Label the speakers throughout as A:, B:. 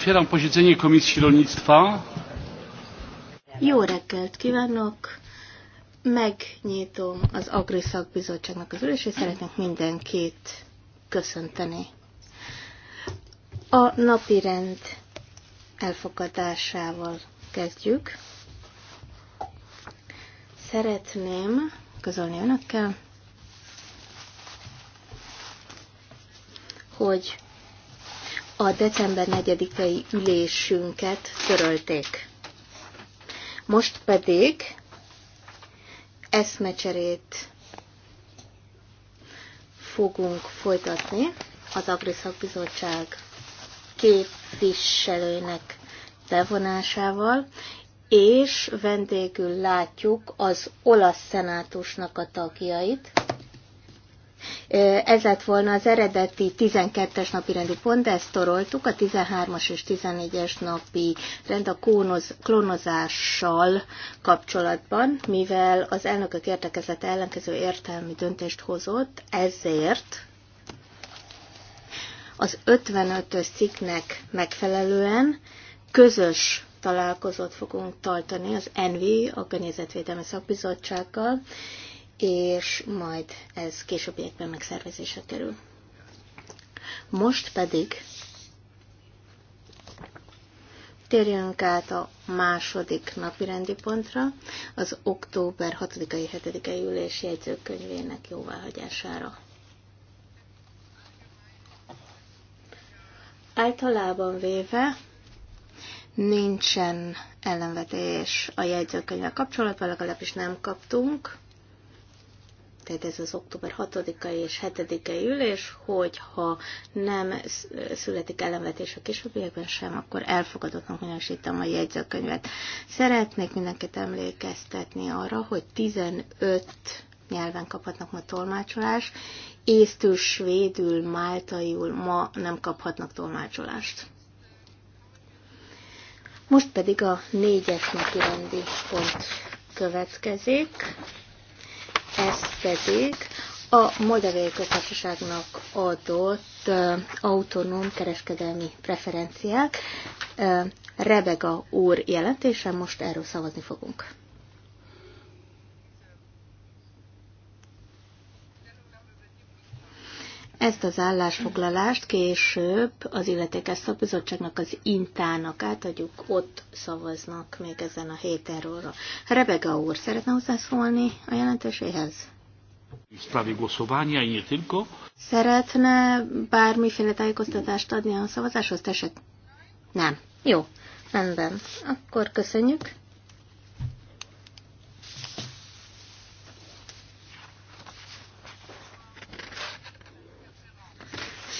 A: Otwieram posiedzenie Komisji Rolnictwa.
B: Jó reggelt kívánok! Megnyitom az Agriszak bizottságnak az ülését, szeretnék mindenkit köszönteni. A napi rend elfogadásával kezdjük. Szeretném közölni önökkel, hogy a december 4-i ülésünket törölték. Most pedig eszmecserét fogunk folytatni az Agriszak Bizottság képviselőinek bevonásával, és vendégül látjuk az olasz szenátusnak a tagjait, Eh, ez lett volna az eredeti 12-es napi rendi pont, de ezt toroltuk. A 13-as és 14-es napi rend a kónoz, klónozással kapcsolatban, mivel az elnökök értekezete ellenkező értelmi döntést hozott, ezért az 55-ös cikknek megfelelően közös találkozót fogunk tartani az NV, a Környezetvédelmi Szakbizottsággal, és majd ez későbbiekben megszervezésre kerül. Most pedig térjünk át a második napi rendi pontra, az október 6-ai 7-ei ülés jegyzőkönyvének jóváhagyására. Általában véve nincsen ellenvetés a jegyzőkönyvvel kapcsolatban, legalábbis nem kaptunk neked ez az október 6-a és 7-e ülés, hogy ha nem születik ellenvetés a későbbiekben sem, akkor elfogadottnak minősítem a jegyzőkönyvet. Szeretnék mindenkit emlékeztetni arra, hogy 15 nyelven kaphatnak ma tolmácsolást, észtül, svédül, máltaiul ma nem kaphatnak tolmácsolást. Most pedig a négyes napi rendi pont következik ez pedig a Moldaviai Köztársaságnak adott autonóm kereskedelmi preferenciák. Rebega úr jelentése, most erről szavazni fogunk. Ezt az állásfoglalást később az illetékes szabizottságnak az intának átadjuk, ott szavaznak még ezen a héten róla. Rebega úr, szeretne hozzászólni a jelentéséhez? Szeretne bármiféle tájékoztatást adni a szavazáshoz? tesek? Nem. Jó. Rendben. Akkor köszönjük.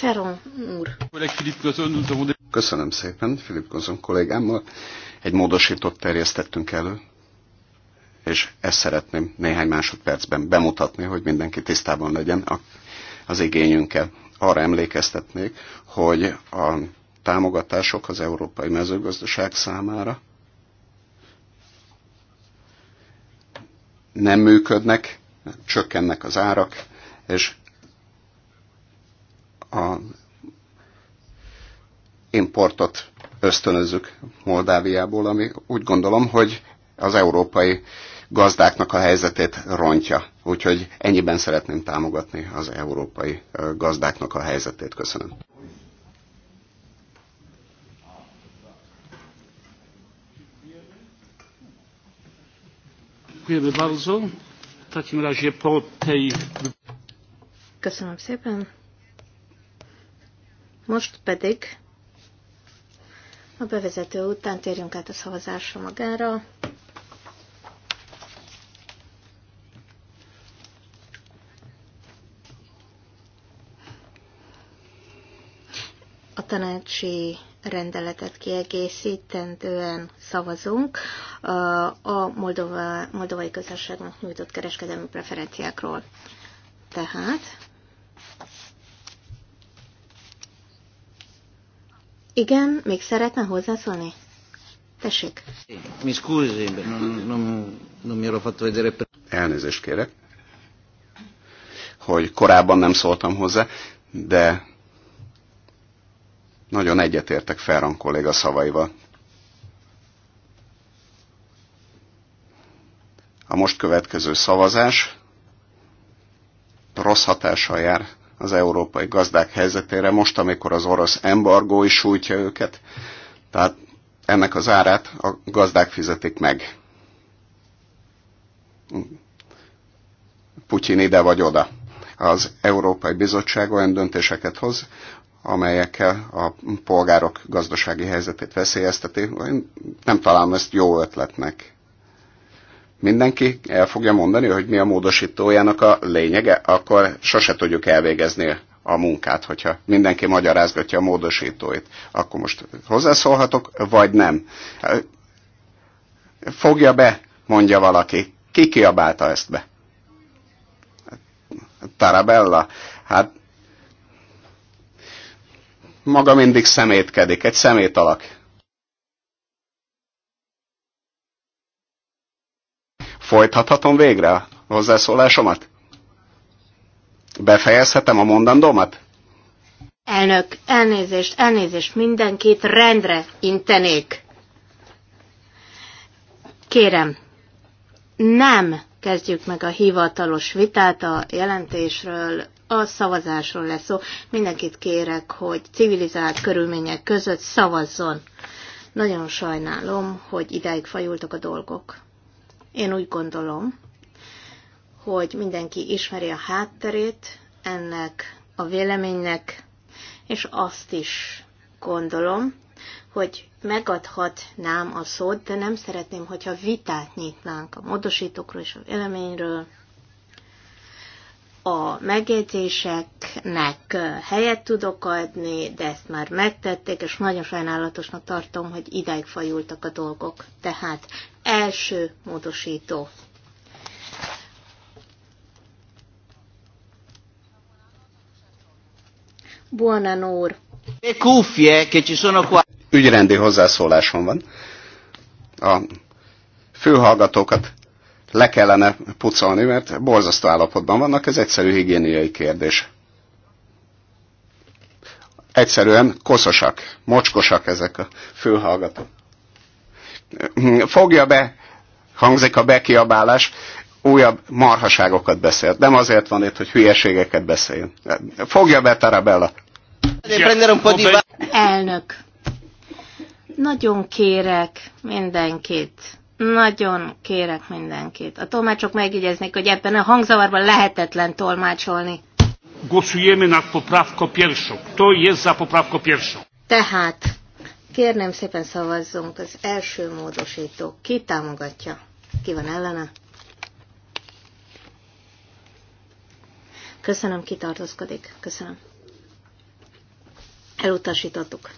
B: Ferron úr.
C: Köszönöm szépen, Filip Gozon kollégámmal. Egy módosított terjesztettünk elő, és ezt szeretném néhány másodpercben bemutatni, hogy mindenki tisztában legyen az igényünkkel. Arra emlékeztetnék, hogy a támogatások az európai mezőgazdaság számára nem működnek, csökkennek az árak, és a importot ösztönözzük Moldáviából, ami úgy gondolom, hogy az európai gazdáknak a helyzetét rontja. Úgyhogy ennyiben szeretném támogatni az európai gazdáknak a helyzetét. Köszönöm.
B: Köszönöm szépen. Most pedig a bevezető után térjünk át a szavazásra magára. A tanácsi rendeletet kiegészítendően szavazunk a Moldova, Moldovai Közösségnek nyújtott kereskedelmi preferenciákról. Tehát Igen, még szeretne hozzászólni? Tessék.
C: Mi scusi, non, non mi ero fatto vedere. Elnézést kérek, hogy korábban nem szóltam hozzá, de nagyon egyetértek Ferran kolléga szavaival. A most következő szavazás rossz hatással jár az európai gazdák helyzetére most, amikor az orosz embargó is sújtja őket. Tehát ennek az árát a gazdák fizetik meg. Putyin ide vagy oda. Az Európai Bizottság olyan döntéseket hoz, amelyekkel a polgárok gazdasági helyzetét veszélyezteti. Én nem találom ezt jó ötletnek mindenki el fogja mondani, hogy mi a módosítójának a lényege, akkor sose tudjuk elvégezni a munkát, hogyha mindenki magyarázgatja a módosítóit. Akkor most hozzászólhatok, vagy nem? Fogja be, mondja valaki. Ki kiabálta ezt be? Tarabella? Hát maga mindig szemétkedik, egy szemét alak. Folytathatom végre a hozzászólásomat? Befejezhetem a mondandómat?
B: Elnök, elnézést, elnézést, mindenkit rendre intenék. Kérem, nem kezdjük meg a hivatalos vitát a jelentésről, a szavazásról lesz szó. Mindenkit kérek, hogy civilizált körülmények között szavazzon. Nagyon sajnálom, hogy idáig fajultak a dolgok. Én úgy gondolom, hogy mindenki ismeri a hátterét ennek a véleménynek, és azt is gondolom, hogy megadhatnám a szót, de nem szeretném, hogyha vitát nyitnánk a módosítókról és a véleményről. A megjegyzéseknek helyet tudok adni, de ezt már megtették, és nagyon sajnálatosnak tartom, hogy ideig fajultak a dolgok. Tehát Első módosító. Buonan úr.
C: che kicsi qua. Ügyrendi hozzászólásom van. A főhallgatókat le kellene pucolni, mert borzasztó állapotban vannak, ez egyszerű higiéniai kérdés. Egyszerűen koszosak, mocskosak ezek a főhallgatók fogja be, hangzik a bekiabálás, újabb marhaságokat beszélt. Nem azért van itt, hogy hülyeségeket beszéljön. Fogja be, Tarabella!
B: Elnök, nagyon kérek mindenkit, nagyon kérek mindenkit. A tolmácsok megjegyeznék, hogy ebben a hangzavarban lehetetlen tolmácsolni.
A: Głosujemy nad poprawką pierwszą. Kto jest za poprawką pierwszą?
B: Tehát Kérném szépen szavazzunk az első módosító. Ki támogatja? Ki van ellene? Köszönöm, ki tartózkodik. Köszönöm. Elutasítottuk.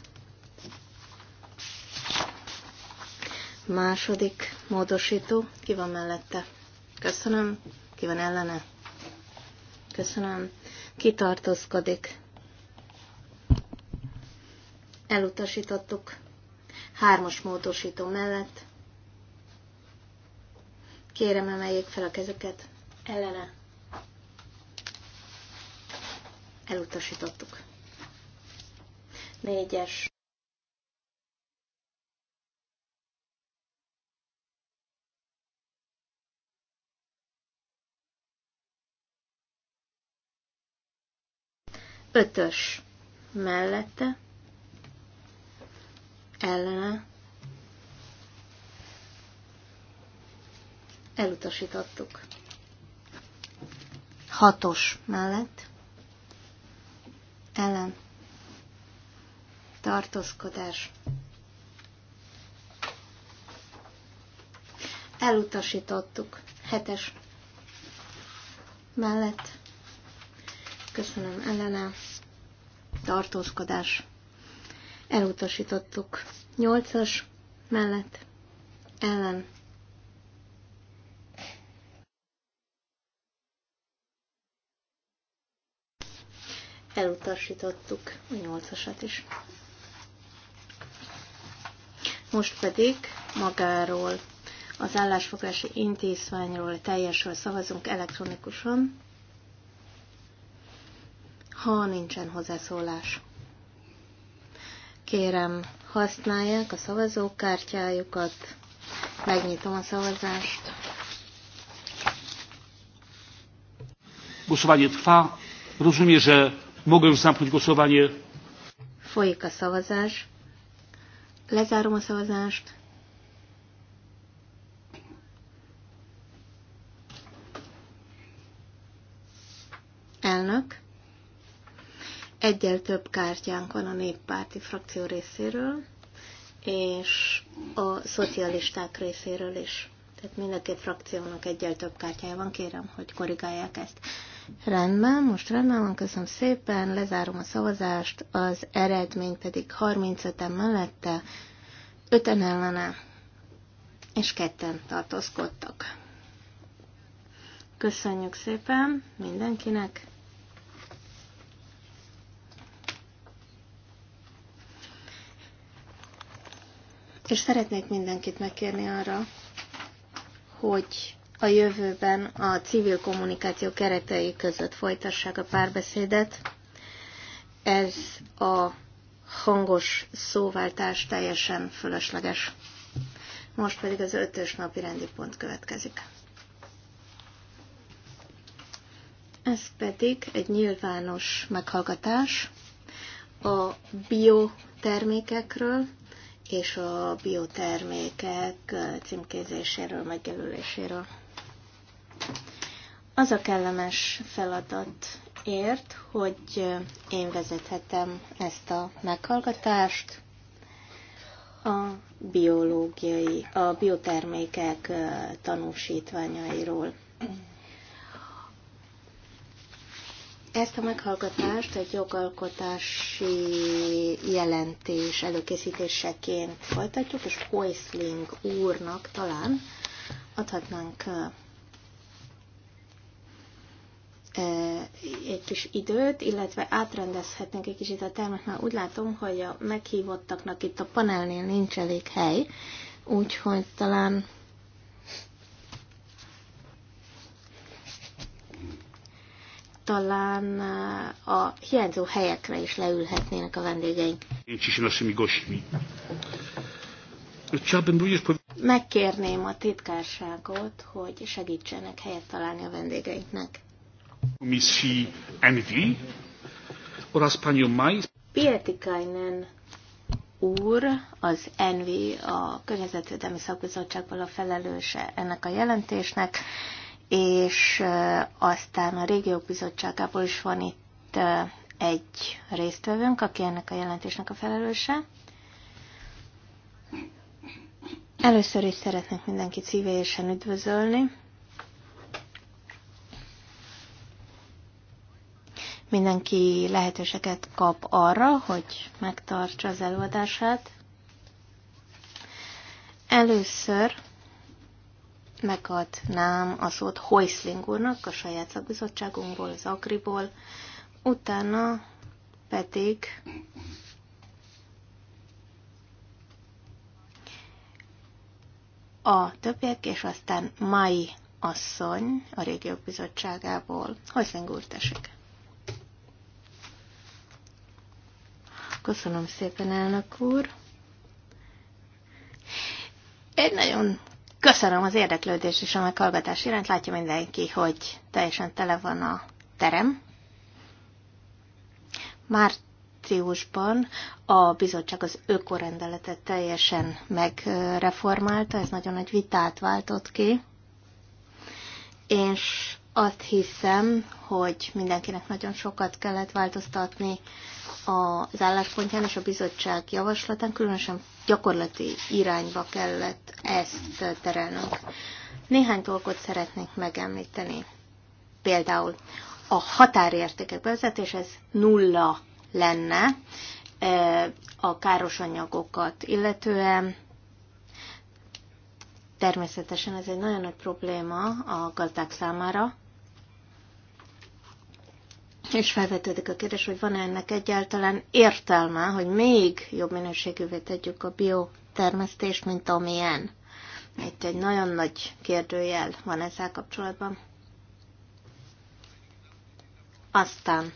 B: Második módosító. Ki van mellette? Köszönöm. Ki van ellene? Köszönöm. Ki tartózkodik? elutasítottuk. Hármas módosító mellett. Kérem, emeljék fel a kezüket. Ellene. Elutasítottuk. Négyes. Ötös mellette ellene elutasítottuk. Hatos mellett ellen tartózkodás elutasítottuk. Hetes mellett köszönöm ellene tartózkodás elutasítottuk. nyolcas mellett ellen. Elutasítottuk a nyolcasat is. Most pedig magáról az állásfoglási intézményről teljesről szavazunk elektronikusan, ha nincsen hozzászólás. Kérem, használják a szavazókártyájukat. Megnyitom a szavazást.
A: Głosowanie trwa. Rozumiem, że mogę już zamknąć głosowanie.
B: Folyik a szavazás. Lezárom a szavazást. Elnök egyel több kártyánk van a néppárti frakció részéről, és a szocialisták részéről is. Tehát mind a két frakciónak egyel több kártyája van, kérem, hogy korrigálják ezt. Rendben, most rendben van, köszönöm szépen, lezárom a szavazást, az eredmény pedig 35-en mellette, 5-en ellene, és ketten tartózkodtak. Köszönjük szépen mindenkinek! És szeretnék mindenkit megkérni arra, hogy a jövőben a civil kommunikáció keretei között folytassák a párbeszédet. Ez a hangos szóváltás teljesen fölösleges. Most pedig az ötös napi rendi pont következik. Ez pedig egy nyilvános meghallgatás a biotermékekről, és a biotermékek címkézéséről, megjelöléséről. Az a kellemes feladat ért, hogy én vezethetem ezt a meghallgatást a biológiai, a biotermékek tanúsítványairól. Ezt a meghallgatást egy jogalkotási jelentés előkészítéseként folytatjuk, és Hoisling úrnak talán adhatnánk egy kis időt, illetve átrendezhetnénk egy kicsit a termet, mert úgy látom, hogy a meghívottaknak itt a panelnél nincs elég hely, úgyhogy talán talán eh, a hiányzó helyekre is leülhetnének a vendégeink. Megkérném a titkárságot, hogy segítsenek helyet találni a vendégeinknek.
A: Komisji Envi
B: Pietikainen úr, az Envi, a Környezetvédelmi Szakbizottságból a felelőse ennek a jelentésnek, és eh, aztán a régiók bizottságából is van itt eh, egy résztvevőnk, aki ennek a jelentésnek a felelőse. Először is szeretnék mindenkit szívélyesen üdvözölni. Mindenki lehetőséget kap arra, hogy megtartsa az előadását. Először megadnám a szót Hoisling úrnak a saját szakbizottságunkból, az Agriból, utána pedig a többiek, és aztán Mai asszony a régiók bizottságából. Hoisling úr, tessék! Köszönöm szépen, elnök úr! Egy nagyon Köszönöm az érdeklődést és a meghallgatás iránt. Látja mindenki, hogy teljesen tele van a terem. Márciusban a bizottság az ökorendeletet teljesen megreformálta, ez nagyon nagy vitát váltott ki, és azt hiszem, hogy mindenkinek nagyon sokat kellett változtatni az álláspontján és a bizottság javaslatán különösen gyakorlati irányba kellett ezt terelnünk. Néhány dolgot szeretnék megemlíteni. Például a határértékek bevezetés, ez nulla lenne a káros anyagokat illetően. Természetesen ez egy nagyon nagy probléma a gazdák számára, és felvetődik a kérdés, hogy van-e ennek egyáltalán értelme, hogy még jobb minőségűvé tegyük a biotermesztést, mint amilyen. Itt egy nagyon nagy kérdőjel van ezzel kapcsolatban. Aztán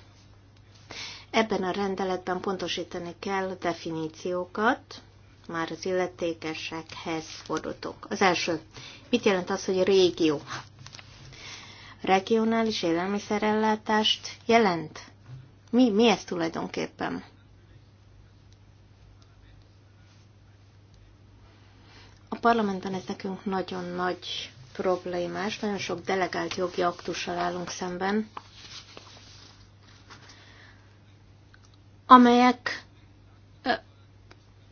B: ebben a rendeletben pontosítani kell a definíciókat, már az illetékesekhez fordultok. Az első, mit jelent az, hogy régió? regionális élelmiszerellátást jelent? Mi, mi ez tulajdonképpen? A parlamentben ez nekünk nagyon nagy problémás, nagyon sok delegált jogi aktussal állunk szemben, amelyek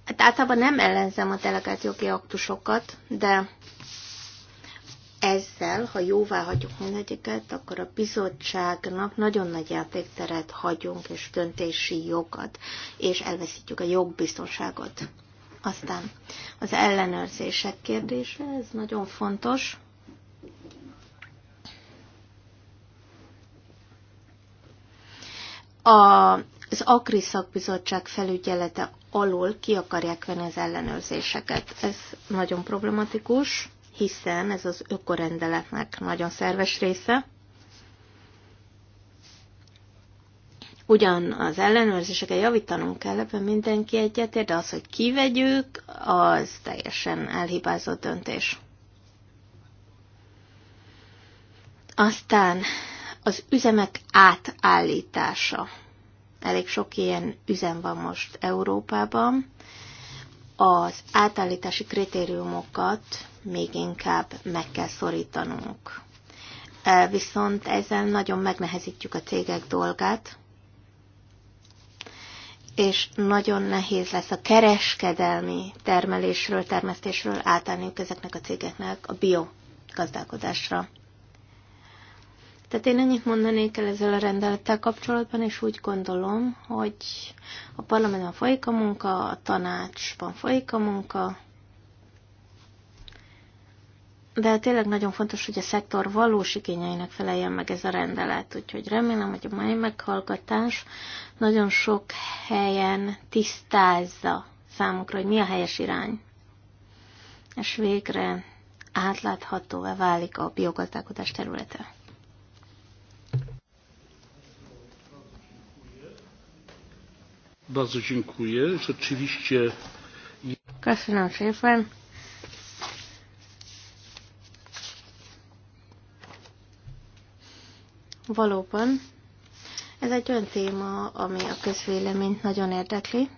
B: Hát általában nem ellenzem a delegált jogi aktusokat, de ezzel, ha jóvá hagyjuk mindegyiket, akkor a bizottságnak nagyon nagy játékteret hagyunk, és döntési jogat, és elveszítjük a jogbiztonságot. Aztán az ellenőrzések kérdése, ez nagyon fontos. A, az Akri Szakbizottság felügyelete alól ki akarják venni az ellenőrzéseket. Ez nagyon problematikus hiszen ez az ökorendeletnek nagyon szerves része. Ugyan az ellenőrzéseket javítanunk kell, ebben mindenki egyetért, de az, hogy kivegyük, az teljesen elhibázott döntés. Aztán az üzemek átállítása. Elég sok ilyen üzem van most Európában. Az átállítási kritériumokat még inkább meg kell szorítanunk. E, viszont ezzel nagyon megnehezítjük a cégek dolgát, és nagyon nehéz lesz a kereskedelmi termelésről, termesztésről átállniuk ezeknek a cégeknek a biogazdálkodásra. Tehát én ennyit mondanék el ezzel a rendelettel kapcsolatban, és úgy gondolom, hogy a parlamentben folyik a munka, a tanácsban folyik a munka, de tényleg nagyon fontos, hogy a szektor valós igényeinek feleljen meg ez a rendelet. Úgyhogy remélem, hogy a mai meghallgatás nagyon sok helyen tisztázza számukra, hogy mi a helyes irány. És végre átláthatóvá válik a biogazdálkodás területe.
A: Bardzo dziękuję. Rzeczywiście.
B: Köszönöm szépen. Valóban, ez egy olyan téma, ami a közvéleményt nagyon érdekli,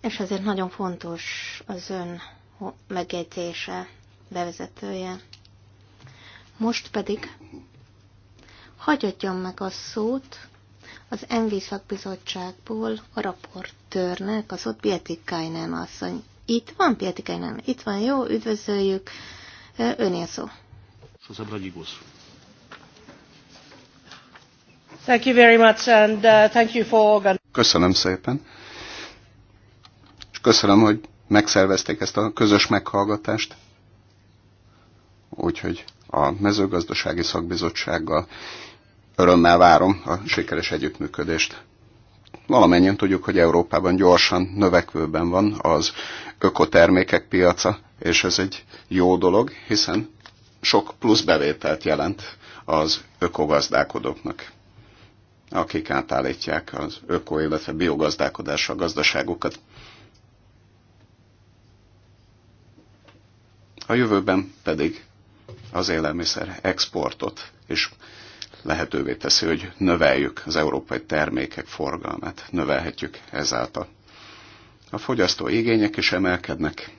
B: és azért nagyon fontos az ön megjegyzése, bevezetője. Most pedig hagyjadjon meg a szót az MV szakbizottságból a raportőrnek, az ott Pietikainen asszony. Itt van Pietikainen, itt van, jó, üdvözöljük, önél szó
A: o zabranie głosu.
B: Thank you very much and uh, thank you
C: for Köszönöm szépen. És köszönöm, hogy megszervezték ezt a közös meghallgatást. Úgyhogy a mezőgazdasági szakbizottsággal örömmel várom a sikeres együttműködést. Valamennyien tudjuk, hogy Európában gyorsan növekvőben van az ökotermékek piaca, és ez egy jó dolog, hiszen sok plusz bevételt jelent az ökogazdálkodóknak, akik átállítják az öko, illetve biogazdálkodásra a gazdaságukat. A jövőben pedig az élelmiszer exportot is lehetővé teszi, hogy növeljük az európai termékek forgalmát, növelhetjük ezáltal. A fogyasztó igények is emelkednek,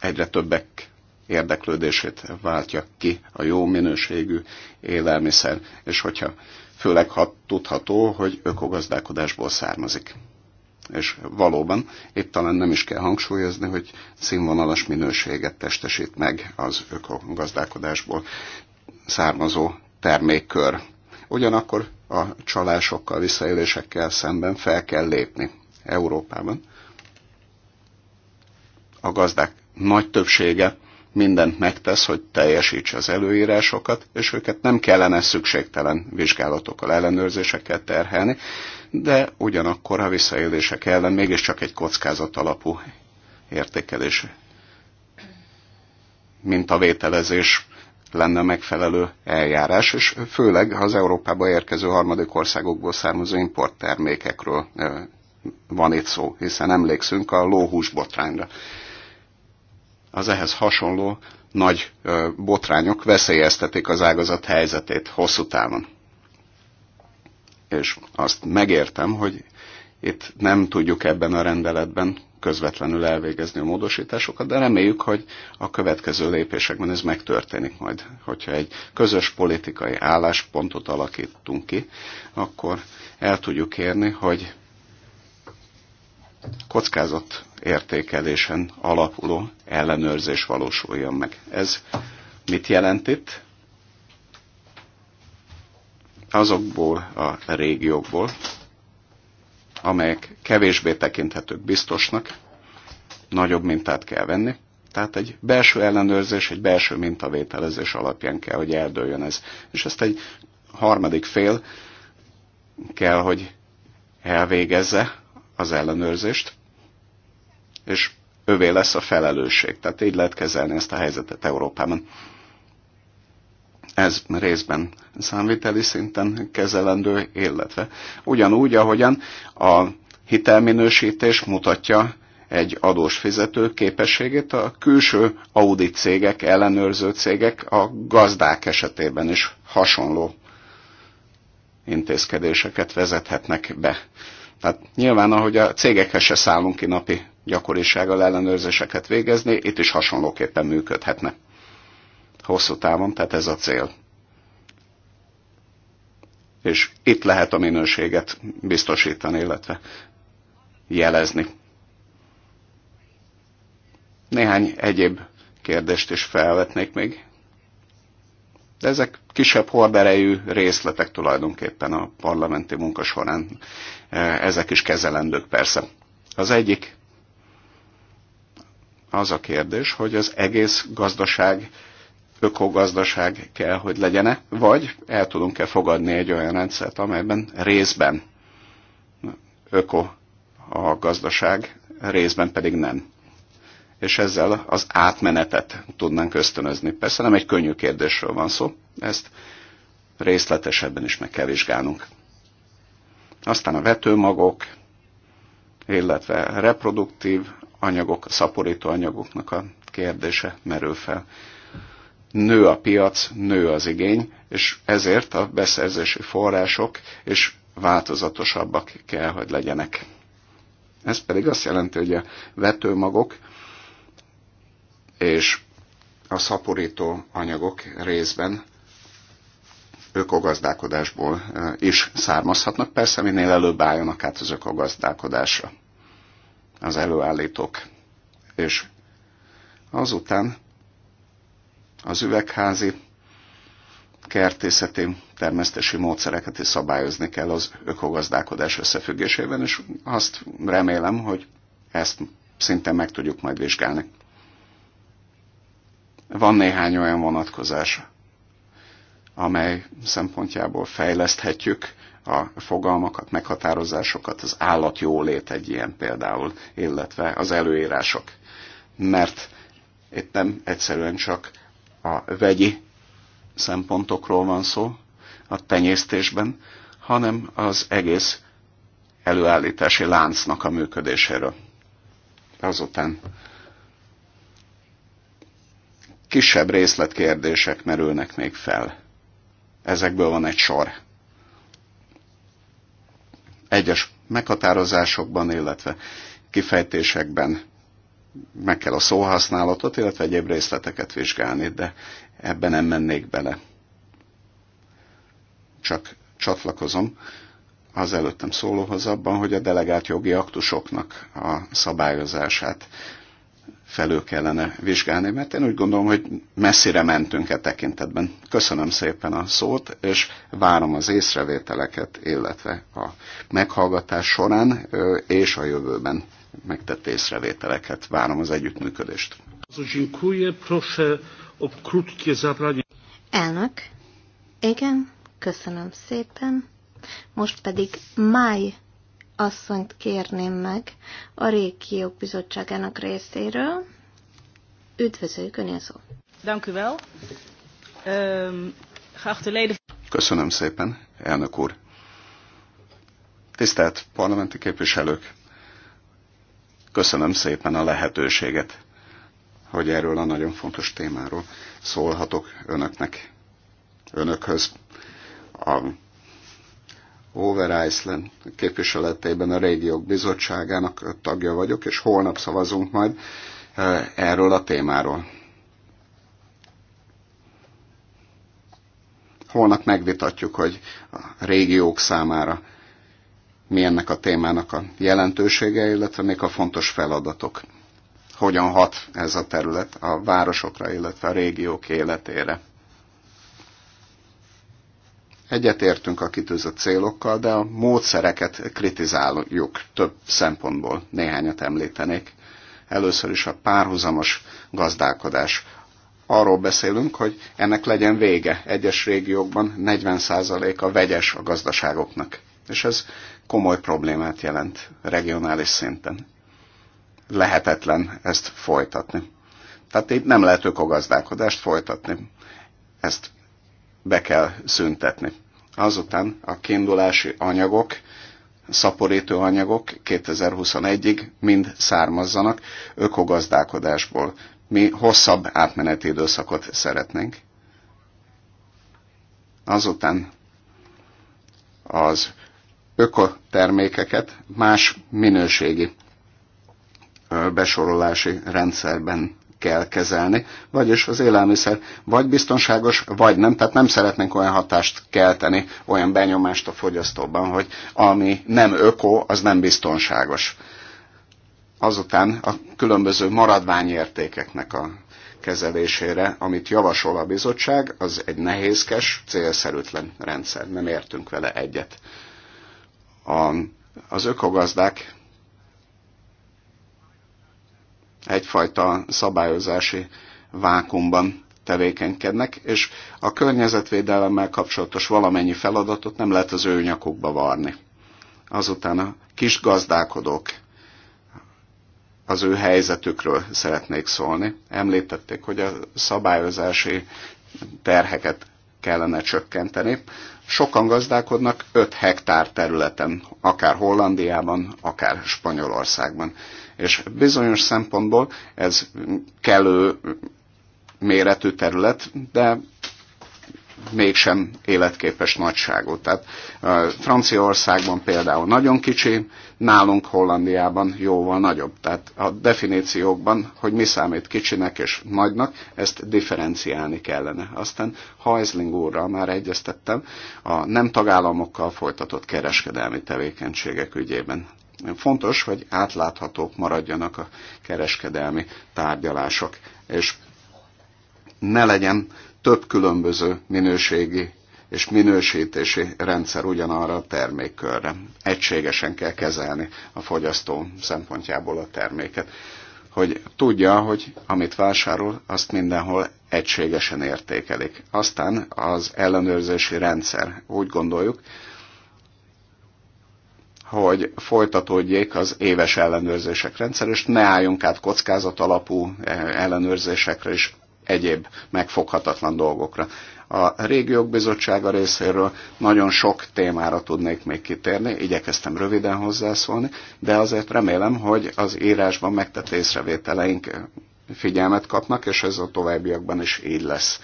C: egyre többek érdeklődését váltja ki a jó minőségű élelmiszer, és hogyha főleg ha tudható, hogy ökogazdálkodásból származik. És valóban itt talán nem is kell hangsúlyozni, hogy színvonalas minőséget testesít meg az ökogazdálkodásból származó termékkör. Ugyanakkor a csalásokkal, visszaélésekkel szemben fel kell lépni Európában. A gazdák nagy többsége mindent megtesz, hogy teljesítse az előírásokat, és őket nem kellene szükségtelen vizsgálatokkal, ellenőrzésekkel terhelni, de ugyanakkor a visszaélések ellen mégiscsak egy kockázat alapú értékelés vételezés lenne megfelelő eljárás, és főleg az Európába érkező harmadik országokból származó importtermékekről van itt szó, hiszen emlékszünk a lóhús botrányra az ehhez hasonló nagy botrányok veszélyeztetik az ágazat helyzetét hosszú távon. És azt megértem, hogy itt nem tudjuk ebben a rendeletben közvetlenül elvégezni a módosításokat, de reméljük, hogy a következő lépésekben ez megtörténik majd. Hogyha egy közös politikai álláspontot alakítunk ki, akkor el tudjuk érni, hogy kockázat értékelésen alapuló ellenőrzés valósuljon meg. Ez mit jelent itt? Azokból a régiókból, amelyek kevésbé tekinthetők biztosnak, nagyobb mintát kell venni, tehát egy belső ellenőrzés, egy belső mintavételezés alapján kell, hogy eldőljön ez. És ezt egy harmadik fél kell, hogy elvégezze az ellenőrzést, és övé lesz a felelősség. Tehát így lehet kezelni ezt a helyzetet Európában. Ez részben számviteli szinten kezelendő, illetve ugyanúgy, ahogyan a hitelminősítés mutatja egy adós fizető képességét, a külső audit cégek, ellenőrző cégek a gazdák esetében is hasonló intézkedéseket vezethetnek be. Tehát nyilván, ahogy a cégekhez se szállunk ki napi gyakorisággal ellenőrzéseket végezni, itt is hasonlóképpen működhetne. Hosszú távon, tehát ez a cél. És itt lehet a minőséget biztosítani, illetve jelezni. Néhány egyéb kérdést is felvetnék még. De ezek kisebb horderejű részletek tulajdonképpen a parlamenti munka során. E, ezek is kezelendők persze. Az egyik az a kérdés, hogy az egész gazdaság ökogazdaság kell, hogy legyene, vagy el tudunk-e fogadni egy olyan rendszert, amelyben részben öko a gazdaság, részben pedig nem és ezzel az átmenetet tudnánk ösztönözni. Persze nem egy könnyű kérdésről van szó, ezt részletesebben is meg kell vizsgálnunk. Aztán a vetőmagok, illetve reproduktív anyagok, szaporító anyagoknak a kérdése merül fel. Nő a piac, nő az igény, és ezért a beszerzési források és változatosabbak kell, hogy legyenek. Ez pedig azt jelenti, hogy a vetőmagok és a szaporító anyagok részben ökogazdálkodásból is származhatnak, persze minél előbb álljanak át az ökogazdálkodásra az előállítók. És azután az üvegházi kertészeti termesztési módszereket is szabályozni kell az ökogazdálkodás összefüggésében, és azt remélem, hogy ezt szinte meg tudjuk majd vizsgálni. Van néhány olyan vonatkozás, amely szempontjából fejleszthetjük a fogalmakat, meghatározásokat, az állatjólét egy ilyen például, illetve az előírások. Mert itt nem egyszerűen csak a vegyi szempontokról van szó a tenyésztésben, hanem az egész előállítási láncnak a működéséről. Azután kisebb részletkérdések merülnek még fel. Ezekből van egy sor. Egyes meghatározásokban, illetve kifejtésekben meg kell a szóhasználatot, illetve egyéb részleteket vizsgálni, de ebben nem mennék bele. Csak csatlakozom az előttem szólóhoz abban, hogy a delegált jogi aktusoknak a szabályozását felül kellene vizsgálni, mert én úgy gondolom, hogy messzire mentünk e tekintetben. Köszönöm szépen a szót, és várom az észrevételeket, illetve a meghallgatás során és a jövőben megtett észrevételeket. Várom az együttműködést.
A: Elnök,
B: igen, köszönöm szépen. Most pedig Máj asszonyt kérném meg a Régiók Bizottságának részéről. Üdvözöljük Önél szó.
D: Dank wel. Ehm,
C: köszönöm szépen, elnök úr. Tisztelt parlamenti képviselők, köszönöm szépen a lehetőséget, hogy erről a nagyon fontos témáról szólhatok önöknek, önökhöz. A Over Iceland képviseletében a Régiók Bizottságának tagja vagyok, és holnap szavazunk majd eh, erről a témáról. Holnap megvitatjuk, hogy a régiók számára mi ennek a témának a jelentősége, illetve még a fontos feladatok. Hogyan hat ez a terület a városokra, illetve a régiók életére. Egyetértünk a kitűzött célokkal, de a módszereket kritizáljuk több szempontból. Néhányat említenék. Először is a párhuzamos gazdálkodás. Arról beszélünk, hogy ennek legyen vége. Egyes régiókban 40%-a vegyes a gazdaságoknak. És ez komoly problémát jelent regionális szinten. Lehetetlen ezt folytatni. Tehát itt nem lehet ökogazdálkodást folytatni. Ezt be kell szüntetni. Azután a kiindulási anyagok, szaporító anyagok 2021-ig mind származzanak ökogazdálkodásból. Mi hosszabb átmeneti időszakot szeretnénk. Azután az ökotermékeket más minőségi besorolási rendszerben kell kezelni, vagyis az élelmiszer vagy biztonságos, vagy nem, tehát nem szeretnénk olyan hatást kelteni, olyan benyomást a fogyasztóban, hogy ami nem öko, az nem biztonságos. Azután a különböző maradványértékeknek a kezelésére, amit javasol a bizottság, az egy nehézkes, célszerűtlen rendszer. Nem értünk vele egyet. A, az ökogazdák egyfajta szabályozási vákumban tevékenykednek, és a környezetvédelemmel kapcsolatos valamennyi feladatot nem lehet az ő nyakukba varni. Azután a kis gazdálkodók, az ő helyzetükről szeretnék szólni. Említették, hogy a szabályozási terheket kellene csökkenteni. Sokan gazdálkodnak 5 hektár területen, akár Hollandiában, akár Spanyolországban. És bizonyos szempontból ez kellő méretű terület, de mégsem életképes nagyságú. Tehát Franciaországban például nagyon kicsi, nálunk Hollandiában jóval nagyobb. Tehát a definíciókban, hogy mi számít kicsinek és nagynak, ezt differenciálni kellene. Aztán Heisling úrral már egyeztettem a nem tagállamokkal folytatott kereskedelmi tevékenységek ügyében fontos, hogy átláthatók maradjanak a kereskedelmi tárgyalások, és ne legyen több különböző minőségi és minősítési rendszer ugyanarra a termékkörre. Egységesen kell kezelni a fogyasztó szempontjából a terméket, hogy tudja, hogy amit vásárol, azt mindenhol egységesen értékelik. Aztán az ellenőrzési rendszer. Úgy gondoljuk, hogy folytatódjék az éves ellenőrzések rendszer, és ne álljunk át kockázat alapú eh, ellenőrzésekre és egyéb megfoghatatlan dolgokra. A régiók bizottsága részéről nagyon sok témára tudnék még kitérni, igyekeztem röviden hozzászólni, de azért remélem, hogy az írásban megtett észrevételeink figyelmet kapnak, és ez a továbbiakban is így lesz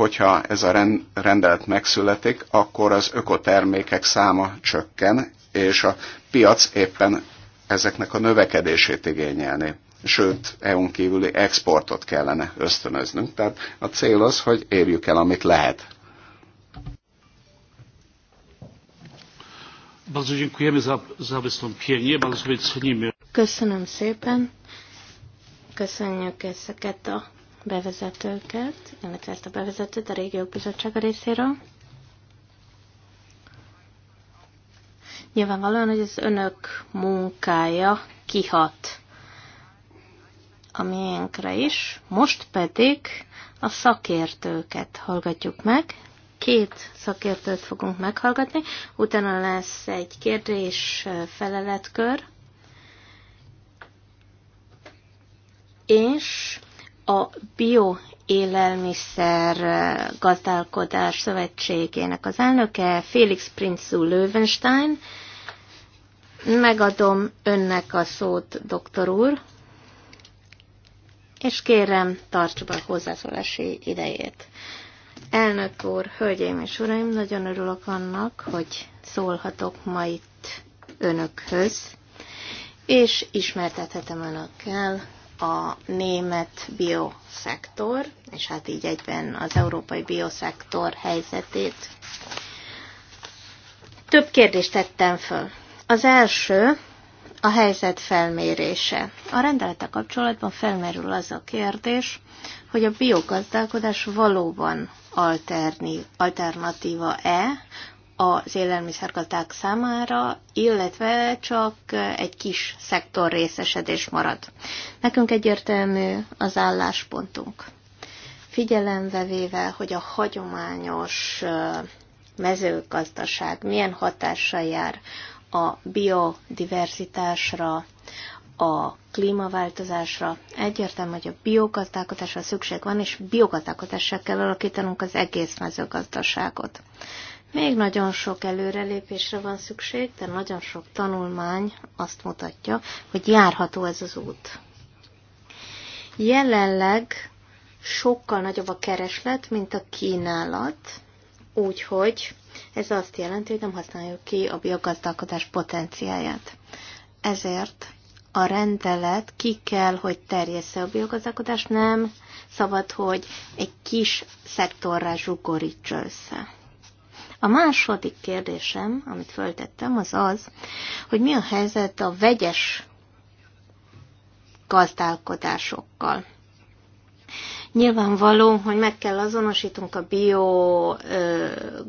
C: hogyha ez a rendelet megszületik, akkor az ökotermékek száma csökken, és a piac éppen ezeknek a növekedését igényelni. Sőt, EU-n kívüli exportot kellene ösztönöznünk. Tehát a cél az, hogy érjük el, amit lehet.
B: Köszönöm szépen. Köszönjük ezeket a bevezetőket, illetve ezt a bevezetőt a Régiók Bizottsága részéről. Nyilvánvalóan, hogy az önök munkája kihat a miénkre is, most pedig a szakértőket hallgatjuk meg. Két szakértőt fogunk meghallgatni, utána lesz egy kérdés-feleletkör, és a bio élelmiszer gazdálkodás szövetségének az elnöke, Félix Prinzú Löwenstein. Megadom önnek a szót, doktor úr, és kérem, tartsa be hozzászólási idejét. Elnök úr, hölgyeim és uraim, nagyon örülök annak, hogy szólhatok ma itt önökhöz, és ismertethetem önökkel a német bioszektor, és hát így egyben az európai bioszektor helyzetét. Több kérdést tettem föl. Az első a helyzet felmérése. A rendelete kapcsolatban felmerül az a kérdés, hogy a biogazdálkodás valóban alternatíva-e az élelmiszergazdák számára, illetve csak egy kis szektor részesedés marad. Nekünk egyértelmű az álláspontunk. Figyelembe véve, hogy a hagyományos mezőgazdaság milyen hatással jár a biodiverzitásra, a klímaváltozásra. Egyértelmű, hogy a biogazdálkodásra szükség van, és biogazdálkodással kell alakítanunk az egész mezőgazdaságot. Még nagyon sok előrelépésre van szükség, de nagyon sok tanulmány azt mutatja, hogy járható ez az út. Jelenleg sokkal nagyobb a kereslet, mint a kínálat, úgyhogy ez azt jelenti, hogy nem használjuk ki a biogazdálkodás potenciáját. Ezért a rendelet ki kell, hogy terjessze a biogazdálkodást, nem szabad, hogy egy kis szektorra zsugorítsa össze. A második kérdésem, amit föltettem, az az, hogy mi a helyzet a vegyes gazdálkodásokkal. Nyilvánvaló, hogy meg kell azonosítunk a bio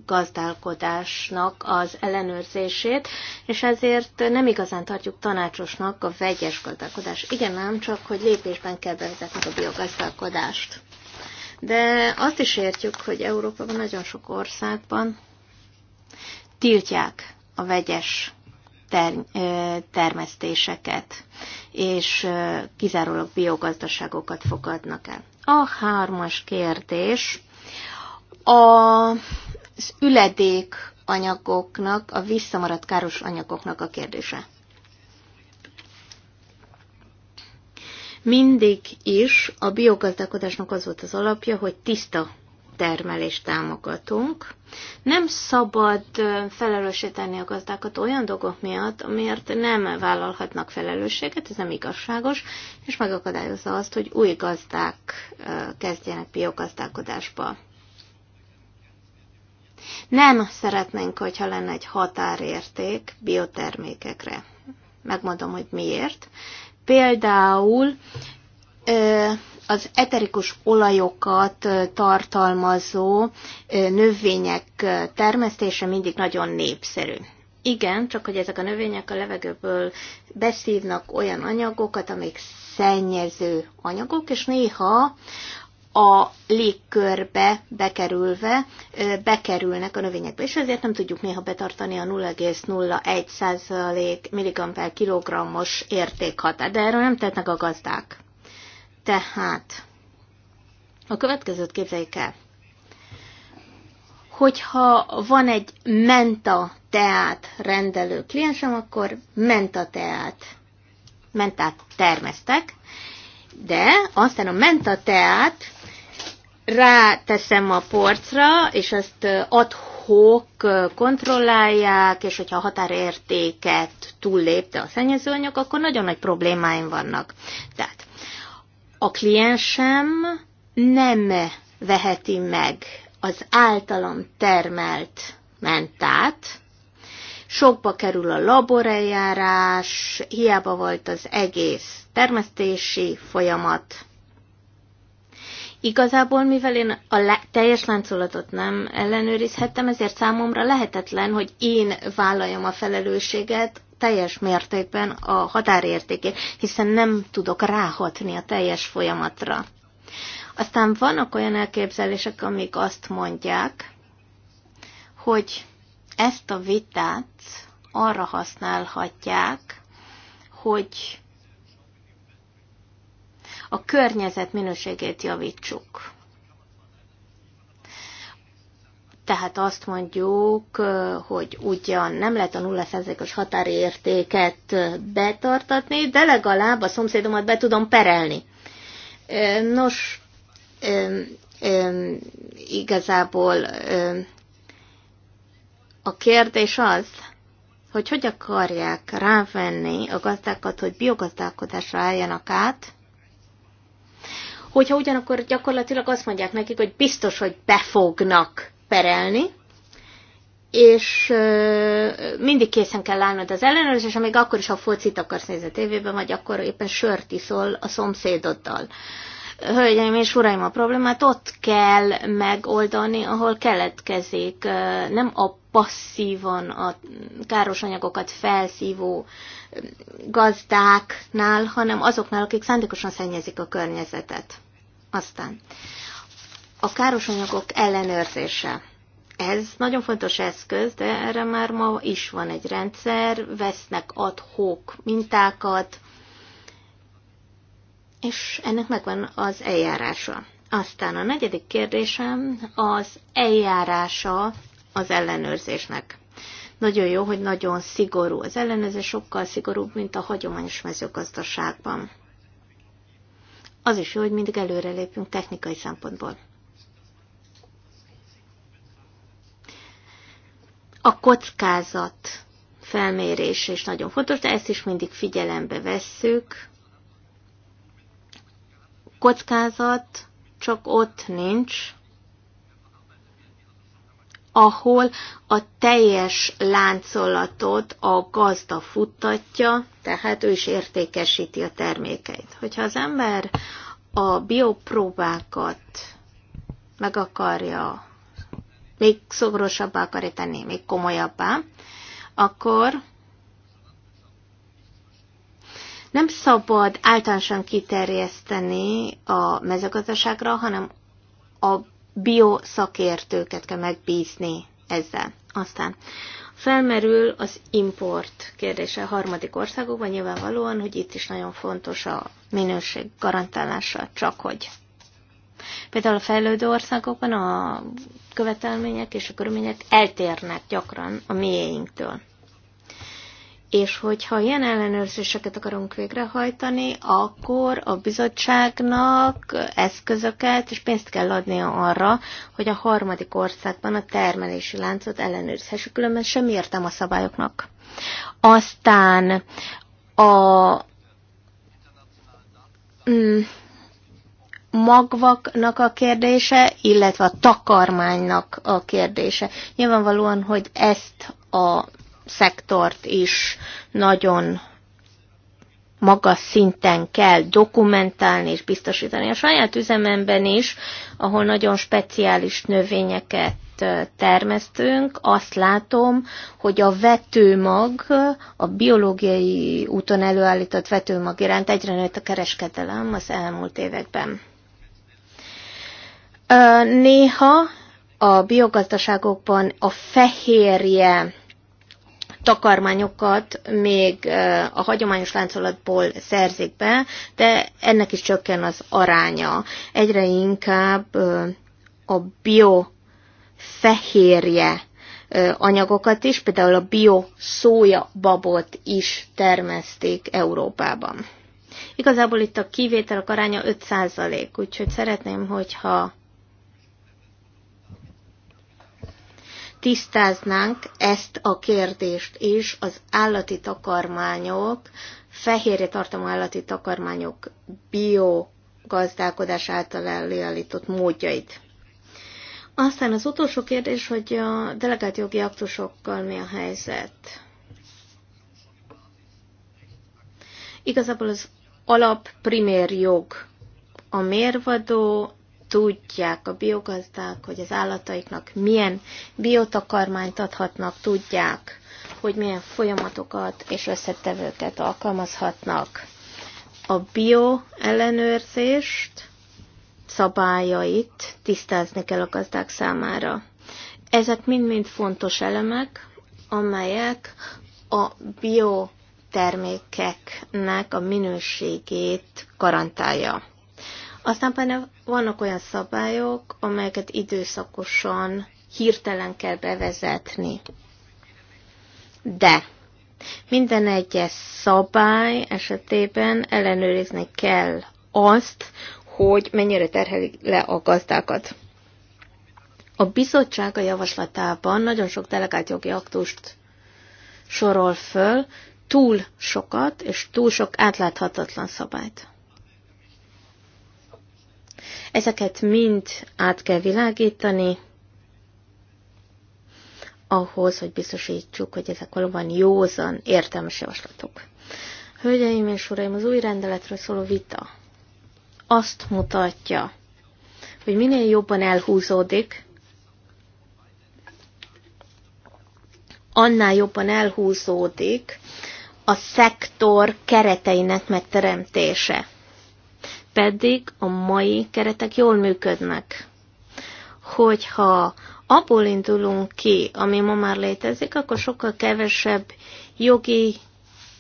B: gazdálkodásnak az ellenőrzését, és ezért nem igazán tartjuk tanácsosnak a vegyes gazdálkodást. Igen, nem csak, hogy lépésben kell bevezetni a biogazdálkodást. De azt is értjük, hogy Európában nagyon sok országban tiltják a vegyes ter- termesztéseket, és kizárólag biogazdaságokat fogadnak el. A hármas kérdés a, az üledék anyagoknak, a visszamaradt káros anyagoknak a kérdése. Mindig is a biogazdálkodásnak az volt az alapja, hogy tiszta termelést támogatunk. Nem szabad felelősíteni a gazdákat olyan dolgok miatt, amiért nem vállalhatnak felelősséget, ez nem igazságos, és megakadályozza azt, hogy új gazdák kezdjenek biogazdálkodásba. Nem szeretnénk, hogyha lenne egy határérték biotermékekre. Megmondom, hogy miért. Például az eterikus olajokat tartalmazó növények termesztése mindig nagyon népszerű. Igen, csak hogy ezek a növények a levegőből beszívnak olyan anyagokat, amik szennyező anyagok, és néha a légkörbe bekerülve bekerülnek a növényekbe, és ezért nem tudjuk néha betartani a 0,01 mg per kilogrammos értékhatát, de erről nem tettnek a gazdák. Tehát a következőt képzeljük el. Hogyha van egy menta teát rendelő kliensem, akkor menta teát, mentát termesztek, de aztán a menta teát ráteszem a porcra, és azt adhok kontrollálják, és hogyha a határértéket túllépte a szennyezőanyag, akkor nagyon nagy problémáim vannak. Tehát a kliensem nem veheti meg az általam termelt mentát, sokba kerül a laboreljárás, hiába volt az egész termesztési folyamat. Igazából, mivel én a le- teljes láncolatot nem ellenőrizhettem, ezért számomra lehetetlen, hogy én vállaljam a felelősséget teljes mértékben a határértékét, hiszen nem tudok ráhatni a teljes folyamatra. Aztán vannak olyan elképzelések, amik azt mondják, hogy ezt a vitát arra használhatják, hogy a környezet minőségét javítsuk. Tehát azt mondjuk, hogy ugyan nem lehet a 0%-os határértéket betartatni, de legalább a szomszédomat be tudom perelni. Nos, igazából a kérdés az, hogy hogy akarják rávenni a gazdákat, hogy biogazdálkodásra álljanak át, hogyha ugyanakkor gyakorlatilag azt mondják nekik, hogy biztos, hogy befognak perelni, és mindig készen kell állnod az ellenőrzés, még akkor is, ha focit akarsz nézni a tévében, vagy akkor éppen sört iszol a szomszédoddal. Hölgyeim és uraim, a problémát ott kell megoldani, ahol keletkezik, nem a passzívan a káros anyagokat felszívó gazdáknál, hanem azoknál, akik szándékosan szennyezik a környezetet. Aztán a káros anyagok ellenőrzése. Ez nagyon fontos eszköz, de erre már ma is van egy rendszer, vesznek adhók mintákat, és ennek megvan az eljárása. Aztán a negyedik kérdésem az eljárása az ellenőrzésnek. Nagyon jó, hogy nagyon szigorú az ellenőrzés, sokkal szigorúbb, mint a hagyományos mezőgazdaságban. Az is jó, hogy mindig előrelépünk technikai szempontból. A kockázat felmérés is nagyon fontos, de ezt is mindig figyelembe vesszük. Kockázat csak ott nincs, ahol a teljes láncolatot a gazda futtatja, tehát ő is értékesíti a termékeit. Hogyha az ember a biopróbákat meg akarja még szorosabbá akarja tenni, még komolyabbá, akkor nem szabad általánosan kiterjeszteni a mezőgazdaságra, hanem a bioszakértőket kell megbízni ezzel. Aztán felmerül az import kérdése a harmadik országokban, nyilvánvalóan, hogy itt is nagyon fontos a minőség garantálása, csak hogy. Például a fejlődő országokban a követelmények és a körülmények eltérnek gyakran a miéinktől. És hogyha ilyen ellenőrzéseket akarunk végrehajtani, akkor a bizottságnak eszközöket és pénzt kell adnia arra, hogy a harmadik országban a termelési láncot ellenőrizhessük, különben sem értem a szabályoknak. Aztán a mm, magvaknak a kérdése, illetve a takarmánynak a kérdése. Nyilvánvalóan, hogy ezt a szektort is nagyon magas szinten kell dokumentálni és biztosítani. A saját üzememben is, ahol nagyon speciális növényeket termesztünk, azt látom, hogy a vetőmag, a biológiai úton előállított vetőmag iránt egyre nőtt a kereskedelem az elmúlt években. Néha a biogazdaságokban a fehérje takarmányokat még a hagyományos láncolatból szerzik be, de ennek is csökken az aránya. Egyre inkább a bio fehérje anyagokat is, például a bio szója babot is termeszték Európában. Igazából itt a kivételek aránya 5%, úgyhogy szeretném, hogyha tisztáznánk ezt a kérdést is az állati takarmányok, fehérje tartom állati takarmányok biogazdálkodás által előállított módjait. Aztán az utolsó kérdés, hogy a delegált jogi aktusokkal mi a helyzet. Igazából az alap primér jog, a mérvadó tudják a biogazdák, hogy az állataiknak milyen biotakarmányt adhatnak, tudják, hogy milyen folyamatokat és összetevőket alkalmazhatnak. A bio ellenőrzést, szabályait tisztázni kell a gazdák számára. Ezek mind-mind fontos elemek, amelyek a bio termékeknek a minőségét garantálja. Aztán benne vannak olyan szabályok, amelyeket időszakosan, hirtelen kell bevezetni. De minden egyes szabály esetében ellenőrizni kell azt, hogy mennyire terheli le a gazdákat. A bizottság a javaslatában nagyon sok delegált jogi aktust sorol föl, túl sokat és túl sok átláthatatlan szabályt. Ezeket mind át kell világítani, ahhoz, hogy biztosítsuk, hogy ezek valóban józan, értelmes javaslatok. Hölgyeim és uraim, az új rendeletről szóló vita azt mutatja, hogy minél jobban elhúzódik, annál jobban elhúzódik a szektor kereteinek megteremtése pedig a mai keretek jól működnek. Hogyha abból indulunk ki, ami ma már létezik, akkor sokkal kevesebb jogi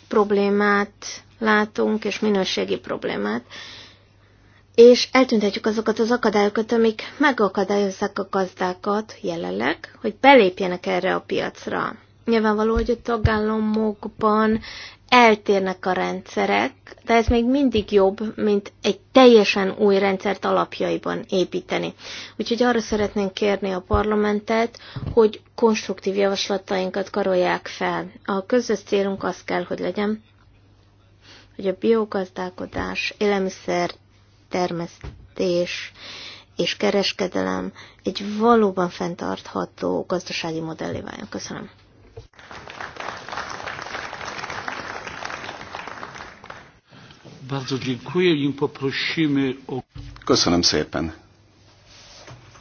B: problémát látunk, és minőségi problémát, és eltüntetjük azokat az akadályokat, amik megakadályozzák a gazdákat jelenleg, hogy belépjenek erre a piacra. Nyilvánvaló, hogy a tagállamokban eltérnek a rendszerek, de ez még mindig jobb, mint egy teljesen új rendszert alapjaiban építeni. Úgyhogy arra szeretnénk kérni a parlamentet, hogy konstruktív javaslatainkat karolják fel. A közös célunk az kell, hogy legyen, hogy a biogazdálkodás, élelmiszer, termesztés és kereskedelem egy valóban fenntartható gazdasági modellé váljon. Köszönöm.
A: Bardzo dziękuję i poprosimy o...
C: Köszönöm szépen.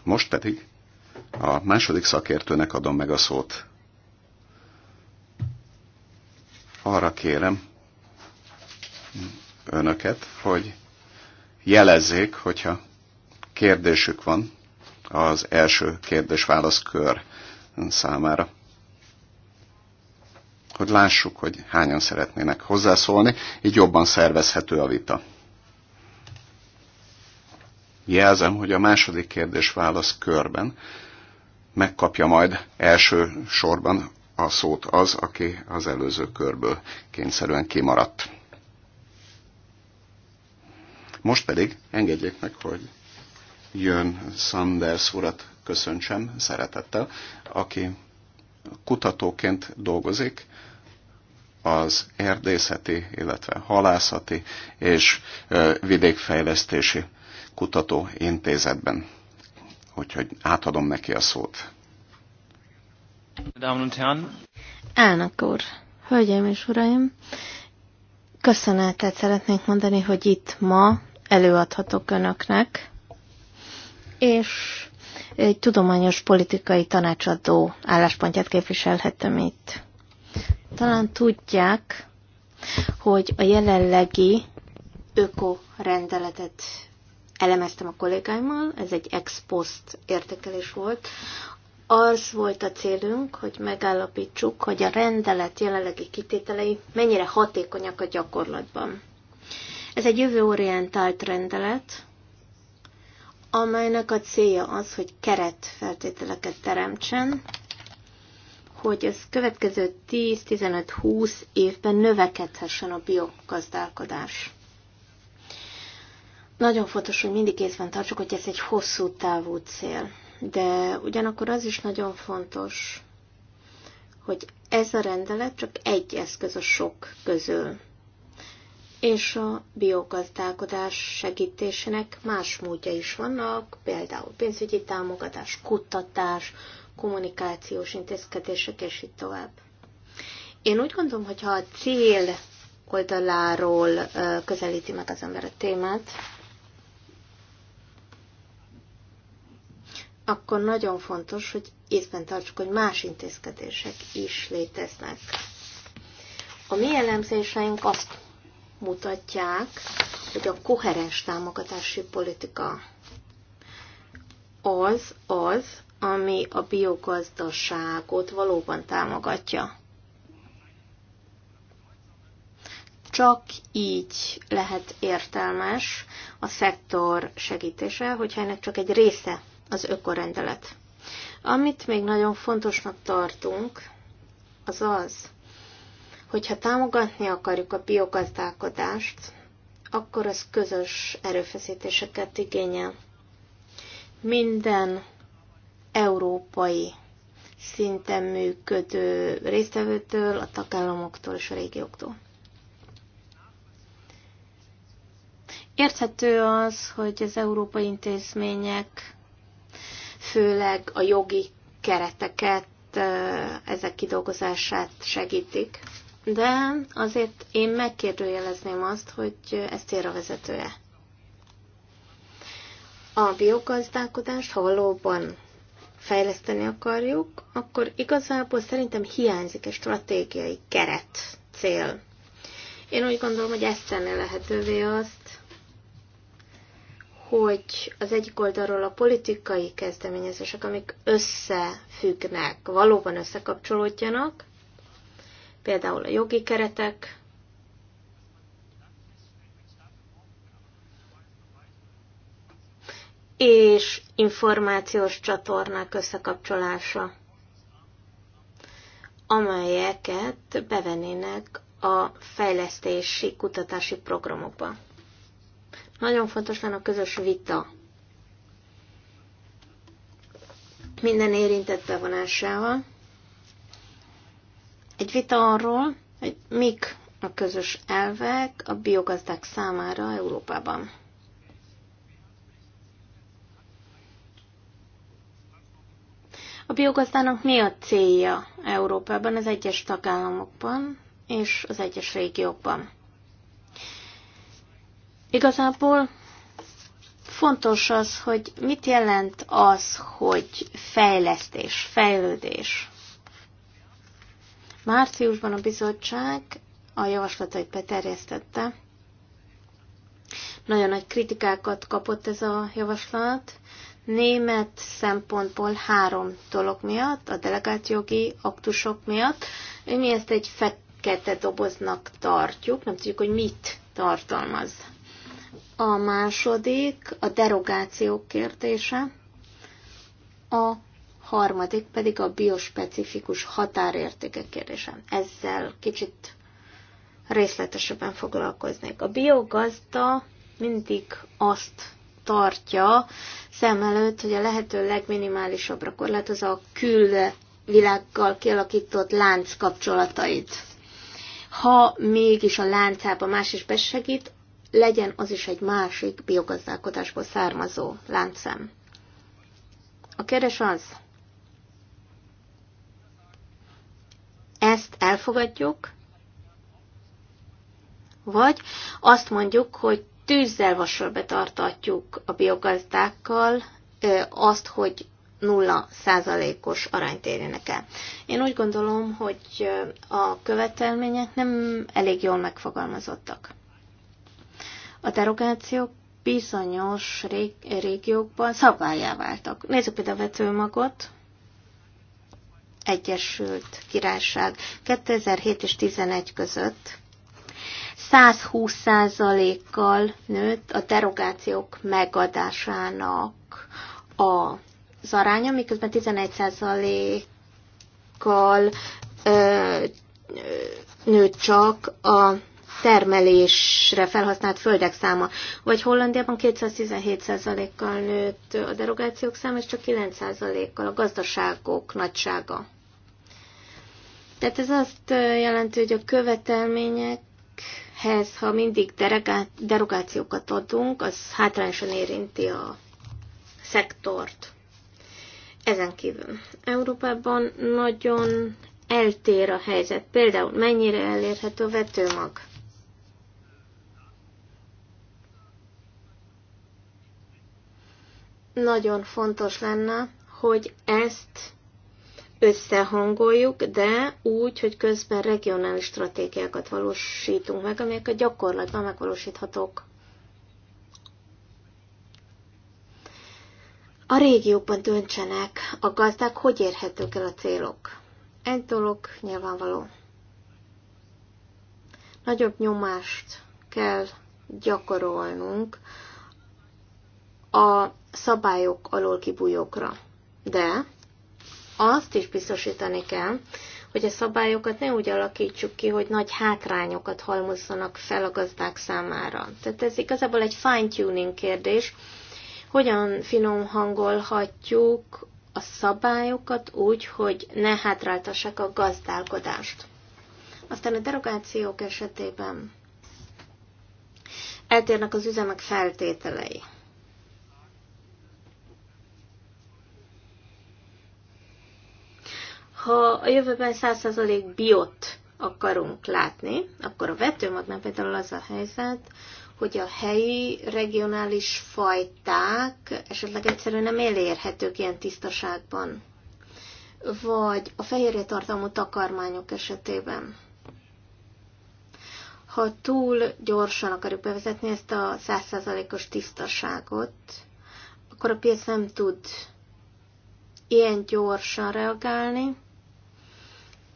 C: Most pedig a második szakértőnek adom meg a szót. Arra kérem önöket, hogy jelezzék, hogyha kérdésük van az első kérdés-válasz kör számára hogy lássuk, hogy hányan szeretnének hozzászólni, így jobban szervezhető a vita. Jelzem, hogy a második kérdés-válasz körben megkapja majd első sorban a szót az, aki az előző körből kényszerűen kimaradt. Most pedig engedjék meg, hogy jön Sanders urat köszöntsem szeretettel, aki kutatóként dolgozik az erdészeti, illetve halászati és vidékfejlesztési kutatóintézetben. Úgyhogy átadom neki a szót.
B: Elnök úr, hölgyeim és uraim, köszönetet szeretnék mondani, hogy itt ma előadhatok önöknek, és egy tudományos politikai tanácsadó álláspontját képviselhetem itt. Talán tudják, hogy a jelenlegi öko rendeletet elemeztem a kollégáimmal, ez egy ex post értékelés volt. Az volt a célunk, hogy megállapítsuk, hogy a rendelet jelenlegi kitételei mennyire hatékonyak a gyakorlatban. Ez egy jövőorientált rendelet, amelynek a célja az, hogy keretfeltételeket teremtsen hogy az következő 10-15-20 évben növekedhessen a biogazdálkodás. Nagyon fontos, hogy mindig észben tartsuk, hogy ez egy hosszú távú cél. De ugyanakkor az is nagyon fontos, hogy ez a rendelet csak egy eszköz a sok közül. És a biogazdálkodás segítésének más módja is vannak, például pénzügyi támogatás, kutatás, kommunikációs intézkedések, és így tovább. Én úgy gondolom, hogy ha a cél oldaláról közelíti meg az ember a témát, akkor nagyon fontos, hogy észben tartsuk, hogy más intézkedések is léteznek. A mi elemzéseink azt mutatják, hogy a koherens támogatási politika az az, ami a biogazdaságot valóban támogatja. Csak így lehet értelmes a szektor segítése, hogyha ennek csak egy része az ökorendelet. Amit még nagyon fontosnak tartunk, az az, hogyha támogatni akarjuk a biogazdálkodást, akkor az közös erőfeszítéseket igényel. Minden európai szinten működő résztvevőtől, a tagállamoktól és a régióktól. Érthető az, hogy az európai intézmények főleg a jogi kereteket, ezek kidolgozását segítik. De azért én megkérdőjelezném azt, hogy ez célra vezető-e. A biogazdálkodást valóban fejleszteni akarjuk, akkor igazából szerintem hiányzik egy stratégiai keret cél. Én úgy gondolom, hogy ezt tenni lehetővé azt, hogy az egyik oldalról a politikai kezdeményezések, amik összefüggnek, valóban összekapcsolódjanak, például a jogi keretek, és információs csatornák összekapcsolása, amelyeket bevennének a fejlesztési, kutatási programokba. Nagyon fontos lenne a közös vita. Minden érintett bevonásával. Egy vita arról, hogy mik a közös elvek a biogazdák számára Európában. A biogazdának mi a célja Európában, az egyes tagállamokban és az egyes régiókban? Igazából fontos az, hogy mit jelent az, hogy fejlesztés, fejlődés. Márciusban a bizottság a javaslatait beterjesztette. Nagyon nagy kritikákat kapott ez a javaslat, német szempontból három dolog miatt, a delegált aktusok miatt. Mi ezt egy fekete doboznak tartjuk, nem tudjuk, hogy mit tartalmaz. A második a derogációk kérdése, a harmadik pedig a biospecifikus határértékek kérdése. Ezzel kicsit részletesebben foglalkoznék. A biogazda mindig azt tartja szem előtt, hogy a lehető legminimálisabbra korlátozza a külvilággal kialakított lánc kapcsolatait. Ha mégis a láncába más is besegít, legyen az is egy másik biogazdálkodásból származó láncszem. A kérdés az, ezt elfogadjuk, vagy azt mondjuk, hogy tűzzel vasról betartatjuk a biogazdákkal azt, hogy nulla százalékos arányt érjenek el. Én úgy gondolom, hogy a követelmények nem elég jól megfogalmazottak. A derogációk bizonyos régiókban szabályá váltak. Nézzük például a vetőmagot, Egyesült Királyság 2007 és 11 között 120%-kal nőtt a derogációk megadásának az aránya, miközben 11%-kal nőtt csak a termelésre felhasznált földek száma. Vagy Hollandiában 217%-kal nőtt a derogációk száma, és csak 9%-kal a gazdaságok nagysága. Tehát ez azt jelenti, hogy a követelmények hez, ha mindig derogációkat adunk, az hátrányosan érinti a szektort. Ezen kívül Európában nagyon eltér a helyzet. Például mennyire elérhető a vetőmag? Nagyon fontos lenne, hogy ezt összehangoljuk, de úgy, hogy közben regionális stratégiákat valósítunk meg, amelyek a gyakorlatban megvalósíthatók. A régiókban döntsenek a gazdák, hogy érhetők el a célok. Egy dolog nyilvánvaló. Nagyobb nyomást kell gyakorolnunk a szabályok alól kibújókra. De azt is biztosítani kell, hogy a szabályokat ne úgy alakítsuk ki, hogy nagy hátrányokat halmozzanak fel a gazdák számára. Tehát ez igazából egy fine-tuning kérdés, hogyan finom hangolhatjuk a szabályokat úgy, hogy ne hátráltassák a gazdálkodást. Aztán a derogációk esetében eltérnek az üzemek feltételei. Ha a jövőben 100% biot akarunk látni, akkor a vetőmagnál például az a helyzet, hogy a helyi regionális fajták esetleg egyszerűen nem elérhetők ilyen tisztaságban, vagy a fehérje tartalmú takarmányok esetében. Ha túl gyorsan akarjuk bevezetni ezt a 100%-os tisztaságot, akkor a piac nem tud ilyen gyorsan reagálni,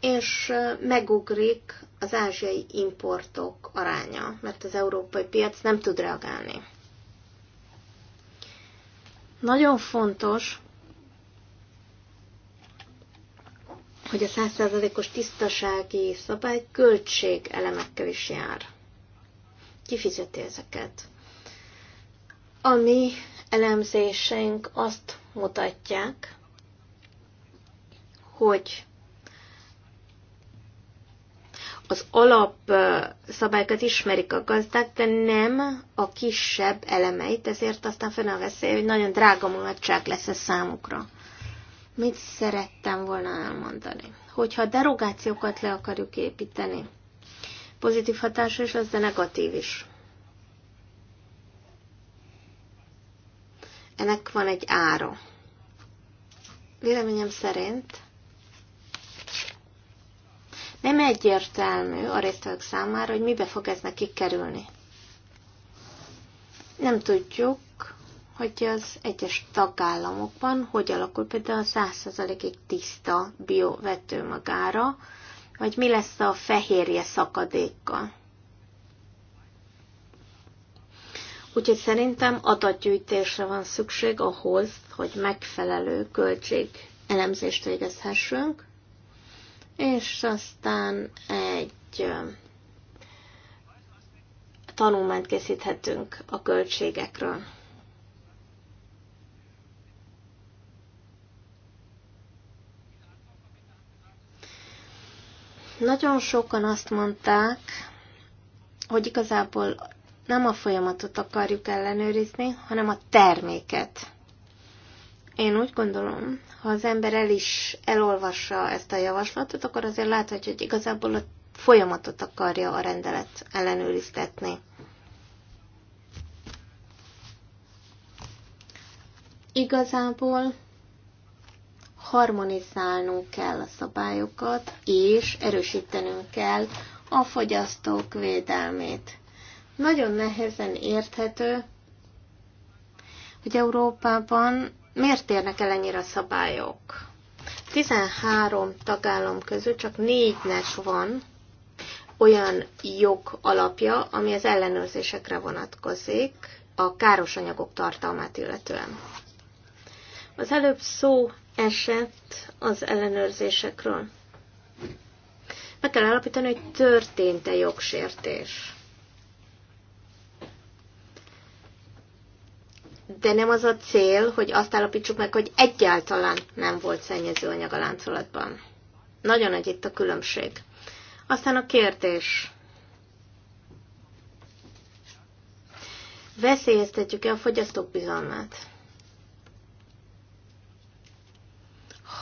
B: és megugrik az ázsiai importok aránya, mert az európai piac nem tud reagálni. Nagyon fontos, hogy a 100%-os tisztasági szabály költség elemekkel is jár. Kifizeti ezeket. A mi elemzéseink azt mutatják, hogy az szabályokat ismerik a gazdák, de nem a kisebb elemeit, ezért aztán fenn a veszély, hogy nagyon drága mulatság lesz a számukra. Mit szerettem volna elmondani? Hogyha derogációkat le akarjuk építeni, pozitív hatása is lesz, de negatív is. Ennek van egy ára. Véleményem szerint nem egyértelmű a résztvevők számára, hogy mibe fog ez nekik kerülni. Nem tudjuk, hogy az egyes tagállamokban hogy alakul például a 100%-ig tiszta biovető magára, vagy mi lesz a fehérje szakadékkal. Úgyhogy szerintem adatgyűjtésre van szükség ahhoz, hogy megfelelő költség elemzést végezhessünk, és aztán egy tanulmányt készíthetünk a költségekről. Nagyon sokan azt mondták, hogy igazából nem a folyamatot akarjuk ellenőrizni, hanem a terméket. Én úgy gondolom, ha az ember el is elolvassa ezt a javaslatot, akkor azért láthatja, hogy igazából a folyamatot akarja a rendelet ellenőriztetni. Igazából harmonizálnunk kell a szabályokat, és erősítenünk kell a fogyasztók védelmét. Nagyon nehezen érthető, hogy Európában miért érnek el ennyire szabályok? 13 tagállam közül csak négynek van olyan jog alapja, ami az ellenőrzésekre vonatkozik, a káros anyagok tartalmát illetően. Az előbb szó esett az ellenőrzésekről. Meg kell állapítani, hogy történt-e jogsértés. de nem az a cél, hogy azt állapítsuk meg, hogy egyáltalán nem volt szennyezőanyag a láncolatban. Nagyon nagy itt a különbség. Aztán a kérdés. Veszélyeztetjük-e a fogyasztók bizalmát?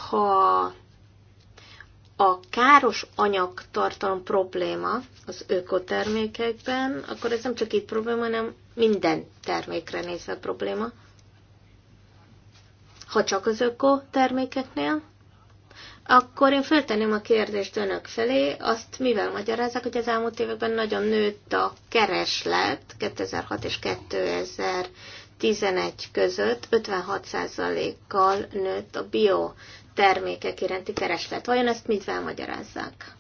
B: Ha a káros anyagtartalom probléma az ökotermékekben, akkor ez nem csak itt probléma, hanem minden termékre nézve probléma. Ha csak az ökotermékeknél, akkor én föltenném a kérdést önök felé, azt mivel magyarázzák, hogy az elmúlt években nagyon nőtt a kereslet 2006 és 2011 között 56%-kal nőtt a bio termékek iránti kereslet. Vajon ezt mit felmagyarázzák?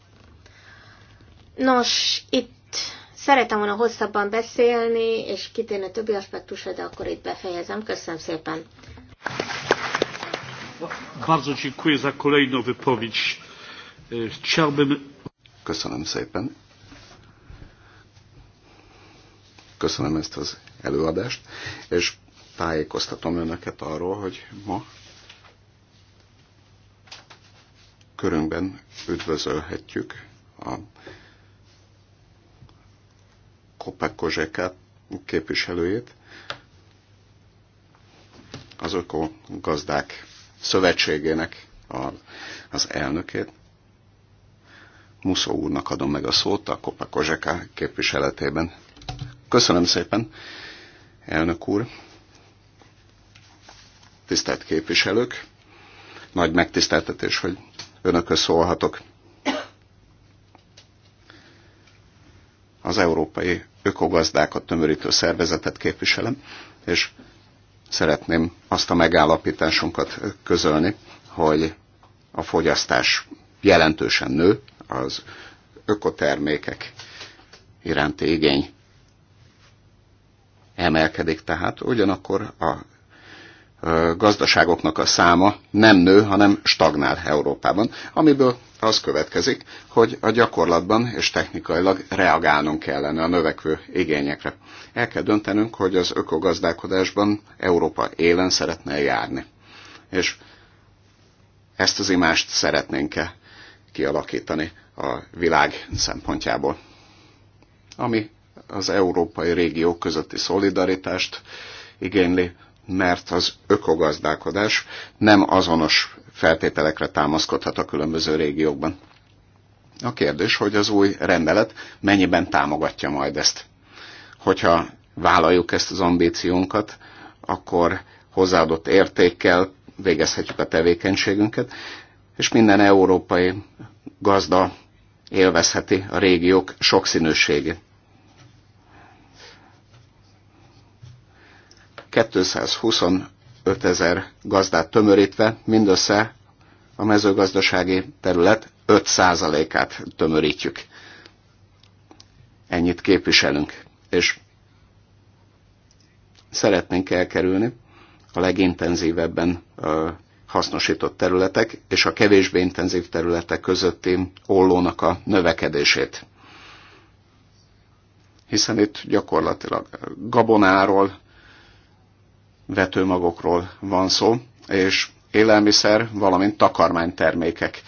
B: Nos, itt szeretem volna hosszabban beszélni, és kitérni a többi aspektusra, de akkor itt befejezem. Köszönöm szépen.
A: Bardzo dziękuję za kolejną
C: wypowiedź. Chciałbym... Köszönöm szépen. Köszönöm ezt az előadást, és tájékoztatom önöket arról, hogy ma körünkben üdvözölhetjük a Kopekozsekát képviselőjét, az Öko Gazdák Szövetségének az elnökét. Muszó úrnak adom meg a szót a Kopekozseka képviseletében. Köszönöm szépen, elnök úr, tisztelt képviselők, nagy megtiszteltetés, hogy önökhöz szólhatok. Az Európai Ökogazdákat tömörítő szervezetet képviselem, és szeretném azt a megállapításunkat közölni, hogy a fogyasztás jelentősen nő, az ökotermékek iránti igény emelkedik tehát, ugyanakkor a gazdaságoknak a száma nem nő, hanem stagnál Európában, amiből az következik, hogy a gyakorlatban és technikailag reagálnunk kellene a növekvő igényekre. El kell döntenünk, hogy az ökogazdálkodásban Európa élen szeretne járni. És ezt az imást szeretnénk-e kialakítani a világ szempontjából. Ami az európai régiók közötti szolidaritást igényli, mert az ökogazdálkodás nem azonos feltételekre támaszkodhat a különböző régiókban. A kérdés, hogy az új rendelet mennyiben támogatja majd ezt. Hogyha vállaljuk ezt az ambíciónkat, akkor hozzáadott értékkel végezhetjük a tevékenységünket, és minden európai gazda élvezheti a régiók sokszínűségét. 225 ezer gazdát tömörítve mindössze a mezőgazdasági terület 5%-át tömörítjük. Ennyit képviselünk. És szeretnénk elkerülni a legintenzívebben hasznosított területek és a kevésbé intenzív területek közötti ollónak a növekedését. Hiszen itt gyakorlatilag gabonáról, vetőmagokról van szó, és élelmiszer, valamint takarmánytermékek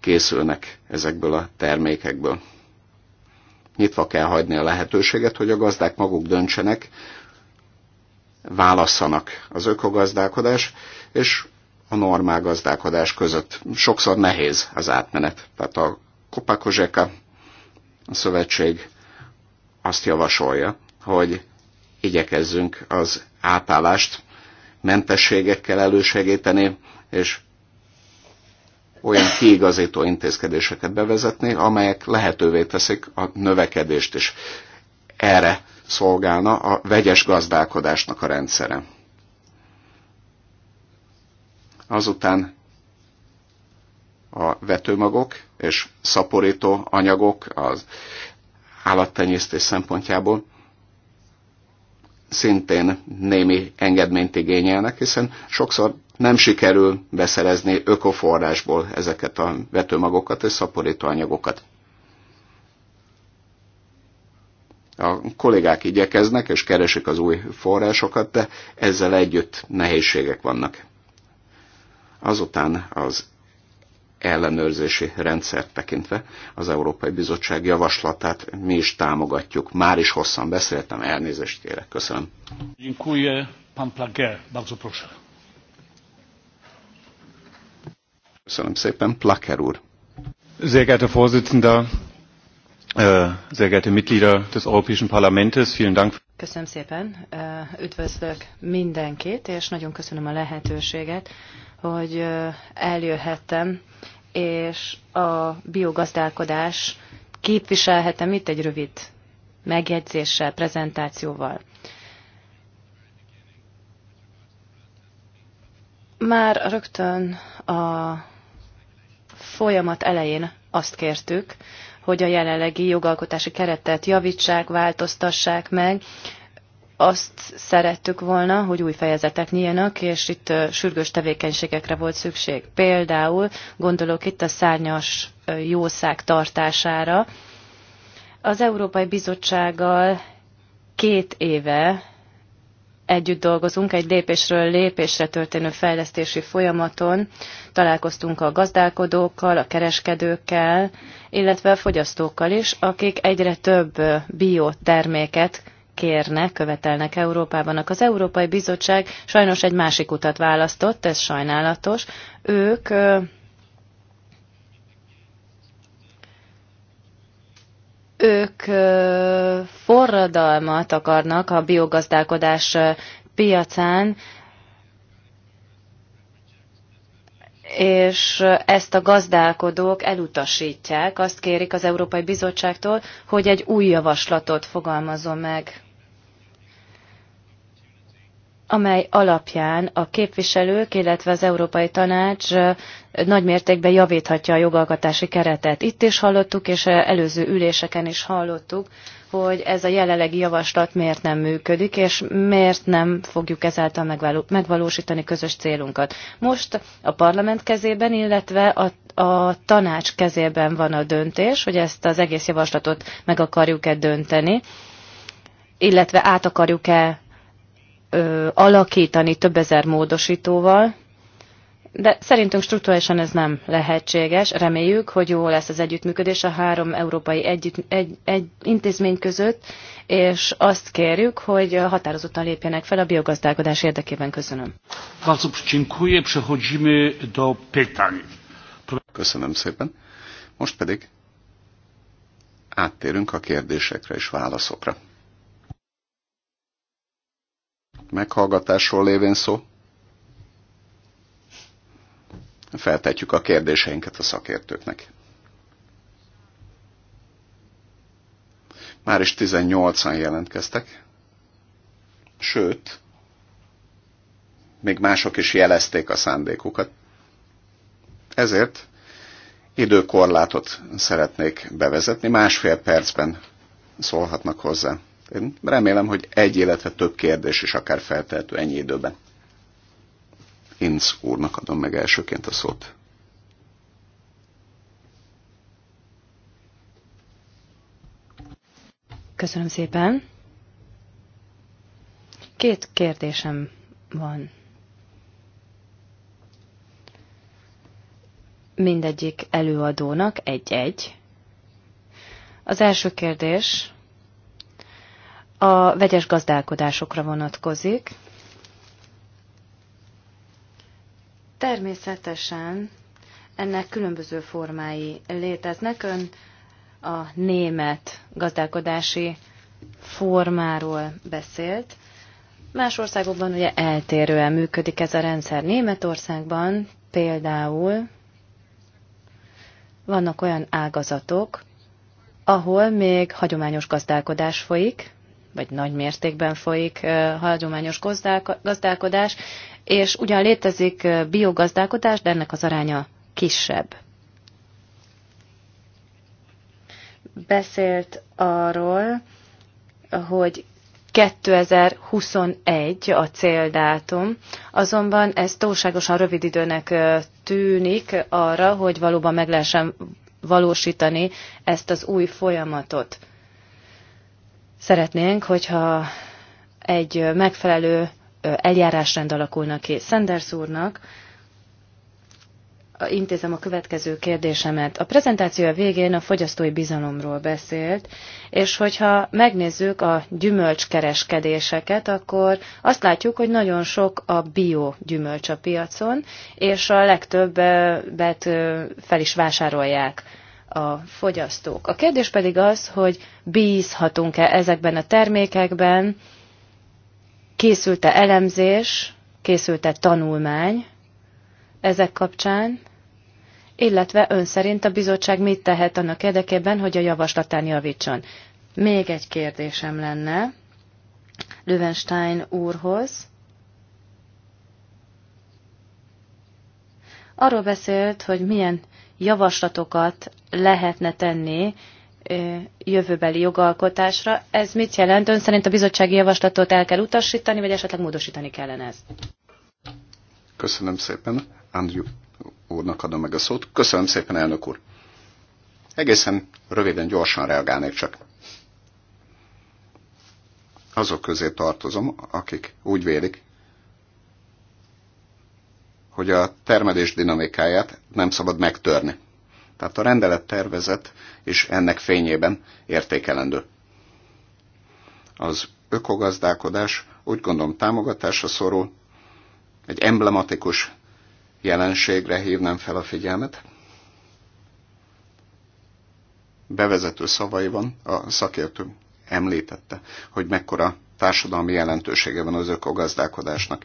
C: készülnek ezekből a termékekből. Nyitva kell hagyni a lehetőséget, hogy a gazdák maguk döntsenek, válasszanak az ökogazdálkodás és a normál gazdálkodás között. Sokszor nehéz az átmenet. Tehát a Kopakozseka, a szövetség azt javasolja, hogy igyekezzünk az átállást mentességekkel elősegíteni, és olyan kiigazító intézkedéseket bevezetni, amelyek lehetővé teszik a növekedést is. Erre szolgálna a vegyes gazdálkodásnak a rendszere. Azután a vetőmagok és szaporító anyagok az állattenyésztés szempontjából szintén némi engedményt igényelnek, hiszen sokszor nem sikerül beszerezni ökoforrásból ezeket a vetőmagokat és szaporítóanyagokat. A kollégák igyekeznek és keresik az új forrásokat, de ezzel együtt nehézségek vannak. Azután az ellenőrzési rendszert tekintve az Európai Bizottság javaslatát mi is támogatjuk. Már is hosszan beszéltem, elnézést kérek. Köszönöm. Köszönöm szépen. Plaker úr. Sehr geehrter Vorsitzender, äh, Mitglieder des Európai Parlamentes, vielen Dank.
D: Köszönöm szépen. Äh, üdvözlök mindenkit, és nagyon köszönöm a lehetőséget, hogy äh, eljöhettem és a biogazdálkodás képviselhetem itt egy rövid megjegyzéssel, prezentációval. Már rögtön a folyamat elején azt kértük, hogy a jelenlegi jogalkotási keretet javítsák, változtassák meg, azt szerettük volna, hogy új fejezetek nyíljanak, és itt sürgős tevékenységekre volt szükség. Például gondolok itt a szárnyas jószág tartására. Az Európai Bizottsággal két éve együtt dolgozunk, egy lépésről lépésre történő fejlesztési folyamaton. Találkoztunk a gazdálkodókkal, a kereskedőkkel, illetve a fogyasztókkal is, akik egyre több bioterméket kérne követelnek Európában. Az Európai Bizottság sajnos egy másik utat választott, ez sajnálatos. Ők ők forradalmat akarnak a biogazdálkodás piacán, és ezt a gazdálkodók elutasítják, azt kérik az Európai Bizottságtól, hogy egy új javaslatot fogalmazom meg amely alapján a képviselők, illetve az Európai Tanács nagymértékben javíthatja a jogalkotási keretet. Itt is hallottuk, és előző üléseken is hallottuk, hogy ez a jelenlegi javaslat miért nem működik, és miért nem fogjuk ezáltal megvalósítani közös célunkat. Most a parlament kezében, illetve a, a tanács kezében van a döntés, hogy ezt az egész javaslatot meg akarjuk-e dönteni, illetve át akarjuk-e ö, alakítani több ezer módosítóval, de szerintünk struktúrálisan ez nem lehetséges. Reméljük, hogy jó lesz az együttműködés a három európai együtt, egy, egy intézmény között, és azt kérjük, hogy határozottan lépjenek fel a biogazdálkodás érdekében. Köszönöm.
C: Köszönöm szépen. Most pedig áttérünk a kérdésekre és válaszokra meghallgatásról lévén szó. Feltetjük a kérdéseinket a szakértőknek. Már is 18-an jelentkeztek, sőt, még mások is jelezték a szándékukat. Ezért időkorlátot szeretnék bevezetni, másfél percben szólhatnak hozzá. Én remélem, hogy egy, illetve több kérdés is akár feltehető ennyi időben. Inz úrnak adom meg elsőként a szót.
D: Köszönöm szépen. Két kérdésem van. Mindegyik előadónak egy-egy. Az első kérdés a vegyes gazdálkodásokra vonatkozik. Természetesen ennek különböző formái léteznek. Ön a német gazdálkodási formáról beszélt. Más országokban ugye eltérően működik ez a rendszer. Németországban például vannak olyan ágazatok, ahol még hagyományos gazdálkodás folyik, vagy nagy mértékben folyik hagyományos gazdálkodás, és ugyan létezik biogazdálkodás, de ennek az aránya kisebb. Beszélt arról, hogy 2021 a céldátum, azonban ez túlságosan rövid időnek tűnik arra, hogy valóban meg lehessen valósítani ezt az új folyamatot. Szeretnénk, hogyha egy megfelelő eljárásrend alakulna ki. Sanders úrnak intézem a következő kérdésemet. A prezentációja végén a fogyasztói bizalomról beszélt, és hogyha megnézzük a gyümölcskereskedéseket, akkor azt látjuk, hogy nagyon sok a bio gyümölcs a piacon, és a legtöbbet fel is vásárolják a fogyasztók. A kérdés pedig az, hogy bízhatunk-e ezekben a termékekben, készült-e elemzés, készült-e tanulmány ezek kapcsán, illetve ön szerint a bizottság mit tehet annak érdekében, hogy a javaslatán javítson. Még egy kérdésem lenne Löwenstein úrhoz. Arról beszélt, hogy milyen javaslatokat lehetne tenni jövőbeli jogalkotásra. Ez mit jelent? Ön szerint a bizottsági javaslatot el kell utasítani, vagy esetleg módosítani kellene ezt?
C: Köszönöm szépen. Andrew úrnak adom meg a szót. Köszönöm szépen, elnök úr. Egészen röviden, gyorsan reagálnék csak. Azok közé tartozom, akik úgy vélik, hogy a termelés dinamikáját nem szabad megtörni. Tehát a rendelet tervezet és ennek fényében értékelendő. Az ökogazdálkodás úgy gondolom támogatásra szorul, egy emblematikus jelenségre hívnám fel a figyelmet. Bevezető szavaiban a szakértő említette, hogy mekkora társadalmi jelentősége van az ökogazdálkodásnak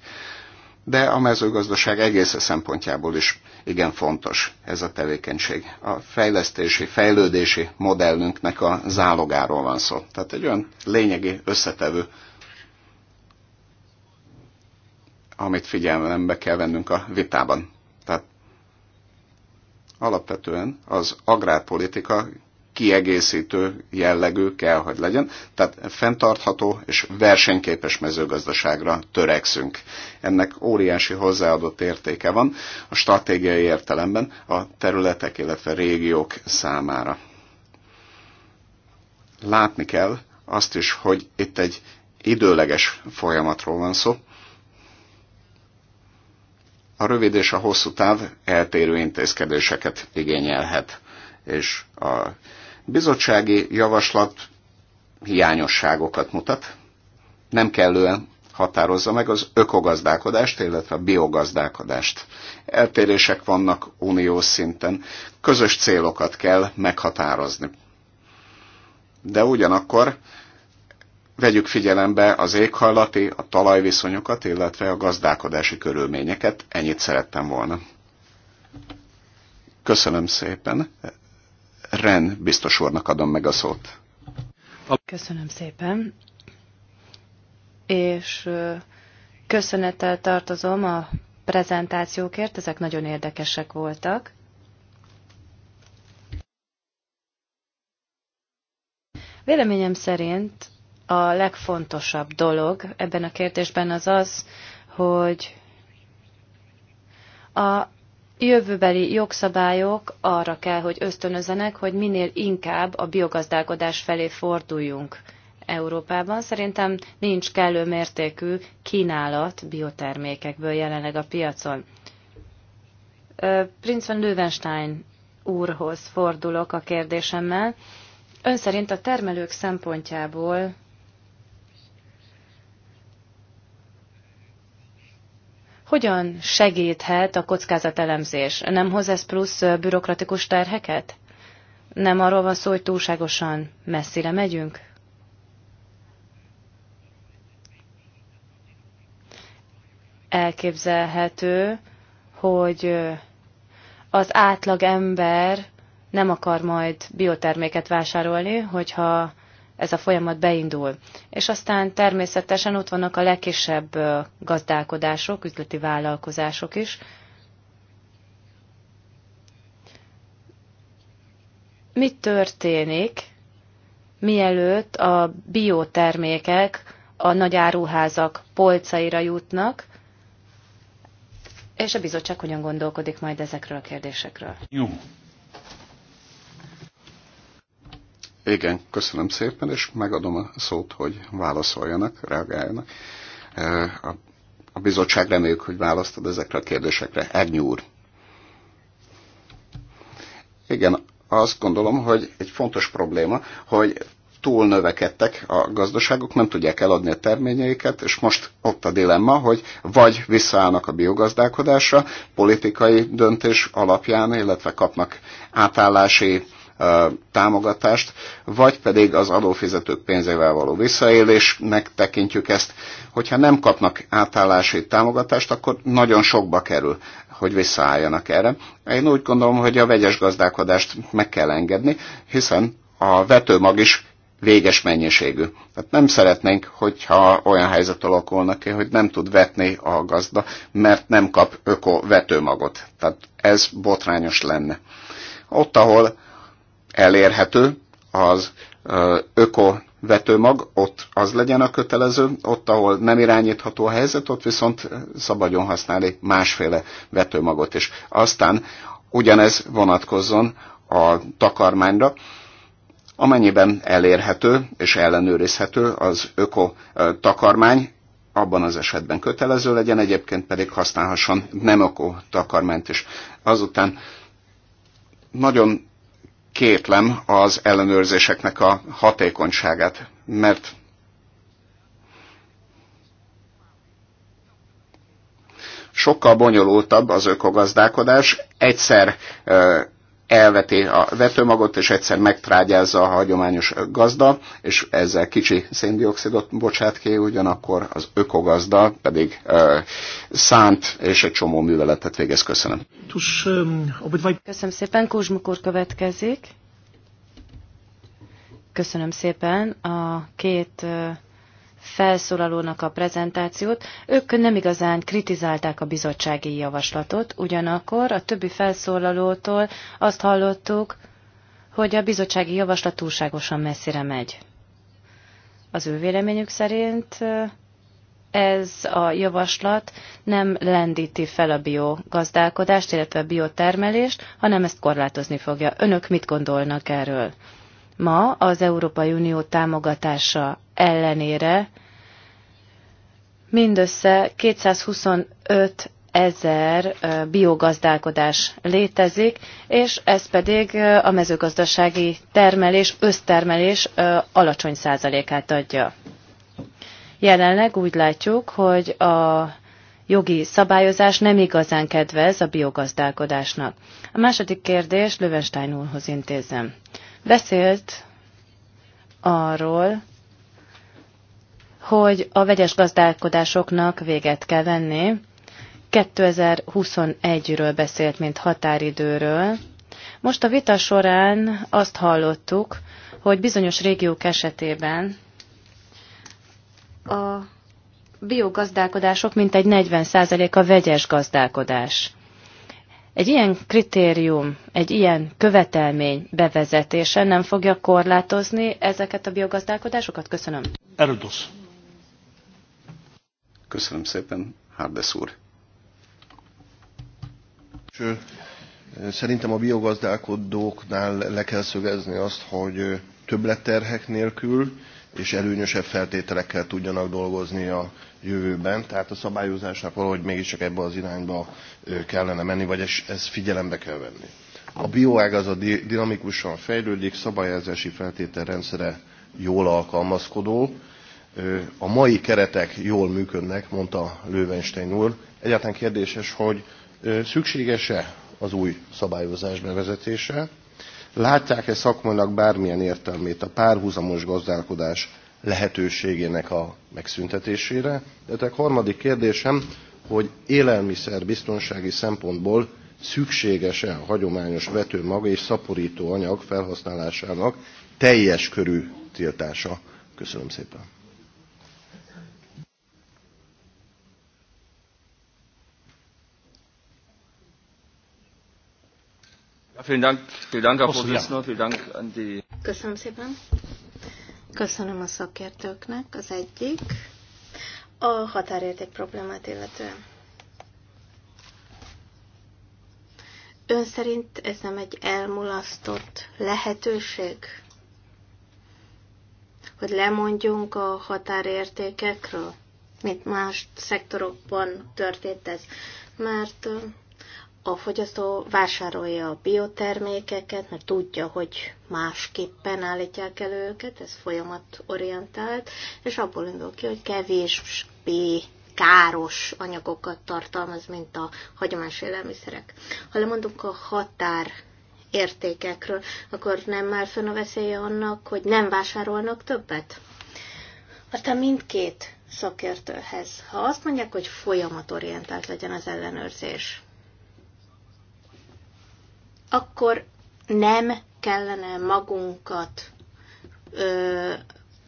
C: de a mezőgazdaság egész szempontjából is igen fontos ez a tevékenység. A fejlesztési, fejlődési modellünknek a zálogáról van szó. Tehát egy olyan lényegi összetevő, amit figyelembe kell vennünk a vitában. Tehát alapvetően az agrárpolitika kiegészítő jellegű kell, hogy legyen, tehát fenntartható és versenyképes mezőgazdaságra törekszünk. Ennek óriási hozzáadott értéke van a stratégiai értelemben a területek, illetve régiók számára. Látni kell azt is, hogy itt egy időleges folyamatról van szó, a rövid és a hosszú táv eltérő intézkedéseket igényelhet, és a bizottsági javaslat hiányosságokat mutat, nem kellően határozza meg az ökogazdálkodást, illetve a biogazdálkodást. Eltérések vannak uniós szinten, közös célokat kell meghatározni. De ugyanakkor vegyük figyelembe az éghajlati, a talajviszonyokat, illetve a gazdálkodási körülményeket. Ennyit szerettem volna. Köszönöm szépen, Ren biztos úrnak adom meg a szót.
D: Köszönöm szépen. És köszönettel tartozom a prezentációkért, ezek nagyon érdekesek voltak. Véleményem szerint a legfontosabb dolog ebben a kérdésben az az, hogy a jövőbeli jogszabályok arra kell, hogy ösztönözenek, hogy minél inkább a biogazdálkodás felé forduljunk Európában. Szerintem nincs kellő mértékű kínálat biotermékekből jelenleg a piacon. Prince von Löwenstein úrhoz fordulok a kérdésemmel. Ön szerint a termelők szempontjából hogyan segíthet a kockázatelemzés? Nem hoz ez plusz bürokratikus terheket? Nem arról van szó, hogy túlságosan messzire megyünk? Elképzelhető, hogy az átlag ember nem akar majd bioterméket vásárolni, hogyha ez a folyamat beindul. És aztán természetesen ott vannak a legkisebb gazdálkodások, üzleti vállalkozások is. Mi történik, mielőtt a biotermékek a nagy áruházak polcaira jutnak, és a bizottság hogyan gondolkodik majd ezekről a kérdésekről?
C: Jó. Igen, köszönöm szépen, és megadom a szót, hogy válaszoljanak, reagáljanak. A, bizottság reméljük, hogy választod ezekre a kérdésekre. Ernyi úr. Igen, azt gondolom, hogy egy fontos probléma, hogy túl növekedtek a gazdaságok, nem tudják eladni a terményeiket, és most ott a dilemma, hogy vagy visszaállnak a biogazdálkodásra politikai döntés alapján, illetve kapnak átállási támogatást, vagy pedig az adófizetők pénzével való visszaélésnek tekintjük ezt. Hogyha nem kapnak átállási támogatást, akkor nagyon sokba kerül, hogy visszaálljanak erre. Én úgy gondolom, hogy a vegyes gazdálkodást meg kell engedni, hiszen a vetőmag is véges mennyiségű. Tehát nem szeretnénk, hogyha olyan helyzet alakulnak ki, hogy nem tud vetni a gazda, mert nem kap öko vetőmagot. Tehát ez botrányos lenne. Ott, ahol elérhető az öko vetőmag, ott az legyen a kötelező, ott, ahol nem irányítható a helyzet, ott viszont szabadjon használni másféle vetőmagot is. Aztán ugyanez vonatkozzon a takarmányra, amennyiben elérhető és ellenőrizhető az öko takarmány, abban az esetben kötelező legyen, egyébként pedig használhasson nem öko takarmányt is. Azután nagyon kétlem az ellenőrzéseknek a hatékonyságát, mert sokkal bonyolultabb az ökogazdálkodás. Egyszer elveti a vetőmagot, és egyszer megtrágyázza a hagyományos gazda, és ezzel kicsi széndiokszidot bocsát ki, ugyanakkor az ökogazda pedig ö, szánt, és egy csomó műveletet végez. Köszönöm.
D: Köszönöm szépen, Kuzsmukor következik. Köszönöm szépen a két felszólalónak a prezentációt. Ők nem igazán kritizálták a bizottsági javaslatot, ugyanakkor a többi felszólalótól azt hallottuk, hogy a bizottsági javaslat túlságosan messzire megy. Az ő véleményük szerint ez a javaslat nem lendíti fel a biogazdálkodást, illetve a biotermelést, hanem ezt korlátozni fogja. Önök mit gondolnak erről? Ma az Európai Unió támogatása ellenére mindössze 225 ezer biogazdálkodás létezik, és ez pedig a mezőgazdasági termelés, össztermelés alacsony százalékát adja. Jelenleg úgy látjuk, hogy a jogi szabályozás nem igazán kedvez a biogazdálkodásnak. A második kérdés Lövenstein úrhoz intézem. Beszélt arról, hogy a vegyes gazdálkodásoknak véget kell venni. 2021-ről beszélt, mint határidőről. Most a vita során azt hallottuk, hogy bizonyos régiók esetében a biogazdálkodások mintegy 40%-a vegyes gazdálkodás. Egy ilyen kritérium, egy ilyen követelmény bevezetése nem fogja korlátozni ezeket a biogazdálkodásokat? Köszönöm.
C: Erdos. Köszönöm szépen, Hárdes úr. Szerintem a biogazdálkodóknál le kell szögezni azt, hogy többletterhek nélkül és előnyösebb feltételekkel tudjanak dolgozni a jövőben, tehát a szabályozásnak valahogy mégiscsak ebbe az irányba kellene menni, vagy ezt figyelembe kell venni. A bioágazat dinamikusan fejlődik, szabályozási feltételrendszere jól alkalmazkodó, a mai keretek jól működnek, mondta Löwenstein úr. Egyáltalán kérdéses, hogy szükséges-e az új szabályozás bevezetése? Látják-e szakmának bármilyen értelmét a párhuzamos gazdálkodás lehetőségének a megszüntetésére. Tehát harmadik kérdésem, hogy élelmiszer biztonsági szempontból szükséges-e a hagyományos vetőmag és szaporító anyag felhasználásának teljes körű tiltása. Köszönöm szépen.
B: Köszönöm szépen. Köszönöm a szakértőknek az egyik, a határérték problémát illetően. Ön szerint ez nem egy elmulasztott lehetőség? Hogy lemondjunk a határértékekről, mint más szektorokban történt ez? Mert a fogyasztó vásárolja a biotermékeket, mert tudja, hogy másképpen állítják elő őket, ez folyamatorientált, és abból indul ki, hogy kevésbé káros anyagokat tartalmaz, mint a hagyományos élelmiszerek. Ha lemondunk a határ értékekről, akkor nem már fönn a veszélye annak, hogy nem vásárolnak többet? Aztán mindkét szakértőhez. Ha azt mondják, hogy folyamatorientált legyen az ellenőrzés, akkor nem kellene magunkat ö,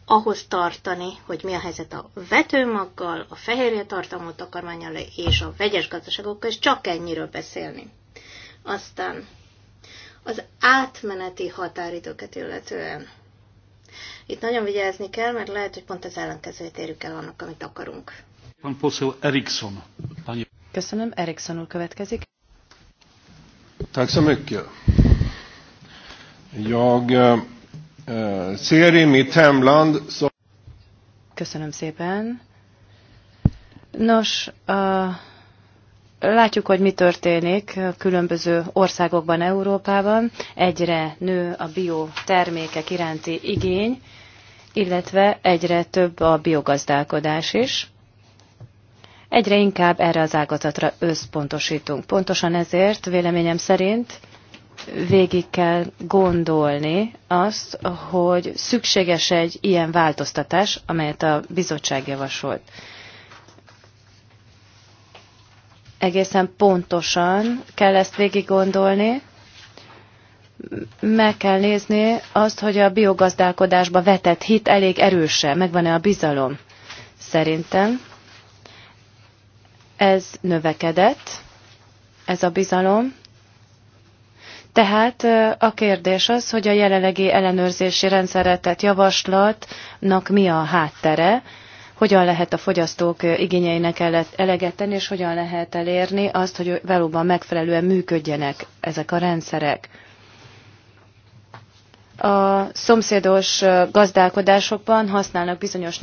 B: ahhoz tartani, hogy mi a helyzet a vetőmaggal, a fehérje tartalmú takarmányal és a vegyes gazdaságokkal, és csak ennyiről beszélni. Aztán az átmeneti határidőket illetően. Itt nagyon vigyázni kell, mert lehet, hogy pont az ellenkezőjét érjük el annak, amit akarunk.
D: Köszönöm, Erikson úr következik.
C: Tack så mycket. Jag eh, eh, ser i mitt hemland så...
D: Köszönöm szépen. Nos, uh, látjuk, hogy mi történik a különböző országokban, Európában. Egyre nő a biotermékek iránti igény, illetve egyre több a biogazdálkodás is egyre inkább erre az ágazatra összpontosítunk. Pontosan ezért véleményem szerint végig kell gondolni azt, hogy szükséges egy ilyen változtatás, amelyet a bizottság javasolt. Egészen pontosan kell ezt végig gondolni, meg kell nézni azt, hogy a biogazdálkodásba vetett hit elég erőse, megvan-e a bizalom. Szerintem ez növekedett, ez a bizalom. Tehát a kérdés az, hogy a jelenlegi ellenőrzési rendszerre tett javaslatnak mi a háttere, hogyan lehet a fogyasztók igényeinek eleget tenni, és hogyan lehet elérni azt, hogy valóban megfelelően működjenek ezek a rendszerek a szomszédos gazdálkodásokban használnak bizonyos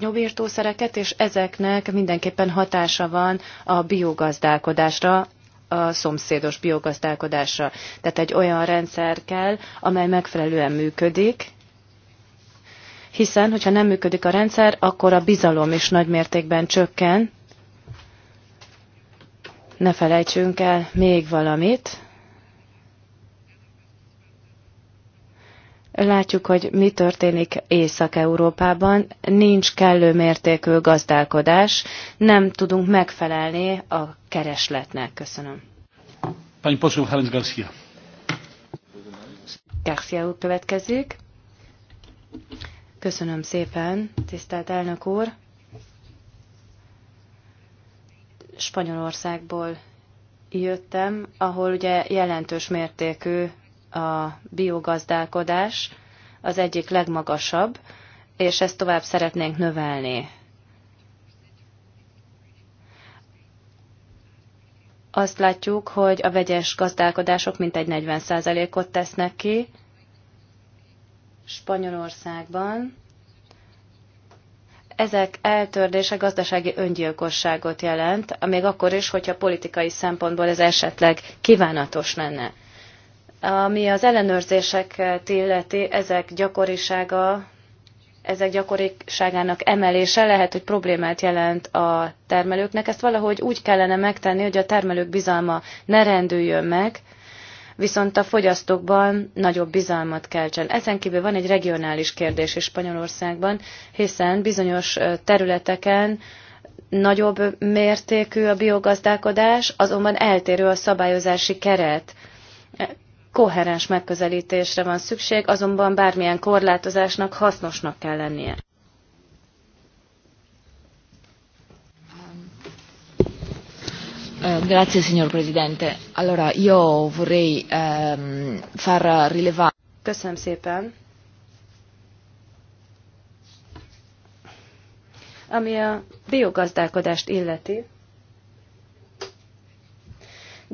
D: nyomírtószereket, és ezeknek mindenképpen hatása van a biogazdálkodásra, a szomszédos biogazdálkodásra. Tehát egy olyan rendszer kell, amely megfelelően működik, hiszen, hogyha nem működik a rendszer, akkor a bizalom is nagymértékben csökken. Ne felejtsünk el még valamit. Látjuk, hogy mi történik Észak-Európában, nincs kellő mértékű gazdálkodás, nem tudunk megfelelni a keresletnek. Köszönöm.
A: Pani poseł Helens Garcia.
D: Garcia úr következik. Köszönöm szépen, tisztelt elnök úr. Spanyolországból jöttem, ahol ugye jelentős mértékű a biogazdálkodás az egyik legmagasabb, és ezt tovább szeretnénk növelni. Azt látjuk, hogy a vegyes gazdálkodások mintegy 40%-ot tesznek ki Spanyolországban. Ezek eltördése gazdasági öngyilkosságot jelent, még akkor is, hogyha politikai szempontból ez esetleg kívánatos lenne. Ami az ellenőrzéseket illeti, ezek gyakorisága, ezek gyakoriságának emelése lehet, hogy problémát jelent a termelőknek. Ezt valahogy úgy kellene megtenni, hogy a termelők bizalma ne rendüljön meg, viszont a fogyasztókban nagyobb bizalmat keltsen. Ezen kívül van egy regionális kérdés is Spanyolországban, hiszen bizonyos területeken nagyobb mértékű a biogazdálkodás, azonban eltérő a szabályozási keret koherens megközelítésre van szükség, azonban bármilyen korlátozásnak hasznosnak kell lennie. Eh, grazie signor Presidente. Allora io vorrei um, far rilevare. Köszönöm szépen. Ami a biogazdálkodást illeti,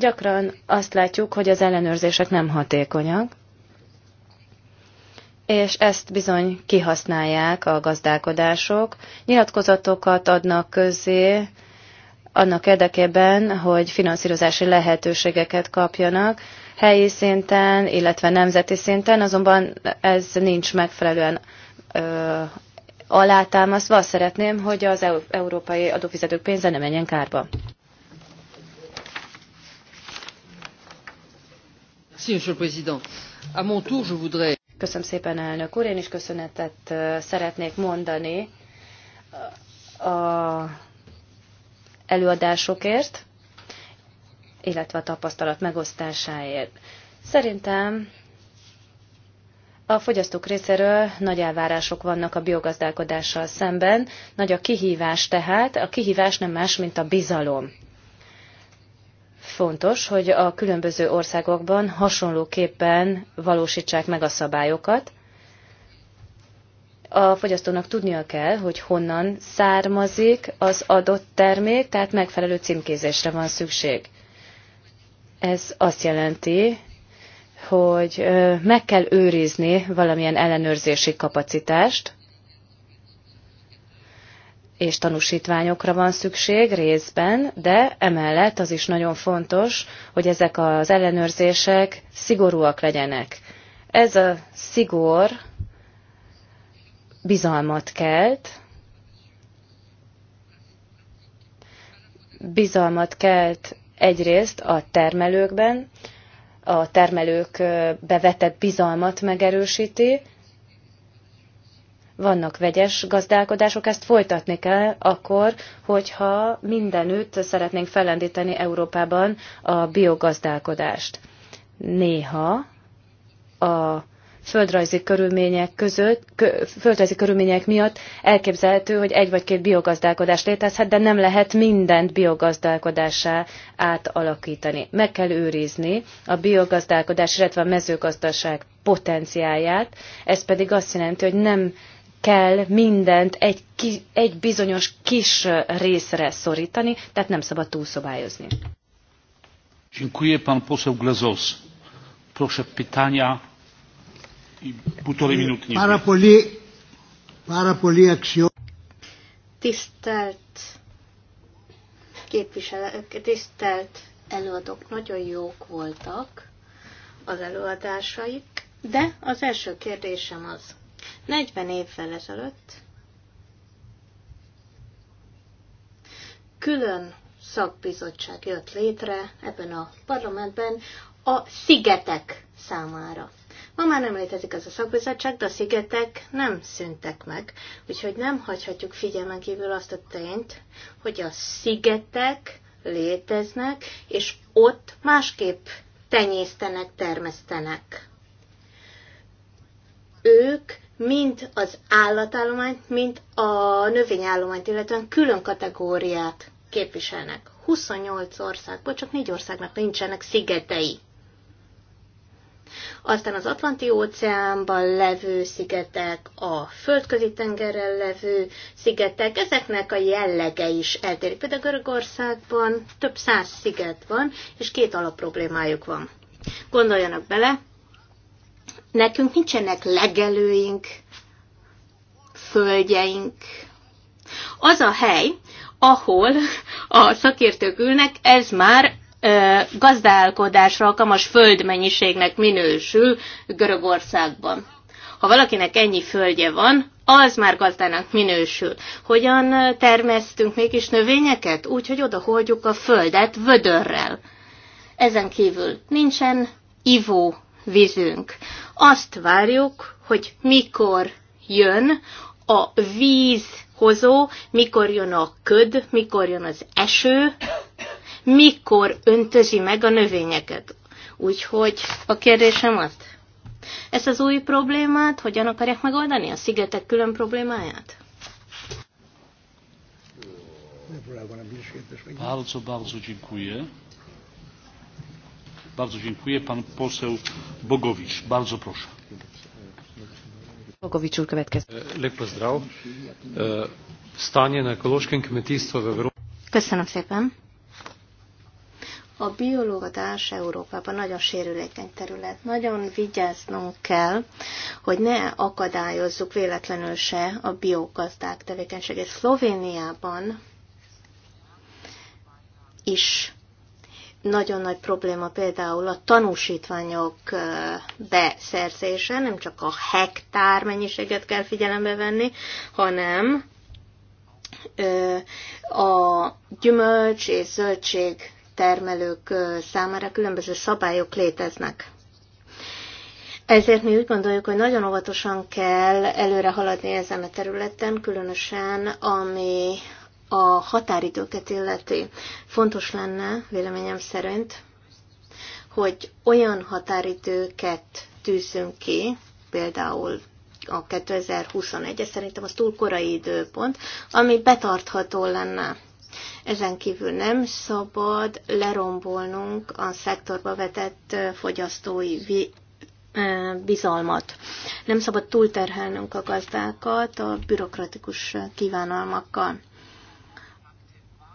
D: Gyakran azt látjuk, hogy az ellenőrzések nem hatékonyak, és ezt bizony kihasználják a gazdálkodások. Nyilatkozatokat adnak közé annak érdekében, hogy finanszírozási lehetőségeket kapjanak helyi szinten, illetve nemzeti szinten, azonban ez nincs megfelelően ö, alátámasztva. Azt szeretném, hogy az európai adófizetők pénze ne menjen kárba. Köszönöm szépen, elnök úr. Én is köszönetet szeretnék mondani a előadásokért, illetve a tapasztalat megosztásáért. Szerintem a fogyasztók részéről nagy elvárások vannak a biogazdálkodással szemben, nagy a kihívás tehát, a kihívás nem más, mint a bizalom fontos, hogy a különböző országokban hasonlóképpen valósítsák meg a szabályokat. A fogyasztónak tudnia kell, hogy honnan származik az adott termék, tehát megfelelő címkézésre van szükség. Ez azt jelenti, hogy meg kell őrizni valamilyen ellenőrzési kapacitást, és tanúsítványokra van szükség részben, de emellett az is nagyon fontos, hogy ezek az ellenőrzések szigorúak legyenek. Ez a szigor bizalmat kelt, bizalmat kelt egyrészt a termelőkben, a termelők bevetett bizalmat megerősíti, vannak vegyes gazdálkodások, ezt folytatni kell akkor, hogyha mindenütt szeretnénk fellendíteni Európában a biogazdálkodást. Néha a földrajzi körülmények között, kö, földrajzi körülmények miatt elképzelhető, hogy egy vagy két biogazdálkodás létezhet, de nem lehet mindent biogazdálkodássá átalakítani. Meg kell őrizni a biogazdálkodás, illetve a mezőgazdaság potenciáját, ez pedig azt jelenti, hogy nem kell mindent egy, ki, egy bizonyos kis részre szorítani, tehát nem szabad túlszobályozni.
A: Dziękuję pan poseł Glezos. Proszę pytania i półtorej minutki. Para poli, para poli akció.
B: Tisztelt képviselők, tisztelt előadók, nagyon jók voltak az előadásaik, de az első kérdésem az, 40 évvel ezelőtt külön szakbizottság jött létre ebben a parlamentben a szigetek számára. Ma már nem létezik ez a szakbizottság, de a szigetek nem szűntek meg, úgyhogy nem hagyhatjuk figyelmen kívül azt a tényt, hogy a szigetek léteznek, és ott másképp tenyésztenek, termesztenek. Ők mint az állatállományt, mint a növényállományt, illetően külön kategóriát képviselnek. 28 országból csak négy országnak nincsenek szigetei. Aztán az Atlanti óceánban levő szigetek, a földközi tengeren levő szigetek, ezeknek a jellege is eltérik. Például Görögországban több száz sziget van, és két alapproblémájuk van. Gondoljanak bele, Nekünk nincsenek legelőink, földjeink. Az a hely, ahol a szakértők ülnek, ez már ö, gazdálkodásra alkalmas földmennyiségnek minősül Görögországban. Ha valakinek ennyi földje van, az már gazdának minősül. Hogyan termesztünk mégis növényeket? Úgy, hogy odaholdjuk a földet vödörrel. Ezen kívül nincsen ivó vízünk. Azt várjuk, hogy mikor jön a vízhozó, mikor jön a köd, mikor jön az eső, mikor öntözi meg a növényeket. Úgyhogy a kérdésem az, ezt az új problémát hogyan akarják megoldani? A szigetek külön problémáját?
A: Bardzo, bardzo dziękuję. Bardzo dziękuję. Pan poseł Bogowicz. Bardzo proszę. Bogowicz úr
D: következik. Lep pozdrav.
A: E, stanje na ekološkem kmetijstvu v Európában.
B: Köszönöm szépen. A biológatás Európában nagyon sérülékeny terület. Nagyon vigyáznunk kell, hogy ne akadályozzuk véletlenül se a biogazdák tevékenységét. Szlovéniában is nagyon nagy probléma például a tanúsítványok beszerzése, nem csak a hektár mennyiséget kell figyelembe venni, hanem a gyümölcs és zöldség termelők számára különböző szabályok léteznek. Ezért mi úgy gondoljuk, hogy nagyon óvatosan kell előre haladni ezen a területen, különösen ami a határidőket illeti. Fontos lenne, véleményem szerint, hogy olyan határidőket tűzünk ki, például a 2021-es szerintem az túl korai időpont, ami betartható lenne. Ezen kívül nem szabad lerombolnunk a szektorba vetett fogyasztói bizalmat. Nem szabad túlterhelnünk a gazdákat a bürokratikus kívánalmakkal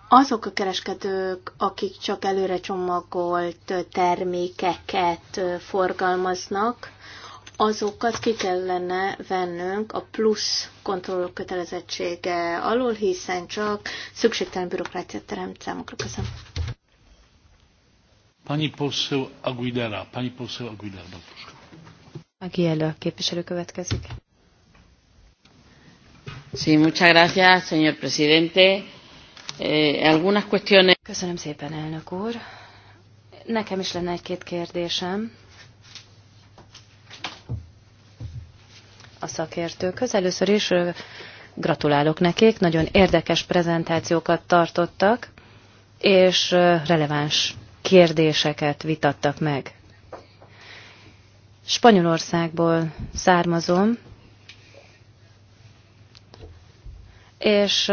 B: azok a kereskedők, akik csak előre csomagolt termékeket forgalmaznak, azokat ki kellene vennünk a plusz kontrollok kötelezettsége alól, hiszen csak szükségtelen bürokráciát teremt számukra. Köszönöm.
A: Pani poseł Aguilera, pani poseł Aguilera.
D: Aguilera, képviselő következik. Sí, muchas gracias, señor presidente. Eh, Köszönöm szépen, elnök úr. Nekem is lenne egy-két kérdésem. A szakértőkhöz először is gratulálok nekik, nagyon érdekes prezentációkat tartottak, és releváns kérdéseket vitattak meg. Spanyolországból származom, és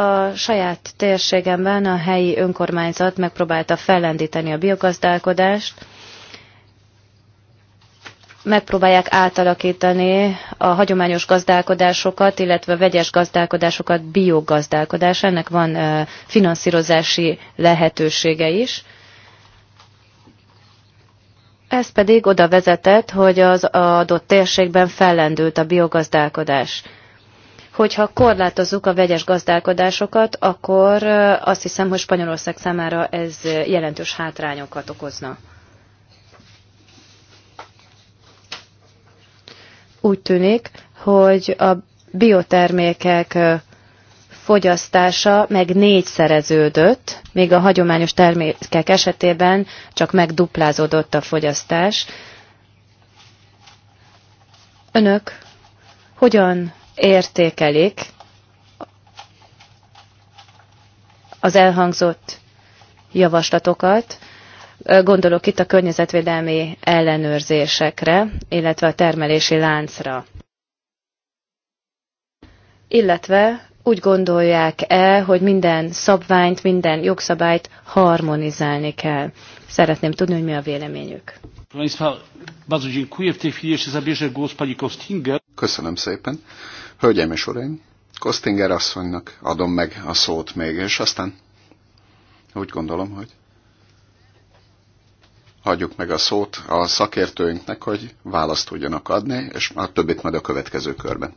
D: a saját térségemben a helyi önkormányzat megpróbálta fellendíteni a biogazdálkodást, megpróbálják átalakítani a hagyományos gazdálkodásokat, illetve vegyes gazdálkodásokat biogazdálkodás. Ennek van finanszírozási lehetősége is. Ez pedig oda vezetett, hogy az adott térségben fellendült a biogazdálkodás. Hogyha korlátozzuk a vegyes gazdálkodásokat, akkor azt hiszem, hogy Spanyolország számára ez jelentős hátrányokat okozna. Úgy tűnik, hogy a biotermékek fogyasztása meg négyszereződött, még a hagyományos termékek esetében csak megduplázódott a fogyasztás. Önök hogyan értékelik az elhangzott javaslatokat. Gondolok itt a környezetvédelmi ellenőrzésekre, illetve a termelési láncra. Illetve úgy gondolják-e, hogy minden szabványt, minden jogszabályt harmonizálni kell. Szeretném tudni, hogy mi a véleményük.
C: Köszönöm szépen. Hölgyeim és uraim, Kostinger asszonynak adom meg a szót még, és aztán úgy gondolom, hogy hagyjuk meg a szót a szakértőinknek, hogy választ tudjanak adni, és a többit majd a következő körben.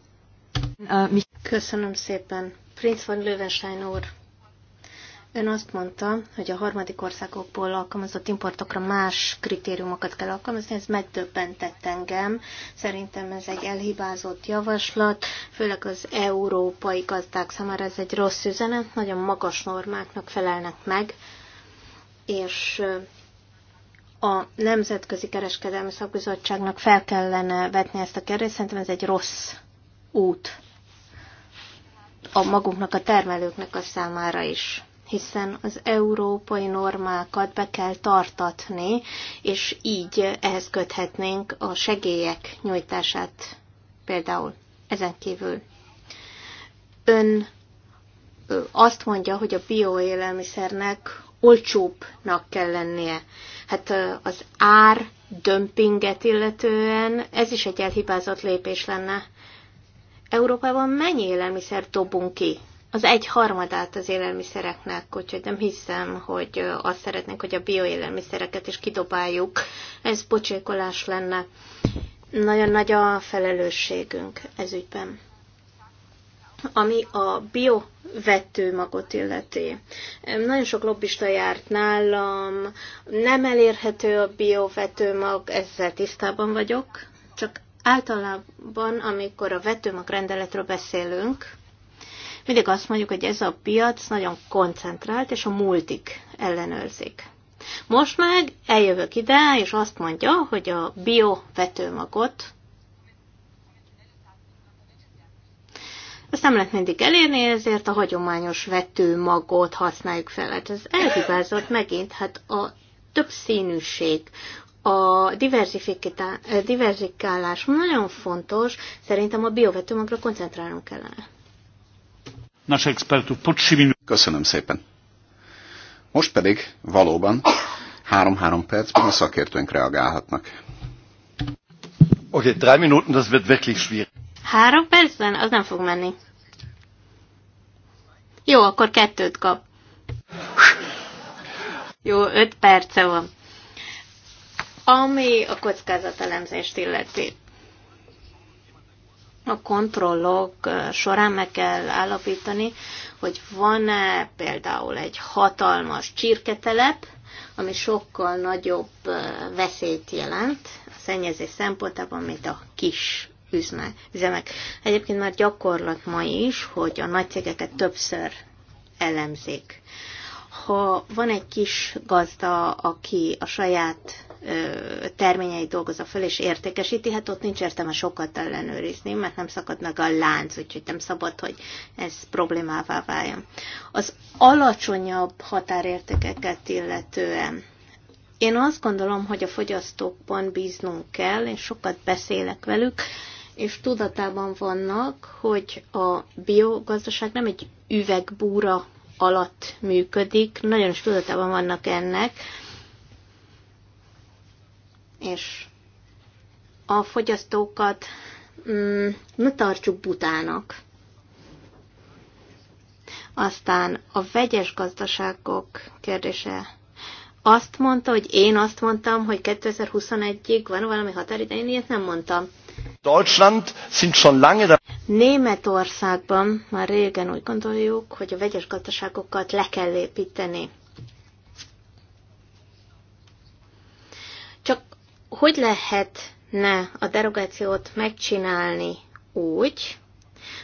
B: Köszönöm szépen. Prince von Löwenstein úr. Ön azt mondta, hogy a harmadik országokból alkalmazott importokra más kritériumokat kell alkalmazni, ez megdöbbentett engem. Szerintem ez egy elhibázott javaslat, főleg az európai gazdák számára ez egy rossz üzenet, nagyon magas normáknak felelnek meg, és a Nemzetközi Kereskedelmi Szakbizottságnak fel kellene vetni ezt a kérdést, szerintem ez egy rossz út a magunknak, a termelőknek a számára is hiszen az európai normákat be kell tartatni, és így ehhez köthetnénk a segélyek nyújtását például ezen kívül. Ön azt mondja, hogy a bioélelmiszernek olcsóbbnak kell lennie. Hát az ár dömpinget illetően ez is egy elhibázott lépés lenne. Európában mennyi élelmiszer dobunk ki? az egy harmadát az élelmiszereknek, úgyhogy nem hiszem, hogy azt szeretnénk, hogy a bioélelmiszereket is kidobáljuk. Ez pocsékolás lenne. Nagyon nagy a felelősségünk ez ügyben. Ami a bio magot illeti. Nagyon sok lobbista járt nálam, nem elérhető a biovetőmag, ezzel tisztában vagyok, csak általában, amikor a vetőmag rendeletről beszélünk, mindig azt mondjuk, hogy ez a piac nagyon koncentrált, és a multik ellenőrzik. Most meg eljövök ide, és azt mondja, hogy a vetőmagot Ezt nem lehet mindig elérni, ezért a hagyományos vetőmagot használjuk fel. Hát ez elhibázott megint, hát a több színűség, a diversifikálás eh, nagyon fontos, szerintem a biovetőmagra koncentrálnunk kellene.
C: Köszönöm szépen. Most pedig valóban három-három percben a szakértőnk reagálhatnak. Oké, okay, drei Minuten, das wird wirklich schwierig.
B: Három percben? Az nem fog menni. Jó, akkor kettőt kap. Jó, öt perce van. Ami a kockázatelemzést illeti a kontrollok során meg kell állapítani, hogy van-e például egy hatalmas csirketelep, ami sokkal nagyobb veszélyt jelent a szennyezés szempontában, mint a kis üzemek. Egyébként már gyakorlat ma is, hogy a nagy cégeket többször elemzik. Ha van egy kis gazda, aki a saját terményeit dolgozza fel és értékesíti, hát ott nincs értelme sokat ellenőrizni, mert nem szakad meg a lánc, úgyhogy nem szabad, hogy ez problémává váljon. Az alacsonyabb határértékeket illetően én azt gondolom, hogy a fogyasztókban bíznunk kell, én sokat beszélek velük, és tudatában vannak, hogy a biogazdaság nem egy üvegbúra alatt működik, nagyon is tudatában vannak ennek, és a fogyasztókat mm, ne tartsuk butának. Aztán a vegyes gazdaságok kérdése. Azt mondta, hogy én azt mondtam, hogy 2021-ig van valami határidő, én ilyet nem mondtam.
C: Deutschland sind schon lange da.
B: Németországban már régen úgy gondoljuk, hogy a vegyes gazdaságokat le kell építeni. hogy lehetne a derogációt megcsinálni úgy,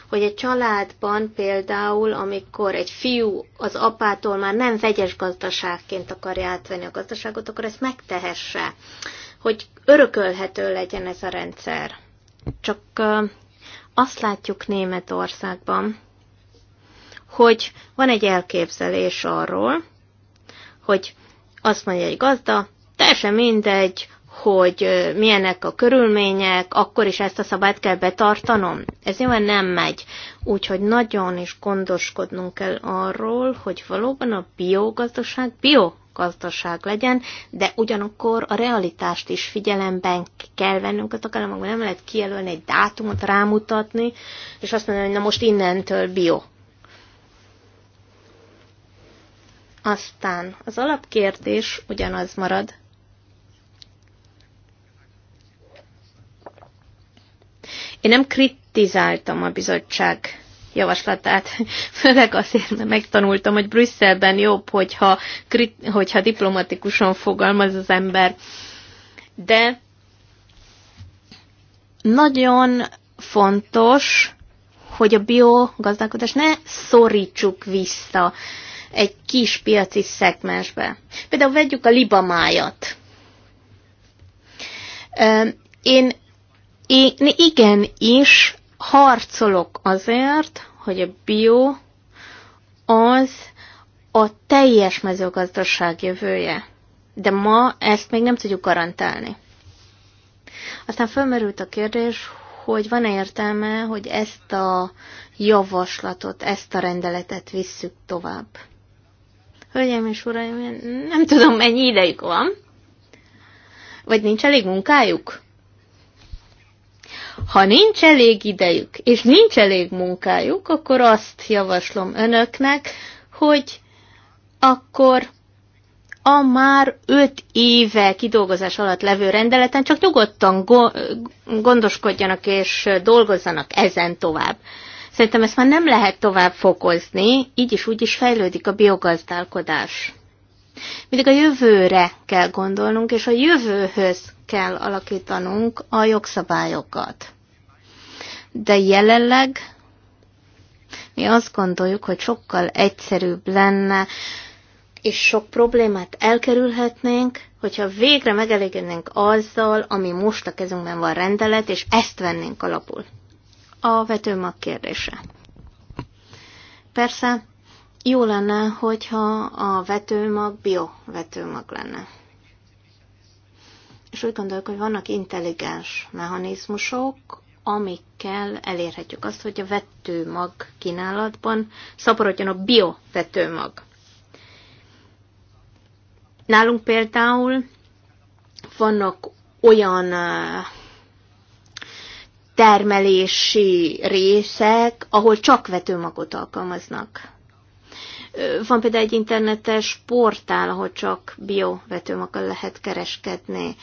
B: hogy egy családban például, amikor egy fiú az apától már nem vegyes gazdaságként akarja átvenni a gazdaságot, akkor ezt megtehesse, hogy örökölhető legyen ez a rendszer. Csak azt látjuk Németországban, hogy van egy elképzelés arról, hogy azt mondja egy gazda, teljesen mindegy, hogy milyenek a körülmények, akkor is ezt a szabályt kell betartanom. Ez nyilván nem megy. Úgyhogy nagyon is gondoskodnunk kell arról, hogy valóban a biogazdaság biogazdaság legyen, de ugyanakkor a realitást is figyelemben kell vennünk, a tagállamokban nem lehet kijelölni egy dátumot, rámutatni, és azt mondani, hogy na most innentől bio. Aztán az alapkérdés ugyanaz marad, Én nem kritizáltam a bizottság javaslatát, főleg azért, mert megtanultam, hogy Brüsszelben jobb, hogyha, hogyha diplomatikusan fogalmaz az ember. De nagyon fontos, hogy a biogazdálkodást ne szorítsuk vissza egy kis piaci szegmensbe. Például vegyük a libamájat. Én én igen is harcolok azért, hogy a bio az a teljes mezőgazdaság jövője. De ma ezt még nem tudjuk garantálni. Aztán felmerült a kérdés, hogy van-e értelme, hogy ezt a javaslatot, ezt a rendeletet visszük tovább. Hölgyeim és uraim, nem tudom, mennyi idejük van. Vagy nincs elég munkájuk? Ha nincs elég idejük, és nincs elég munkájuk, akkor azt javaslom önöknek, hogy akkor a már öt éve kidolgozás alatt levő rendeleten csak nyugodtan gondoskodjanak és dolgozzanak ezen tovább. Szerintem ezt már nem lehet tovább fokozni, így is úgy is fejlődik a biogazdálkodás. Mindig a jövőre kell gondolnunk, és a jövőhöz kell alakítanunk a jogszabályokat. De jelenleg mi azt gondoljuk, hogy sokkal egyszerűbb lenne, és sok problémát elkerülhetnénk, hogyha végre megelégednénk azzal, ami most a kezünkben van rendelet, és ezt vennénk alapul. A vetőmag kérdése. Persze, jó lenne, hogyha a vetőmag bio vetőmag lenne. És úgy gondoljuk, hogy vannak intelligens mechanizmusok, amikkel elérhetjük azt, hogy a vetőmag kínálatban szaporodjon a bio vetőmag. Nálunk például vannak olyan termelési részek, ahol csak vetőmagot alkalmaznak. Van például egy internetes portál, ahol csak biovetőmaggal lehet kereskedni.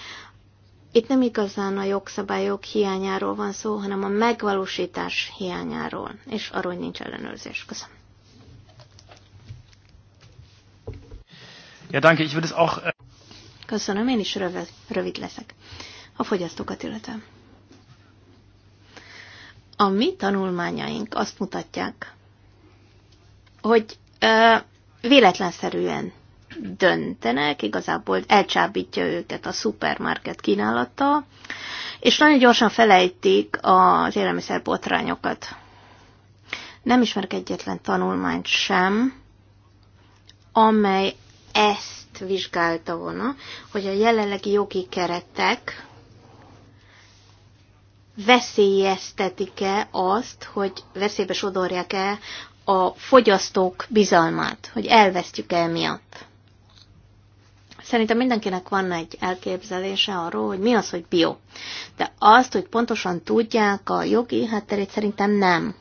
B: Itt nem igazán a jogszabályok hiányáról van szó, hanem a megvalósítás hiányáról, és arról nincs ellenőrzés. Köszönöm. Ja, danke, ich würde es auch... Äh, Köszönöm, én is rövid, rövid leszek. A fogyasztókat illetve. A mi tanulmányaink azt mutatják, hogy véletlenszerűen döntenek, igazából elcsábítja őket a szupermarket kínálata, és nagyon gyorsan felejtik az botrányokat. Nem ismerek egyetlen tanulmányt sem, amely ezt vizsgálta volna, hogy a jelenlegi jogi keretek veszélyeztetik-e azt, hogy veszélybe sodorják-e a fogyasztók bizalmát, hogy elvesztjük el miatt. Szerintem mindenkinek van egy elképzelése arról, hogy mi az, hogy bio. De azt, hogy pontosan tudják a jogi hátterét, szerintem nem.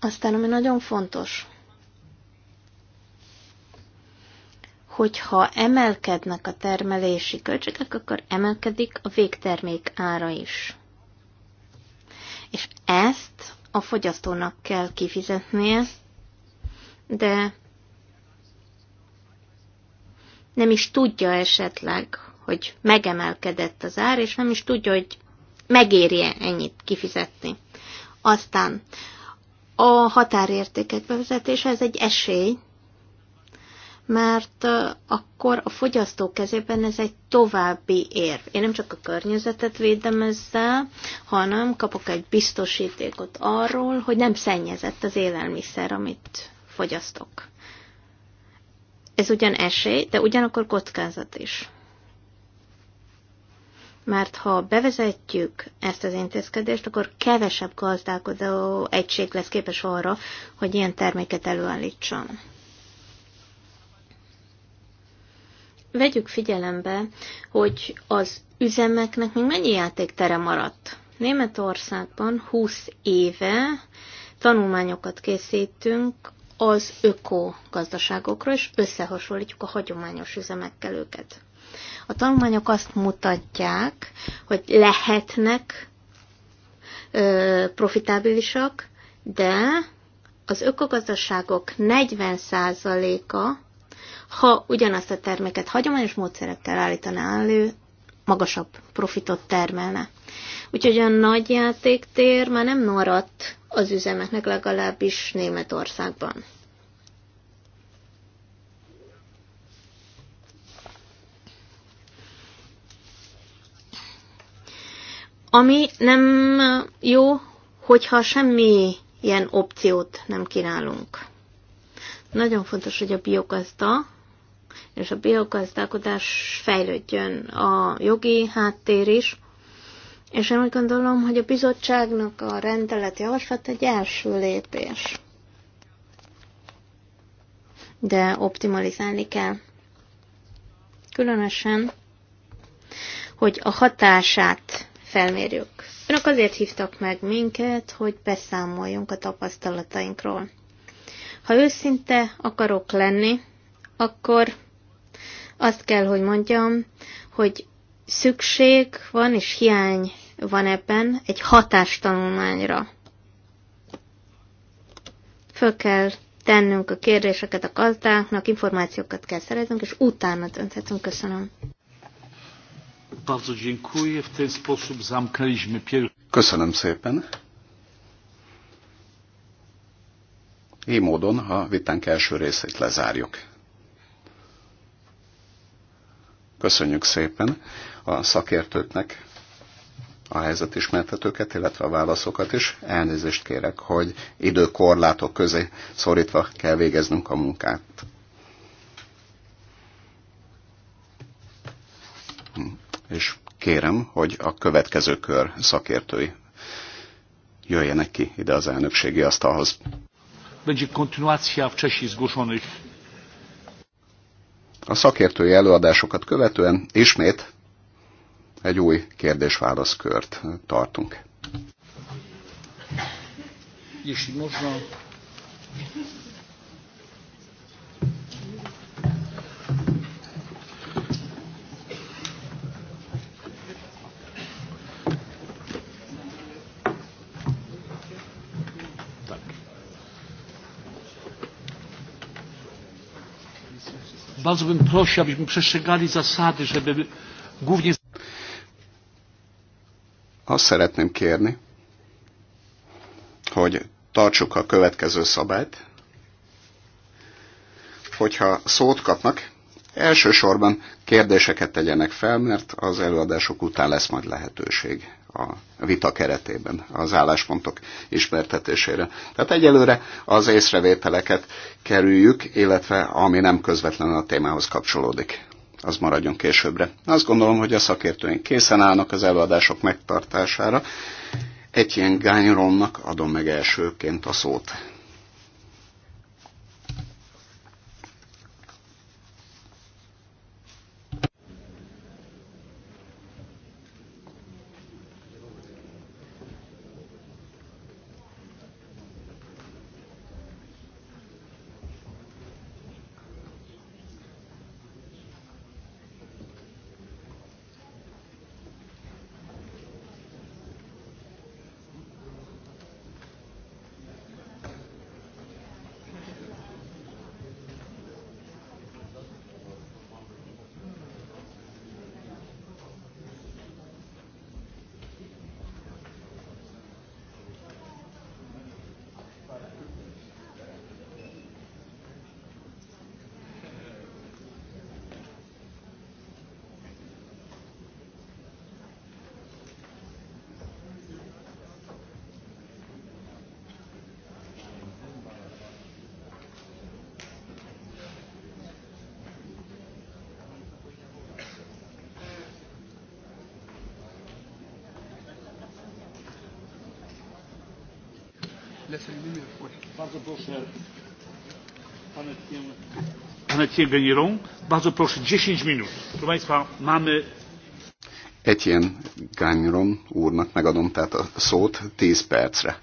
B: Aztán, ami nagyon fontos, hogyha emelkednek a termelési költségek, akkor emelkedik a végtermék ára is. És ezt a fogyasztónak kell kifizetnie, de nem is tudja esetleg, hogy megemelkedett az ár, és nem is tudja, hogy megéri ennyit kifizetni. Aztán a határértékek bevezetése, ez egy esély, mert akkor a fogyasztó kezében ez egy további érv. Én nem csak a környezetet védem ezzel, hanem kapok egy biztosítékot arról, hogy nem szennyezett az élelmiszer, amit fogyasztok. Ez ugyan esély, de ugyanakkor kockázat is. Mert ha bevezetjük ezt az intézkedést, akkor kevesebb gazdálkodó egység lesz képes arra, hogy ilyen terméket előállítson. vegyük figyelembe, hogy az üzemeknek még mennyi játéktere maradt. Németországban 20 éve tanulmányokat készítünk az ökogazdaságokról, és összehasonlítjuk a hagyományos üzemekkel őket. A tanulmányok azt mutatják, hogy lehetnek ö, profitábilisak, de az ökogazdaságok 40%-a ha ugyanazt a terméket hagyományos módszerekkel állítaná elő, magasabb profitot termelne. Úgyhogy a nagy játéktér már nem maradt az üzemeknek legalábbis Németországban. Ami nem jó, hogyha semmi ilyen opciót nem kínálunk. Nagyon fontos, hogy a biogazda és a biogazdálkodás fejlődjön a jogi háttér is. És én úgy gondolom, hogy a bizottságnak a rendelet javaslat egy első lépés. De optimalizálni kell. Különösen, hogy a hatását felmérjük. Önök azért hívtak meg minket, hogy beszámoljunk a tapasztalatainkról. Ha őszinte akarok lenni, akkor azt kell, hogy mondjam, hogy szükség van és hiány van ebben egy hatástanulmányra. Föl kell tennünk a kérdéseket a gazdáknak, információkat kell szereznünk, és utána dönthetünk. Köszönöm.
C: Köszönöm szépen. Így módon a vitánk első részét lezárjuk. Köszönjük szépen a szakértőknek a helyzetismertetőket, illetve a válaszokat is. Elnézést kérek, hogy időkorlátok közé szorítva kell végeznünk a munkát. És kérem, hogy a következő kör szakértői jöjjenek ki ide az elnökségi asztalhoz.
A: Będzie kontynuacja wcześniej zgłoszonych
C: a szakértői előadásokat követően ismét egy új kérdés-válaszkört tartunk.
A: Jeśli Bardzo bym prosił, abyśmy przestrzegali zasady, żeby głównie...
C: Azt szeretném kérni, hogy tartsuk a következő szabályt, hogyha szót kapnak, elsősorban kérdéseket tegyenek fel, mert az előadások után lesz majd lehetőség a vita keretében az álláspontok ismertetésére. Tehát egyelőre az észrevételeket kerüljük, illetve ami nem közvetlenül a témához kapcsolódik az maradjon későbbre. Azt gondolom, hogy a szakértőink készen állnak az előadások megtartására. Egy ilyen gányromnak adom meg elsőként a szót.
A: Bardzo proszę. Etienne Gagneron, bardzo proszę, 10 minut. Proszę Państwa, mamy...
C: Etienne Gagneron úrnak megadom tehát a szót 10 percre.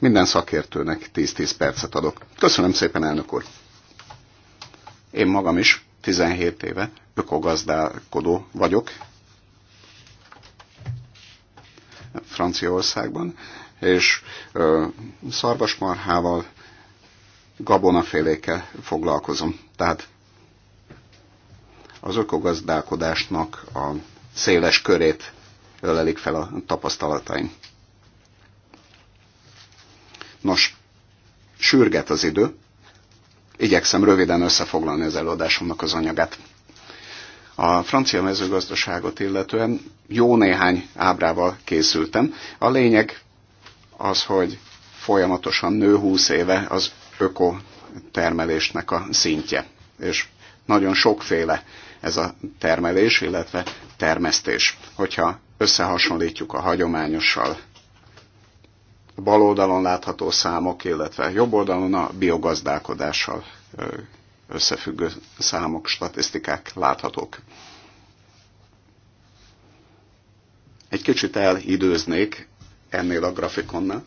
C: Minden szakértőnek 10-10 percet adok. Köszönöm szépen, elnök úr. Én magam is 17 éve ökogazdálkodó vagyok, Franciaországban, és szarvasmarhával, gabonafélékkel foglalkozom. Tehát az ökogazdálkodásnak a széles körét ölelik fel a tapasztalataim. Nos, sürget az idő. Igyekszem röviden összefoglalni az előadásomnak az anyagát. A francia mezőgazdaságot illetően jó néhány ábrával készültem. A lényeg az, hogy folyamatosan nő 20 éve az öko termelésnek a szintje. És nagyon sokféle ez a termelés, illetve termesztés. Hogyha összehasonlítjuk a hagyományossal, a bal oldalon látható számok, illetve jobb oldalon a biogazdálkodással összefüggő számok, statisztikák láthatók. Egy kicsit elidőznék ennél a grafikonnál.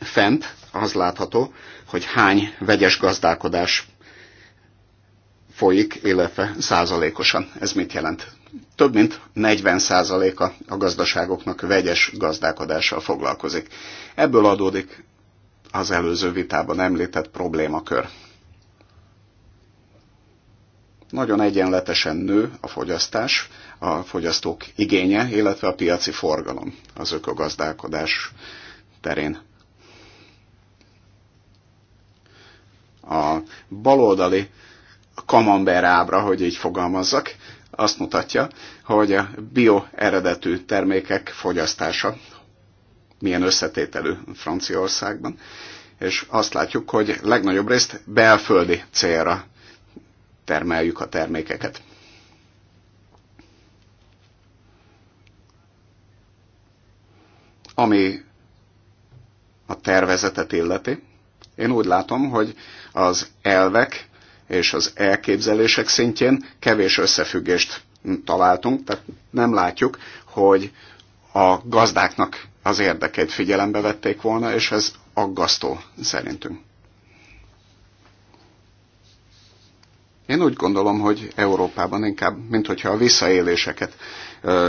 C: Fent az látható, hogy hány vegyes gazdálkodás folyik, illetve százalékosan. Ez mit jelent? Több mint 40 százaléka a gazdaságoknak vegyes gazdálkodással foglalkozik. Ebből adódik az előző vitában említett problémakör. Nagyon egyenletesen nő a fogyasztás, a fogyasztók igénye, illetve a piaci forgalom az ökogazdálkodás terén. A baloldali kamember ábra, hogy így fogalmazzak, azt mutatja, hogy a bio eredetű termékek fogyasztása milyen összetételű Franciaországban, és azt látjuk, hogy legnagyobb részt belföldi célra termeljük a termékeket. Ami a tervezetet illeti, én úgy látom, hogy az elvek és az elképzelések szintjén kevés összefüggést találtunk, tehát nem látjuk, hogy a gazdáknak az érdekét figyelembe vették volna, és ez aggasztó szerintünk. Én úgy gondolom, hogy Európában inkább, mint hogyha a visszaéléseket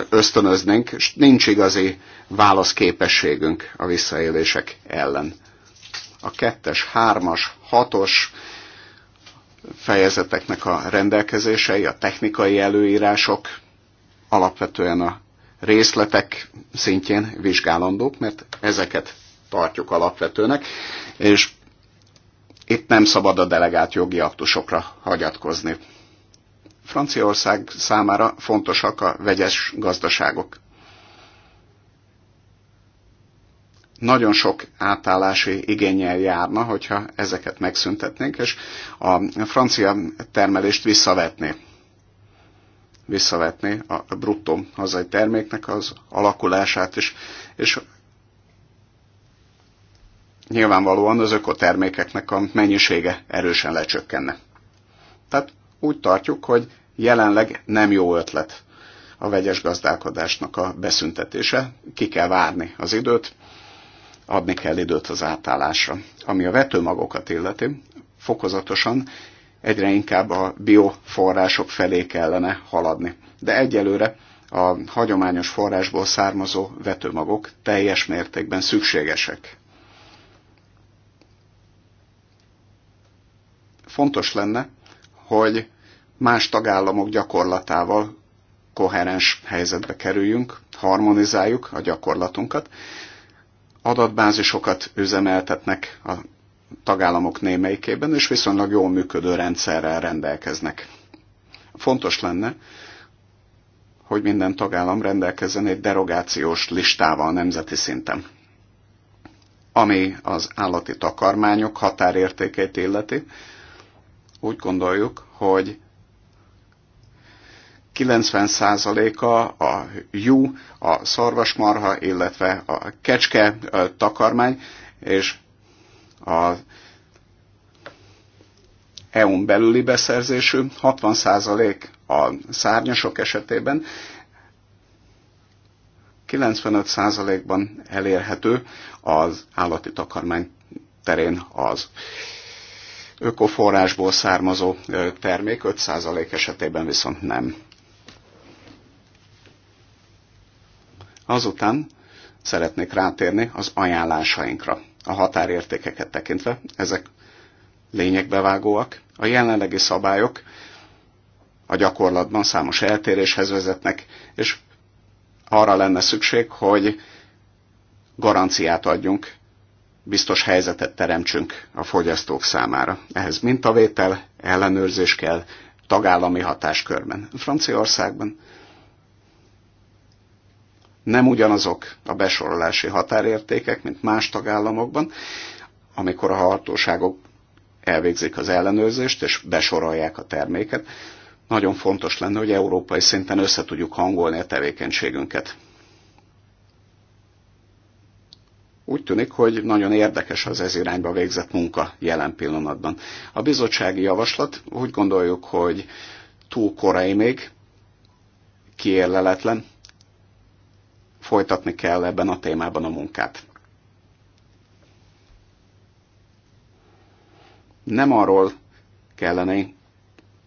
C: ösztönöznénk, és nincs igazi válaszképességünk a visszaélések ellen. A kettes, hármas, hatos fejezeteknek a rendelkezései, a technikai előírások alapvetően a részletek szintjén vizsgálandók, mert ezeket tartjuk alapvetőnek, és itt nem szabad a delegált jogi aktusokra hagyatkozni. Franciaország számára fontosak a vegyes gazdaságok. Nagyon sok átállási igényel járna, hogyha ezeket megszüntetnénk, és a francia termelést visszavetné visszavetni a bruttó hazai terméknek az alakulását is, és nyilvánvalóan az ökotermékeknek a mennyisége erősen lecsökkenne. Tehát úgy tartjuk, hogy jelenleg nem jó ötlet a vegyes gazdálkodásnak a beszüntetése. Ki kell várni az időt, adni kell időt az átállásra. Ami a vetőmagokat illeti, fokozatosan egyre inkább a bioforrások felé kellene haladni. De egyelőre a hagyományos forrásból származó vetőmagok teljes mértékben szükségesek. Fontos lenne, hogy más tagállamok gyakorlatával koherens helyzetbe kerüljünk, harmonizáljuk a gyakorlatunkat. Adatbázisokat üzemeltetnek a tagállamok némelyikében, és viszonylag jól működő rendszerrel rendelkeznek. Fontos lenne, hogy minden tagállam rendelkezzen egy derogációs listával nemzeti szinten, ami az állati takarmányok határértékeit illeti. Úgy gondoljuk, hogy 90%-a a jú, a szarvasmarha, illetve a kecske a takarmány, és a EU-n belüli beszerzésű, 60% a szárnyasok esetében, 95%-ban elérhető az állati takarmány terén az ökoforrásból származó termék, 5% esetében viszont nem. Azután szeretnék rátérni az ajánlásainkra a határértékeket tekintve, ezek lényegbevágóak. A jelenlegi szabályok a gyakorlatban számos eltéréshez vezetnek, és arra lenne szükség, hogy garanciát adjunk, biztos helyzetet teremtsünk a fogyasztók számára. Ehhez mintavétel, ellenőrzés kell tagállami hatáskörben. Franciaországban nem ugyanazok a besorolási határértékek, mint más tagállamokban, amikor a hatóságok elvégzik az ellenőrzést és besorolják a terméket, nagyon fontos lenne, hogy európai szinten össze tudjuk hangolni a tevékenységünket. Úgy tűnik, hogy nagyon érdekes az ez irányba végzett munka jelen pillanatban. A bizottsági javaslat úgy gondoljuk, hogy túl korai még, kiérleletlen, folytatni kell ebben a témában a munkát. Nem arról kellene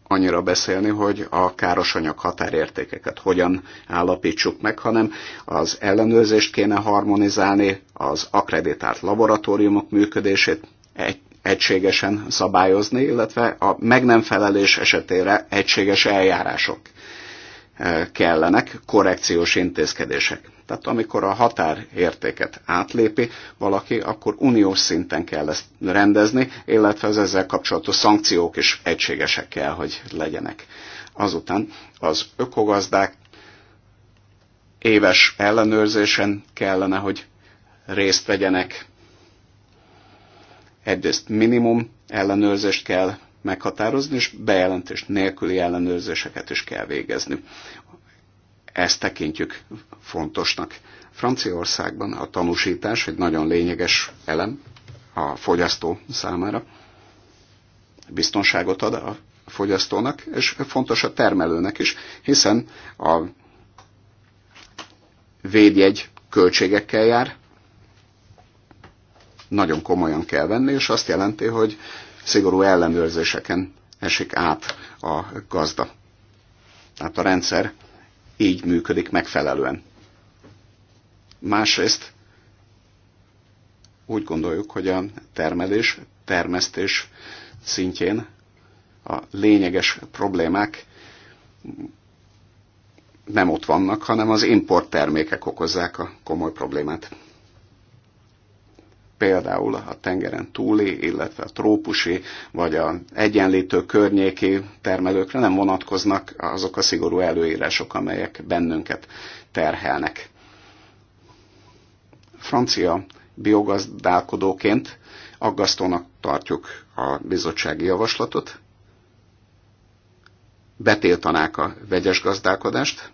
C: annyira beszélni, hogy a káros anyag határértékeket hogyan állapítsuk meg, hanem az ellenőrzést kéne harmonizálni, az akreditált laboratóriumok működését egy, egységesen szabályozni, illetve a meg nem felelés esetére egységes eljárások Eh, kellenek korrekciós intézkedések. Tehát amikor a határértéket átlépi valaki, akkor uniós szinten kell ezt rendezni, illetve az ezzel kapcsolatos szankciók is egységesek kell, hogy legyenek. Azután az ökogazdák éves ellenőrzésen kellene, hogy részt vegyenek. Egyrészt minimum ellenőrzést kell meghatározni, és bejelentés nélküli ellenőrzéseket is kell végezni. Ezt tekintjük fontosnak. Franciaországban a tanúsítás egy nagyon lényeges elem a fogyasztó számára. Biztonságot ad a fogyasztónak, és fontos a termelőnek is, hiszen a védjegy költségekkel jár, nagyon komolyan kell venni, és azt jelenti, hogy szigorú ellenőrzéseken esik át a gazda. Tehát a rendszer így működik megfelelően. Másrészt úgy gondoljuk, hogy a termelés, termesztés szintjén a lényeges problémák nem ott vannak, hanem az import termékek okozzák a komoly problémát például a tengeren túli, illetve a trópusi vagy a egyenlítő környéki termelőkre nem vonatkoznak azok a szigorú előírások, amelyek bennünket terhelnek. Francia biogazdálkodóként aggasztónak tartjuk a bizottsági javaslatot, betiltanák a vegyes gazdálkodást,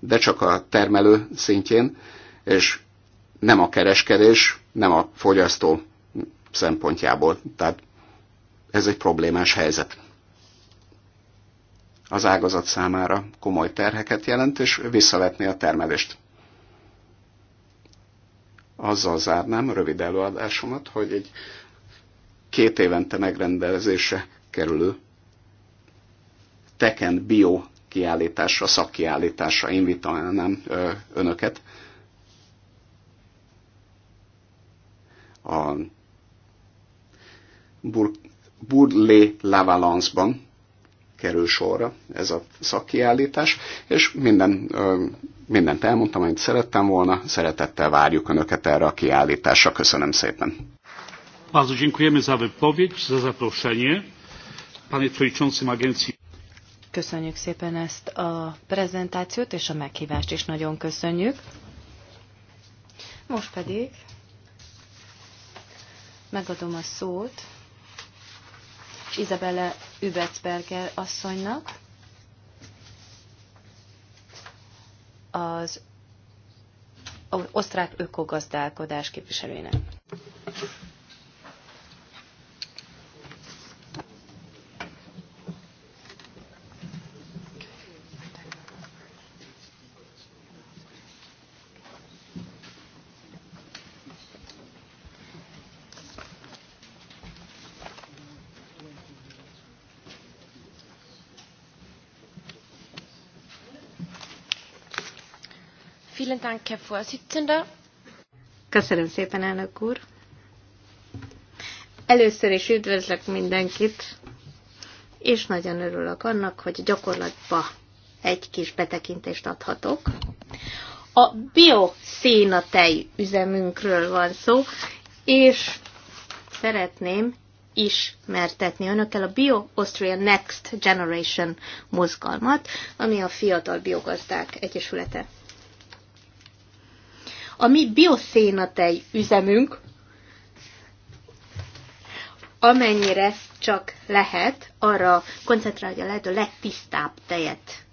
C: de csak a termelő szintjén, és nem a kereskedés, nem a fogyasztó szempontjából. Tehát ez egy problémás helyzet. Az ágazat számára komoly terheket jelent, és visszavetni a termelést. Azzal zárnám rövid előadásomat, hogy egy két évente megrendezése kerülő Teken Bio kiállításra, szakkiállításra invitálnám önöket. a Burle lavalance ban kerül sorra ez a szakkiállítás, és minden, mindent elmondtam, amit szerettem volna, szeretettel várjuk Önöket erre a kiállításra. Köszönöm szépen.
A: Bardzo dziękujemy za wypowiedź, za zaproszenie. Panie Przewodniczącym Agencji Köszönjük szépen ezt a
D: prezentációt, és a meghívást is nagyon köszönjük. Most pedig megadom a szót és Izabelle Übetsberger asszonynak, az osztrák ökogazdálkodás képviselőjének. Vielen Dank, Herr Vorsitzender.
B: Köszönöm szépen, elnök úr. Először is üdvözlök mindenkit, és nagyon örülök annak, hogy gyakorlatba egy kis betekintést adhatok. A bioszéna tej üzemünkről van szó, és szeretném ismertetni önökkel a Bio Austria Next Generation mozgalmat, ami a Fiatal Biogazdák Egyesülete. A mi bioszénatej üzemünk, amennyire csak lehet, arra koncentrálja, lehet a legtisztább tejet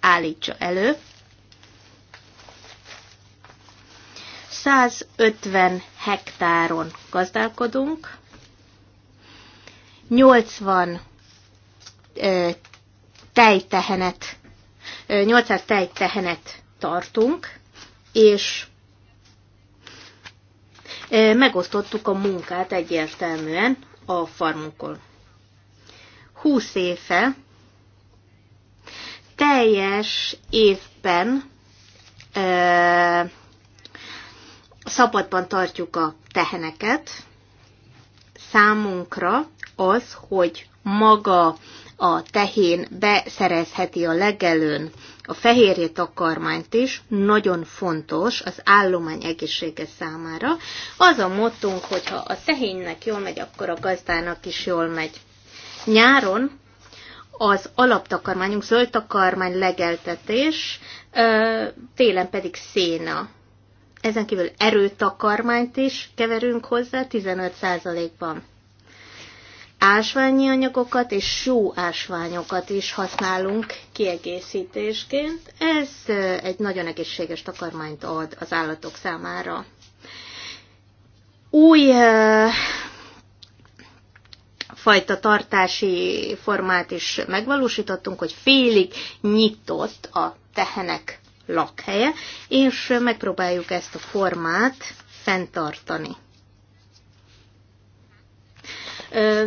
B: állítsa elő. 150 hektáron gazdálkodunk, 80 ö, tejtehenet, ö, 800 tejtehenet tartunk, és megosztottuk a munkát egyértelműen a farmunkon. Húsz éve teljes évben szabadban tartjuk a teheneket. Számunkra az, hogy maga a tehén beszerezheti a legelőn a fehérje takarmányt is, nagyon fontos az állomány egészsége számára. Az a hogy hogyha a tehénnek jól megy, akkor a gazdának is jól megy. Nyáron az alaptakarmányunk zöld takarmány legeltetés, télen pedig széna. Ezen kívül erőtakarmányt is keverünk hozzá 15%-ban ásványi anyagokat és só ásványokat is használunk kiegészítésként. Ez egy nagyon egészséges takarmányt ad az állatok számára. Új fajta tartási formát is megvalósítottunk, hogy félig nyitott a tehenek lakhelye, és megpróbáljuk ezt a formát fenntartani.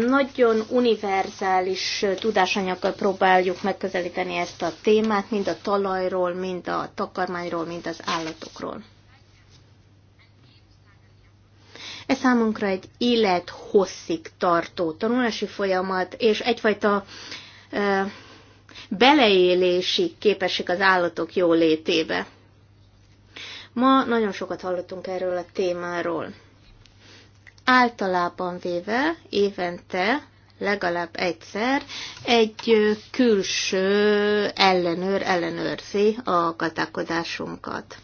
B: Nagyon univerzális tudásanyaggal próbáljuk megközelíteni ezt a témát, mind a talajról, mind a takarmányról, mind az állatokról. Ez számunkra egy élethosszig tartó tanulási folyamat, és egyfajta ö, beleélési képesség az állatok jólétébe. Ma nagyon sokat hallottunk erről a témáról általában véve évente legalább egyszer egy külső ellenőr ellenőrzi a gazdálkodásunkat.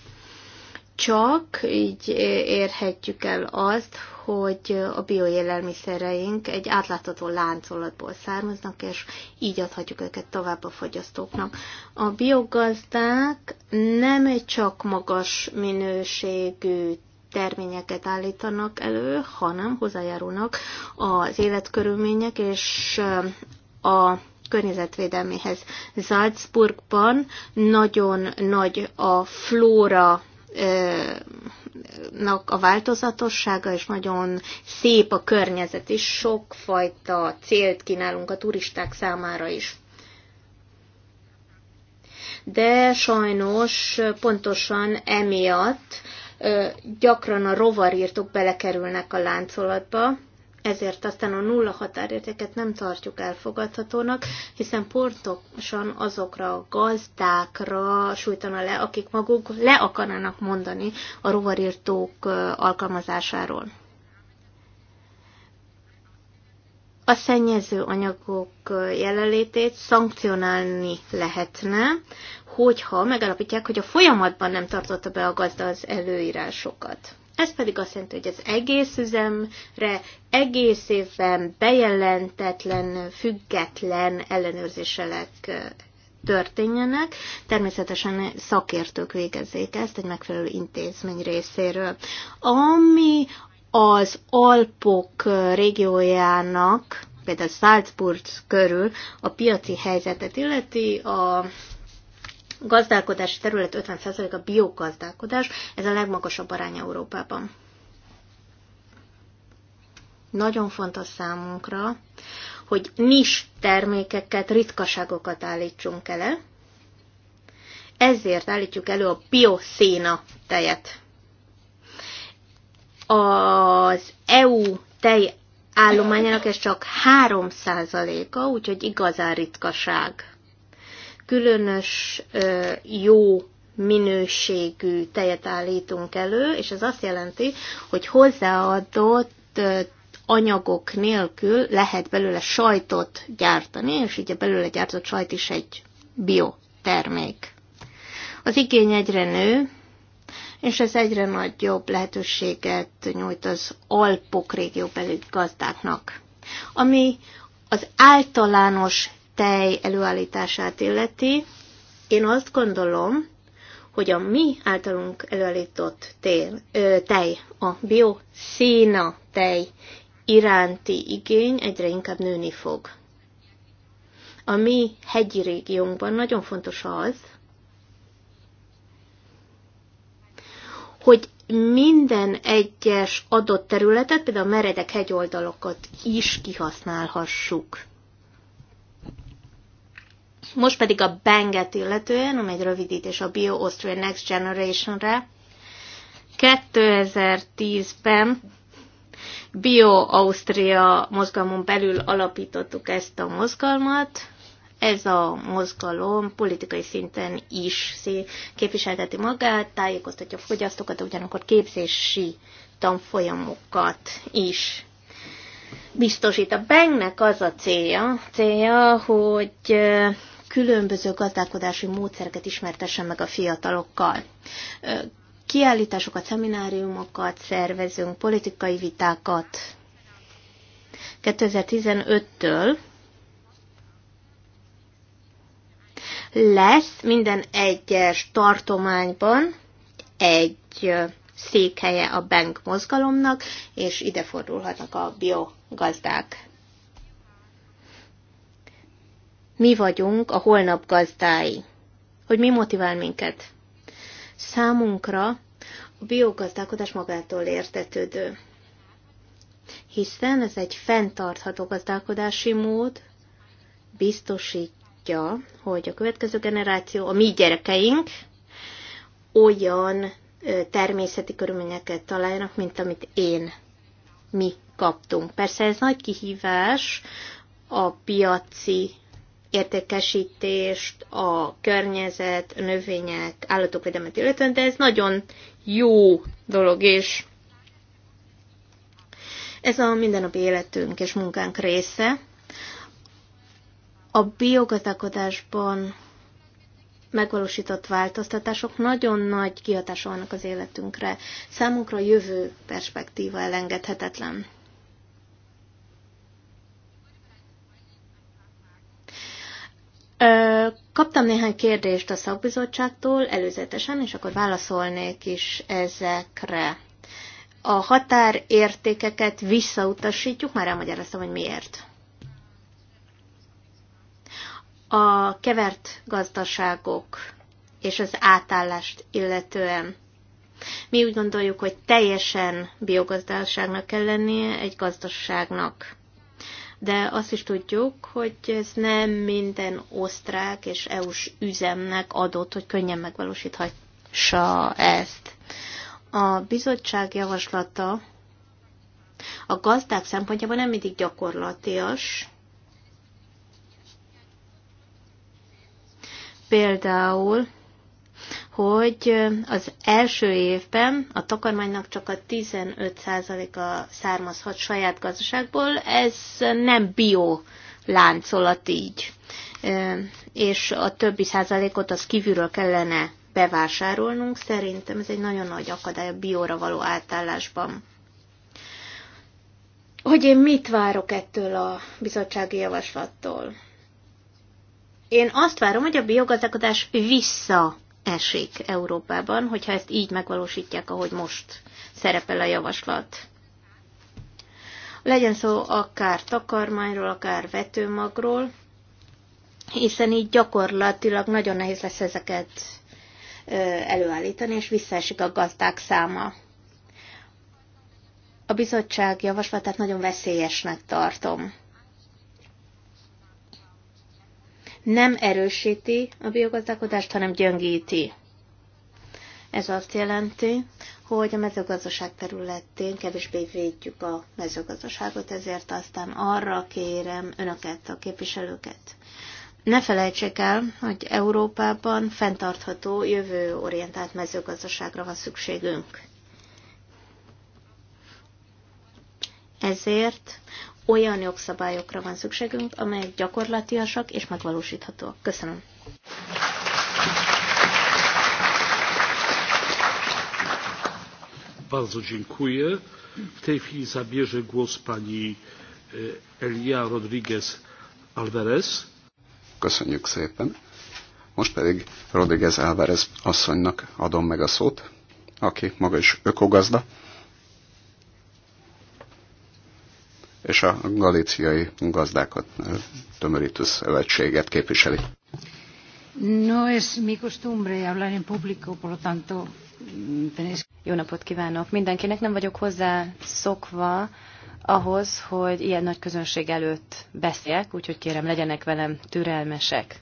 B: Csak így érhetjük el azt, hogy a bioélelmiszereink egy átlátható láncolatból származnak, és így adhatjuk őket tovább a fogyasztóknak. A biogazdák nem csak magas minőségű terményeket állítanak elő, hanem hozzájárulnak az életkörülmények és a környezetvédelméhez. Salzburgban nagyon nagy a flóra a változatossága, és nagyon szép a környezet is, sokfajta célt kínálunk a turisták számára is. De sajnos pontosan emiatt gyakran a rovarírtók belekerülnek a láncolatba, ezért aztán a nulla határértéket nem tartjuk elfogadhatónak, hiszen pontosan azokra a gazdákra sújtana le, akik maguk le akarnának mondani a rovarírtók alkalmazásáról. a szennyező anyagok jelenlétét szankcionálni lehetne, hogyha megalapítják, hogy a folyamatban nem tartotta be a gazda az előírásokat. Ez pedig azt jelenti, hogy az egész üzemre egész évben bejelentetlen, független ellenőrzéselek történjenek. Természetesen szakértők végezzék ezt egy megfelelő intézmény részéről. Ami az Alpok régiójának, például Salzburg körül a piaci helyzetet illeti, a gazdálkodási terület 50% a biogazdálkodás, ez a legmagasabb arány Európában. Nagyon fontos számunkra, hogy nis termékeket, ritkaságokat állítsunk elő, ezért állítjuk elő a bioszéna tejet. Az EU tej állományának ez csak 3%-a, úgyhogy igazán ritkaság. Különös jó minőségű tejet állítunk elő, és ez azt jelenti, hogy hozzáadott anyagok nélkül lehet belőle sajtot gyártani, és így a belőle gyártott sajt is egy biotermék. Az igény egyre nő, és ez egyre nagyobb lehetőséget nyújt az Alpok régióbeli gazdáknak. Ami az általános tej előállítását illeti, én azt gondolom, hogy a mi általunk előállított tél, ö, tej, a bioszína tej iránti igény egyre inkább nőni fog. A mi hegyi régiónkban nagyon fontos az, hogy minden egyes adott területet, például a meredek hegyoldalokat is kihasználhassuk. Most pedig a Banget illetően, ami egy rövidítés a Bio Austria Next Generation-re, 2010-ben Bio Austria mozgalmon belül alapítottuk ezt a mozgalmat, ez a mozgalom politikai szinten is képviselteti magát, tájékoztatja a fogyasztókat, ugyanakkor képzési tanfolyamokat is biztosít. A banknek az a célja, célja, hogy különböző gazdálkodási módszereket ismertessen meg a fiatalokkal. Kiállításokat, szemináriumokat szervezünk, politikai vitákat. 2015-től lesz minden egyes tartományban egy székhelye a bank mozgalomnak, és ide fordulhatnak a biogazdák. Mi vagyunk a holnap gazdái. Hogy mi motivál minket? Számunkra a biogazdálkodás magától értetődő, hiszen ez egy fenntartható gazdálkodási mód, biztosít látja, hogy a következő generáció, a mi gyerekeink olyan természeti körülményeket találjanak, mint amit én, mi kaptunk. Persze ez nagy kihívás, a piaci értékesítést, a környezet, a növények, állatok védelmet illetően, de ez nagyon jó dolog, és ez a mindennapi életünk és munkánk része, a biogazdálkodásban megvalósított változtatások nagyon nagy kihatása vannak az életünkre. Számunkra a jövő perspektíva elengedhetetlen. kaptam néhány kérdést a szakbizottságtól előzetesen, és akkor válaszolnék is ezekre. A határértékeket visszautasítjuk, már elmagyaráztam, hogy miért a kevert gazdaságok és az átállást illetően. Mi úgy gondoljuk, hogy teljesen biogazdaságnak kell lennie egy gazdaságnak. De azt is tudjuk, hogy ez nem minden osztrák és EU-s üzemnek adott, hogy könnyen megvalósíthassa ezt. A bizottság javaslata a gazdák szempontjából nem mindig gyakorlatias, például, hogy az első évben a takarmánynak csak a 15%-a származhat saját gazdaságból, ez nem bio láncolat így, és a többi százalékot az kívülről kellene bevásárolnunk. Szerintem ez egy nagyon nagy akadály a bióra való átállásban. Hogy én mit várok ettől a bizottsági javaslattól? Én azt várom, hogy a biogazdálkodás visszaesik Európában, hogyha ezt így megvalósítják, ahogy most szerepel a javaslat. Legyen szó akár takarmányról, akár vetőmagról, hiszen így gyakorlatilag nagyon nehéz lesz ezeket előállítani, és visszaesik a gazdák száma. A bizottság javaslatát nagyon veszélyesnek tartom. nem erősíti a biogazdálkodást, hanem gyöngíti. Ez azt jelenti, hogy a mezőgazdaság területén kevésbé védjük a mezőgazdaságot, ezért aztán arra kérem önöket, a képviselőket. Ne felejtsék el, hogy Európában fenntartható, jövőorientált mezőgazdaságra van szükségünk. Ezért olyan jogszabályokra van szükségünk, amelyek gyakorlatiasak és megvalósíthatóak. Köszönöm.
A: Bardzo dziękuję. W tej chwili zabierze głos pani e, Elia Rodriguez Alvarez.
C: Köszönjük szépen. Most pedig Rodriguez Alvarez asszonynak adom meg a szót, aki maga is ökogazda és a galíciai gazdákat tömörítő szövetséget képviseli.
D: No es mi costumbre hablar en público, por lo tanto... Mm, Jó napot kívánok mindenkinek. Nem vagyok hozzá szokva ahhoz, hogy ilyen nagy közönség előtt beszéljek, úgyhogy kérem, legyenek velem türelmesek.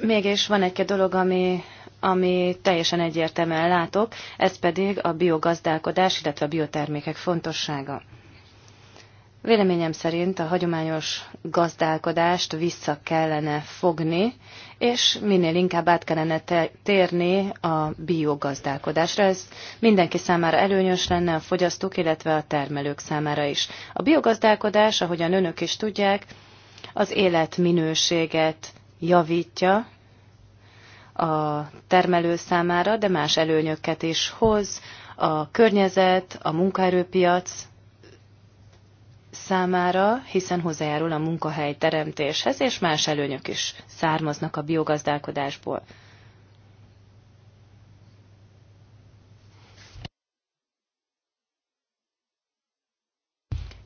D: Mégis van egy dolog, ami, ami teljesen egyértelműen látok, ez pedig a biogazdálkodás, illetve a biotermékek fontossága. Véleményem szerint a hagyományos gazdálkodást vissza kellene fogni, és minél inkább át kellene térni a biogazdálkodásra. Ez mindenki számára előnyös lenne, a fogyasztók, illetve a termelők számára is. A biogazdálkodás, ahogyan önök is tudják, az életminőséget javítja, a termelő számára, de más előnyöket is hoz, a környezet, a munkaerőpiac számára, hiszen hozzájárul a munkahely teremtéshez, és más előnyök is származnak a biogazdálkodásból.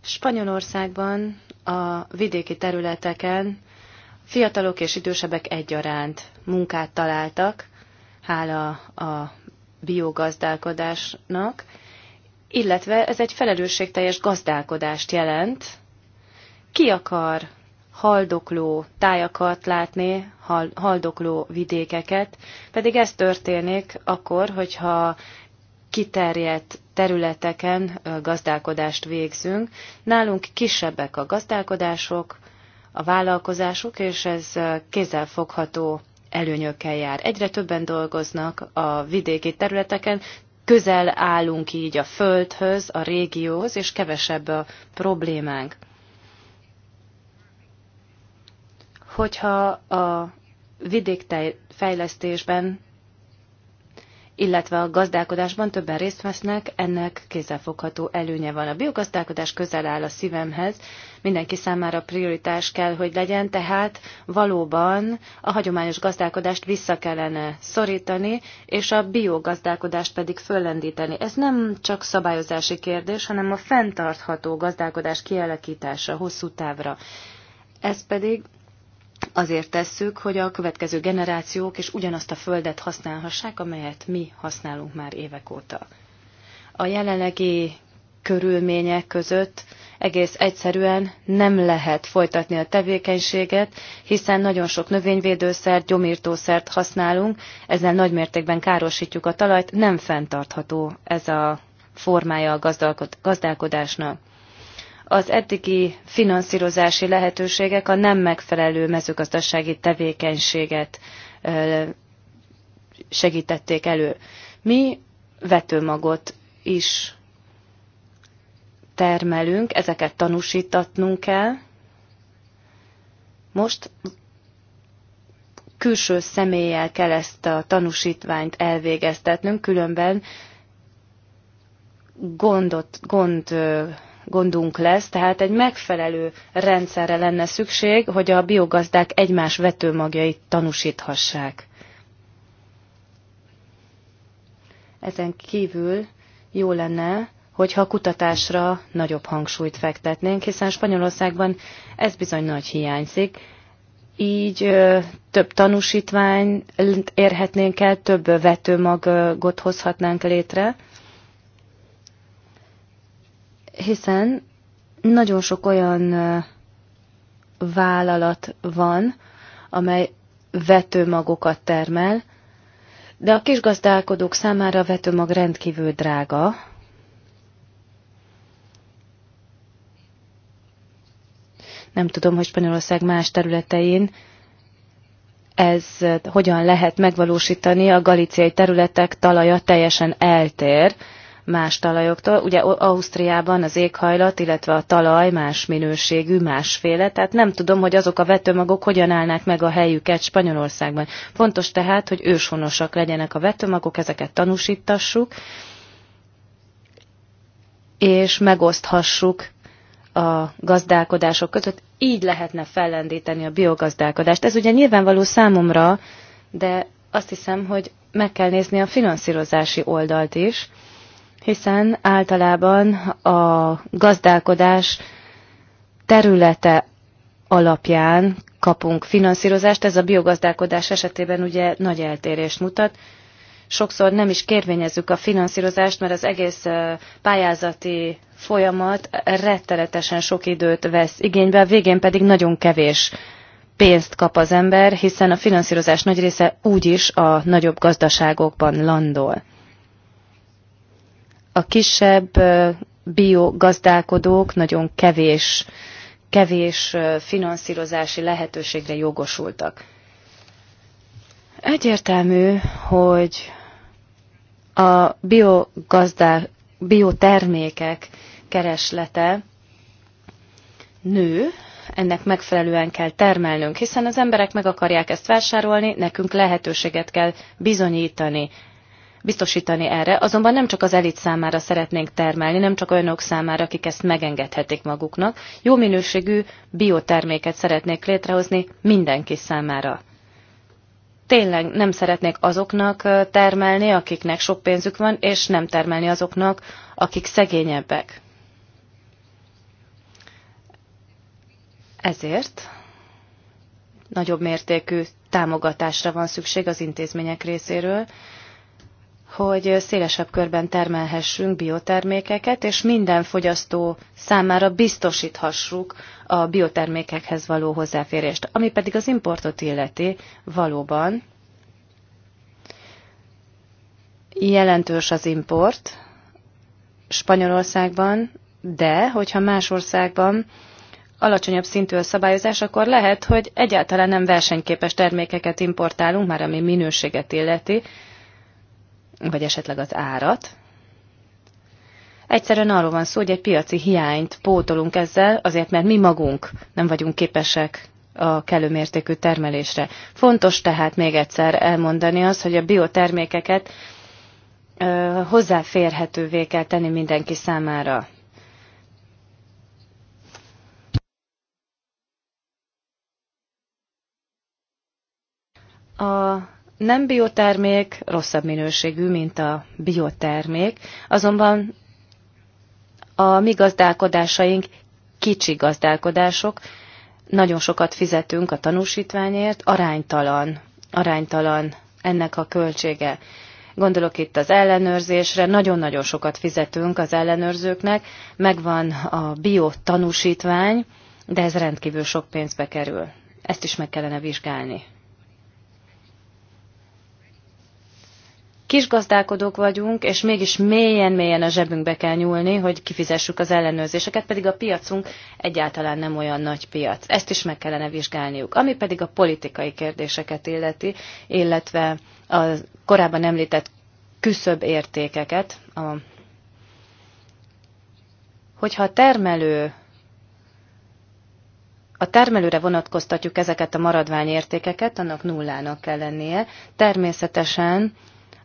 D: Spanyolországban a vidéki területeken Fiatalok és idősebbek egyaránt munkát találtak, hála a biogazdálkodásnak, illetve ez egy felelősségteljes gazdálkodást jelent. Ki akar haldokló tájakat látni, hal, haldokló vidékeket, pedig ez történik akkor, hogyha kiterjedt területeken gazdálkodást végzünk. Nálunk kisebbek a gazdálkodások, a vállalkozásuk és ez kézzelfogható előnyökkel jár. Egyre többen dolgoznak a vidéki területeken, közel állunk így a földhöz, a régióhoz, és kevesebb a problémánk. Hogyha a vidékfejlesztésben, illetve a gazdálkodásban többen részt vesznek, ennek kézzelfogható előnye van. A biogazdálkodás közel áll a szívemhez, mindenki számára prioritás kell, hogy legyen, tehát valóban a hagyományos gazdálkodást vissza kellene szorítani, és a biogazdálkodást pedig föllendíteni. Ez nem csak szabályozási kérdés, hanem a fenntartható gazdálkodás kialakítása hosszú távra. Ez pedig azért tesszük, hogy a következő generációk is ugyanazt a földet használhassák, amelyet mi használunk már évek óta. A jelenlegi körülmények között egész egyszerűen nem lehet folytatni a tevékenységet, hiszen nagyon sok növényvédőszert, gyomírtószert használunk, ezzel nagymértékben károsítjuk a talajt, nem fenntartható ez a formája a gazdálkodásnak. Az eddigi finanszírozási lehetőségek a nem megfelelő mezőgazdasági tevékenységet segítették elő. Mi vetőmagot is termelünk, ezeket tanúsítatnunk kell. Most külső személlyel kell ezt a tanúsítványt elvégeztetnünk, különben gondot, gond, gondunk lesz, tehát egy megfelelő rendszerre lenne szükség, hogy a biogazdák egymás vetőmagjait tanúsíthassák. Ezen kívül jó lenne, hogyha a kutatásra nagyobb hangsúlyt fektetnénk, hiszen Spanyolországban ez bizony nagy hiányzik. Így ö, több tanúsítványt érhetnénk el, több vetőmagot hozhatnánk létre, hiszen nagyon sok olyan ö, vállalat van, amely vetőmagokat termel, de a kisgazdálkodók számára a vetőmag rendkívül drága, Nem tudom, hogy Spanyolország más területein ez eh, hogyan lehet megvalósítani, a galiciai területek talaja teljesen eltér más talajoktól. Ugye Ausztriában az éghajlat, illetve a talaj más minőségű, másféle, tehát nem tudom, hogy azok a vetőmagok hogyan állnák meg a helyüket Spanyolországban. Fontos tehát, hogy őshonosak legyenek a vetőmagok, ezeket tanúsítassuk, és megoszthassuk a gazdálkodások között, így lehetne fellendíteni a biogazdálkodást. Ez ugye nyilvánvaló számomra, de azt hiszem, hogy meg kell nézni a finanszírozási oldalt is, hiszen általában a gazdálkodás területe alapján kapunk finanszírozást, ez a biogazdálkodás esetében ugye nagy eltérést mutat, sokszor nem is kérvényezzük a finanszírozást, mert az egész pályázati folyamat rettenetesen sok időt vesz igénybe, a végén pedig nagyon kevés pénzt kap az ember, hiszen a finanszírozás nagy része úgyis a nagyobb gazdaságokban landol. A kisebb biogazdálkodók nagyon kevés, kevés finanszírozási lehetőségre jogosultak. Egyértelmű, hogy a biogazdá, biotermékek kereslete nő, ennek megfelelően kell termelnünk, hiszen az emberek meg akarják ezt vásárolni, nekünk lehetőséget kell bizonyítani, biztosítani erre, azonban nem csak az elit számára szeretnénk termelni, nem csak olyanok számára, akik ezt megengedhetik maguknak. Jó minőségű bioterméket szeretnék létrehozni mindenki számára tényleg nem szeretnék azoknak termelni, akiknek sok pénzük van, és nem termelni azoknak, akik szegényebbek. Ezért nagyobb mértékű támogatásra van szükség az intézmények részéről, hogy szélesebb körben termelhessünk biotermékeket, és minden fogyasztó számára biztosíthassuk a biotermékekhez való hozzáférést. Ami pedig az importot illeti, valóban jelentős az import Spanyolországban, de hogyha más országban alacsonyabb szintű a szabályozás, akkor lehet, hogy egyáltalán nem versenyképes termékeket importálunk, már ami minőséget illeti, vagy esetleg az árat. Egyszerűen arról van szó, hogy egy piaci hiányt pótolunk ezzel, azért mert mi magunk nem vagyunk képesek a kellő mértékű termelésre. Fontos tehát még egyszer elmondani az, hogy a biotermékeket ö, hozzáférhetővé kell tenni mindenki számára. A nem biotermék rosszabb minőségű, mint a biotermék, azonban a mi gazdálkodásaink kicsi gazdálkodások, nagyon sokat fizetünk a tanúsítványért, aránytalan, aránytalan ennek a költsége. Gondolok itt az ellenőrzésre, nagyon-nagyon sokat fizetünk az ellenőrzőknek, megvan a bio tanúsítvány, de ez rendkívül sok pénzbe kerül. Ezt is meg kellene vizsgálni. kisgazdálkodók vagyunk, és mégis mélyen-mélyen a zsebünkbe kell nyúlni, hogy kifizessük az ellenőrzéseket, pedig a piacunk egyáltalán nem olyan nagy piac. Ezt is meg kellene vizsgálniuk. Ami pedig a politikai kérdéseket illeti, illetve a korábban említett küszöbb értékeket, a, hogyha a termelő a termelőre vonatkoztatjuk ezeket a maradványértékeket, annak nullának kell lennie. Természetesen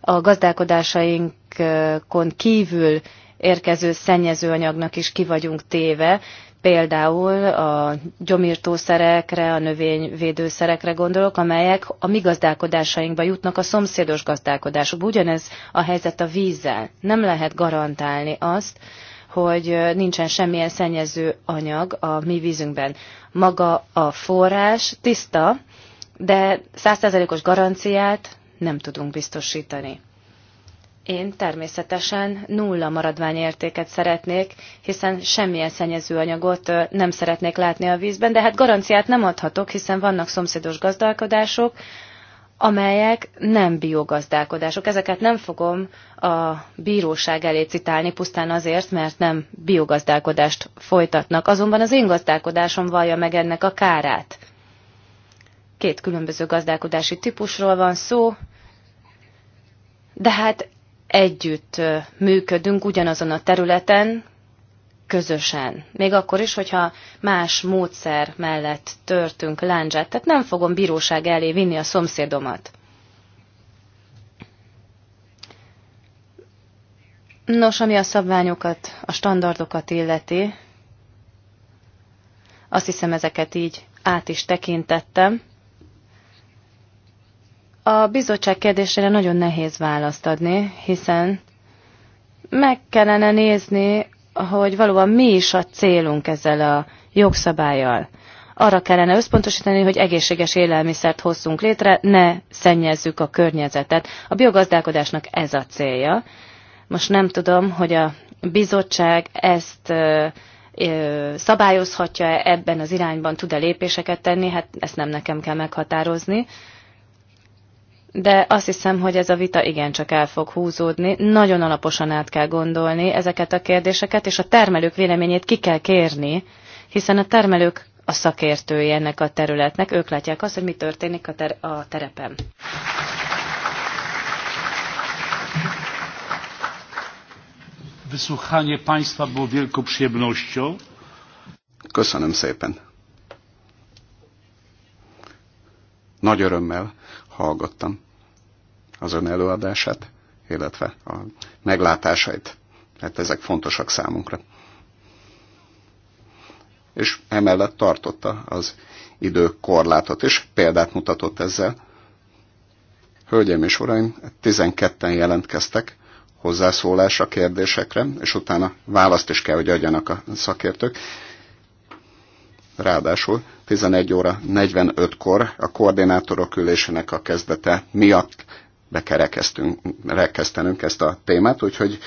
D: a gazdálkodásainkon kívül érkező szennyezőanyagnak is ki vagyunk téve, például a gyomírtószerekre, a növényvédőszerekre gondolok, amelyek a mi gazdálkodásainkba jutnak a szomszédos gazdálkodásokba. Ugyanez a helyzet a vízzel. Nem lehet garantálni azt, hogy nincsen semmilyen szennyező anyag a mi vízünkben. Maga a forrás tiszta, de százszerzelékos garanciát nem tudunk biztosítani. Én természetesen nulla maradványértéket szeretnék, hiszen semmilyen anyagot nem szeretnék látni a vízben, de hát garanciát nem adhatok, hiszen vannak szomszédos gazdálkodások, amelyek nem biogazdálkodások. Ezeket nem fogom a bíróság elé citálni pusztán azért, mert nem biogazdálkodást folytatnak. Azonban az én gazdálkodásom vallja meg ennek a kárát. Két különböző gazdálkodási típusról van szó, de hát együtt működünk ugyanazon a területen, közösen. Még akkor is, hogyha más módszer mellett törtünk láncsát, tehát nem fogom bíróság elé vinni a szomszédomat. Nos, ami a szabványokat, a standardokat illeti, azt hiszem ezeket így át is tekintettem. A bizottság kérdésére nagyon nehéz választ adni, hiszen meg kellene nézni, hogy valóban mi is a célunk ezzel a jogszabályjal. Arra kellene összpontosítani, hogy egészséges élelmiszert hozzunk létre, ne szennyezzük a környezetet. A biogazdálkodásnak ez a célja. Most nem tudom, hogy a bizottság ezt szabályozhatja -e ebben az irányban, tud-e lépéseket tenni, hát ezt nem nekem kell meghatározni de azt hiszem, hogy ez a vita igencsak el fog húzódni. Nagyon alaposan át kell gondolni ezeket a kérdéseket, és a termelők véleményét ki kell kérni, hiszen a termelők a szakértői ennek a területnek, ők látják azt, hogy mi történik a, ter- a terepen.
A: Wysłuchanie Państwa było wielką
C: przyjemnością. Köszönöm szépen. Nagy örömmel hallgattam az ön előadását, illetve a meglátásait. Hát ezek fontosak számunkra. És emellett tartotta az időkorlátot, és példát mutatott ezzel. Hölgyeim és uraim, 12-en jelentkeztek hozzászólásra, kérdésekre, és utána választ is kell, hogy adjanak a szakértők. Ráadásul 11 óra 45-kor a koordinátorok ülésének a kezdete miatt be kell rekesztenünk ezt a témát, úgyhogy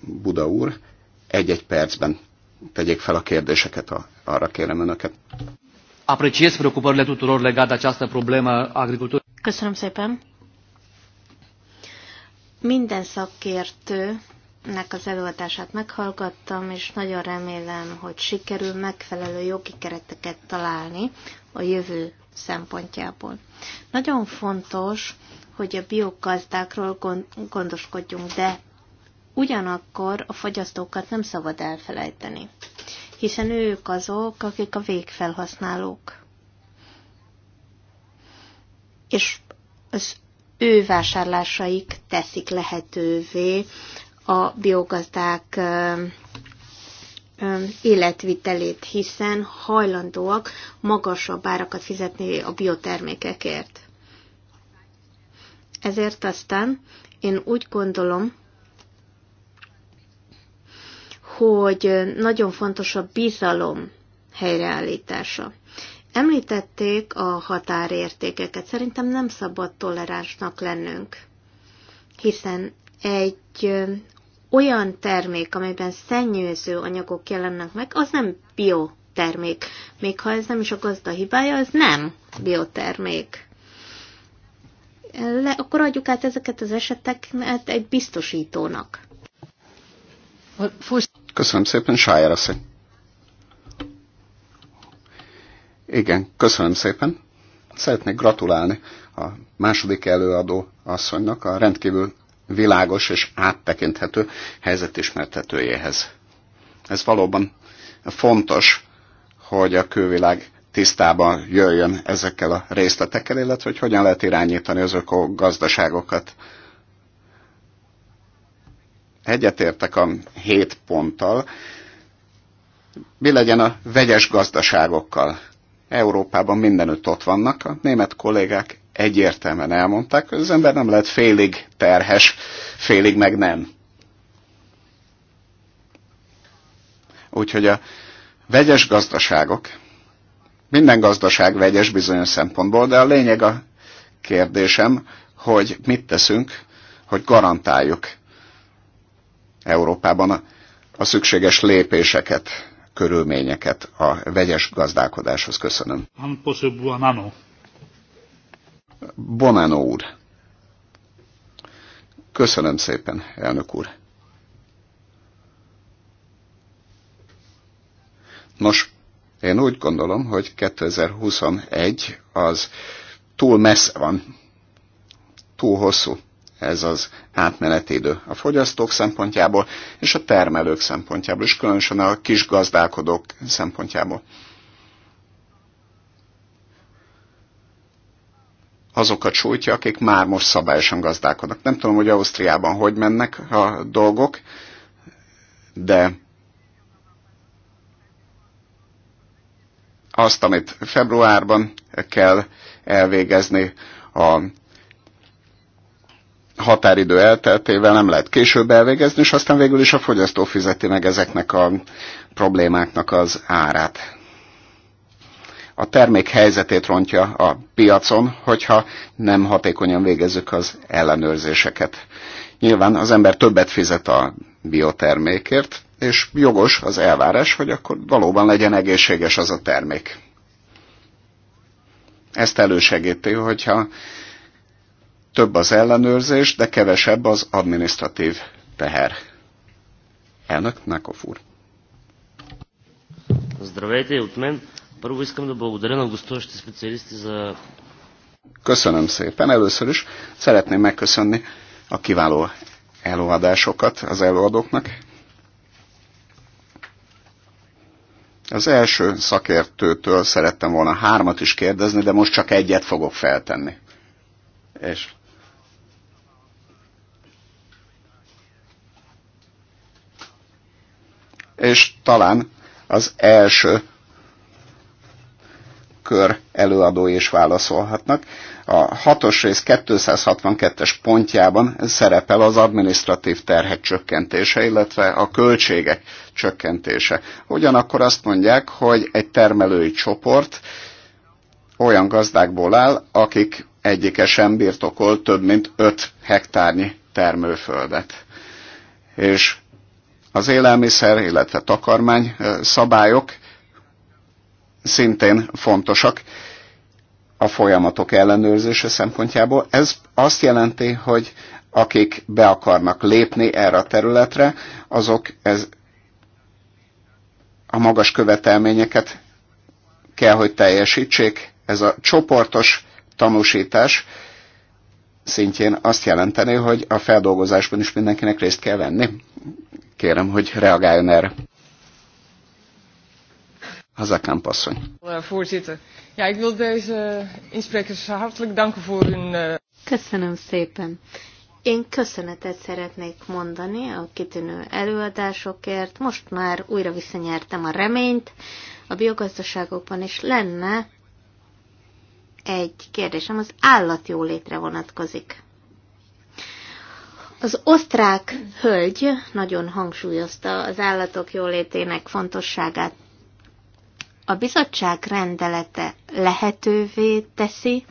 C: Buda úr egy-egy percben tegyék fel a kérdéseket, arra kérem önöket. Apreciez preocupările
B: tuturor legate de această problemă agriculturii. Köszönöm szépen. Minden szakértő nek az előadását meghallgattam, és nagyon remélem, hogy sikerül megfelelő jogi kereteket találni a jövő szempontjából. Nagyon fontos, hogy a biogazdákról gondoskodjunk, de ugyanakkor a fogyasztókat nem szabad elfelejteni, hiszen ők azok, akik a végfelhasználók. És az ő vásárlásaik teszik lehetővé a biogazdák életvitelét, hiszen hajlandóak magasabb árakat fizetni a biotermékekért. Ezért aztán én úgy gondolom, hogy nagyon fontos a bizalom helyreállítása. Említették a határértékeket. Szerintem nem szabad toleránsnak lennünk, hiszen egy olyan termék, amelyben szennyőző anyagok jelennek meg, az nem biotermék. Még ha ez nem is a gazda hibája, az nem biotermék. Le, akkor adjuk át ezeket az eseteket egy biztosítónak.
C: Köszönöm szépen, Sájer Igen, köszönöm szépen. Szeretnék gratulálni a második előadó asszonynak a rendkívül világos és áttekinthető helyzetismertetőjéhez. Ez valóban fontos, hogy a külvilág tisztában jöjjön ezekkel a részletekkel, illetve hogy hogyan lehet irányítani az a gazdaságokat. Egyetértek a hét ponttal. Mi legyen a vegyes gazdaságokkal? Európában mindenütt ott vannak, a német kollégák egyértelműen elmondták, hogy az ember nem lehet félig terhes, félig meg nem. Úgyhogy a vegyes gazdaságok, minden gazdaság vegyes bizonyos szempontból, de a lényeg a kérdésem, hogy mit teszünk, hogy garantáljuk Európában a, a szükséges lépéseket, körülményeket a vegyes gazdálkodáshoz. Köszönöm. Anposő Bonanno úr. Köszönöm szépen, elnök úr. Nos, én úgy gondolom, hogy 2021 az túl messze van, túl hosszú ez az átmeneti idő a fogyasztók szempontjából és a termelők szempontjából, és különösen a kis gazdálkodók szempontjából. azokat sújtja, akik már most szabályosan gazdálkodnak. Nem tudom, hogy Ausztriában hogy mennek a dolgok, de azt, amit februárban kell elvégezni a határidő elteltével nem lehet később elvégezni, és aztán végül is a fogyasztó fizeti meg ezeknek a problémáknak az árát a termék helyzetét rontja a piacon, hogyha nem hatékonyan végezzük az ellenőrzéseket. Nyilván az ember többet fizet a biotermékért, és jogos az elvárás, hogy akkor valóban legyen egészséges az a termék. Ezt elősegíti, hogyha több az ellenőrzés, de kevesebb az administratív teher. Elnök Nekofúr. úr.
A: Здравейте от мен. Първо искам да благодаря на гостуващите специалисти
C: за... Köszönöm szépen. Először is szeretném megköszönni a kiváló előadásokat az előadóknak. Az első szakértőtől szerettem volna hármat is kérdezni, de most csak egyet fogok feltenni. És és talán az első kör előadói is válaszolhatnak. A hatos rész 262-es pontjában szerepel az administratív terhek csökkentése, illetve a költségek csökkentése. Ugyanakkor azt mondják, hogy egy termelői csoport olyan gazdákból áll, akik egyike sem birtokol több mint 5 hektárnyi termőföldet. És az élelmiszer, illetve takarmány szabályok szintén fontosak a folyamatok ellenőrzése szempontjából. Ez azt jelenti, hogy akik be akarnak lépni erre a területre, azok ez a magas követelményeket kell, hogy teljesítsék. Ez a csoportos tanúsítás szintjén azt jelenteni, hogy a feldolgozásban is mindenkinek részt kell venni. Kérem, hogy reagáljon erre. Hazakamp asszony. Eh, voorzitter. Ja, ik wil deze
B: eh, insprekers hartelijk danken voor hun... Eh, Köszönöm szépen. Én köszönetet szeretnék mondani a kitűnő előadásokért. Most már újra visszanyertem a reményt a biogazdaságokban, is lenne egy kérdésem, az állatjólétre vonatkozik. Az osztrák hölgy nagyon hangsúlyozta az állatok jólétének fontosságát a bizottság rendelete lehetővé teszi,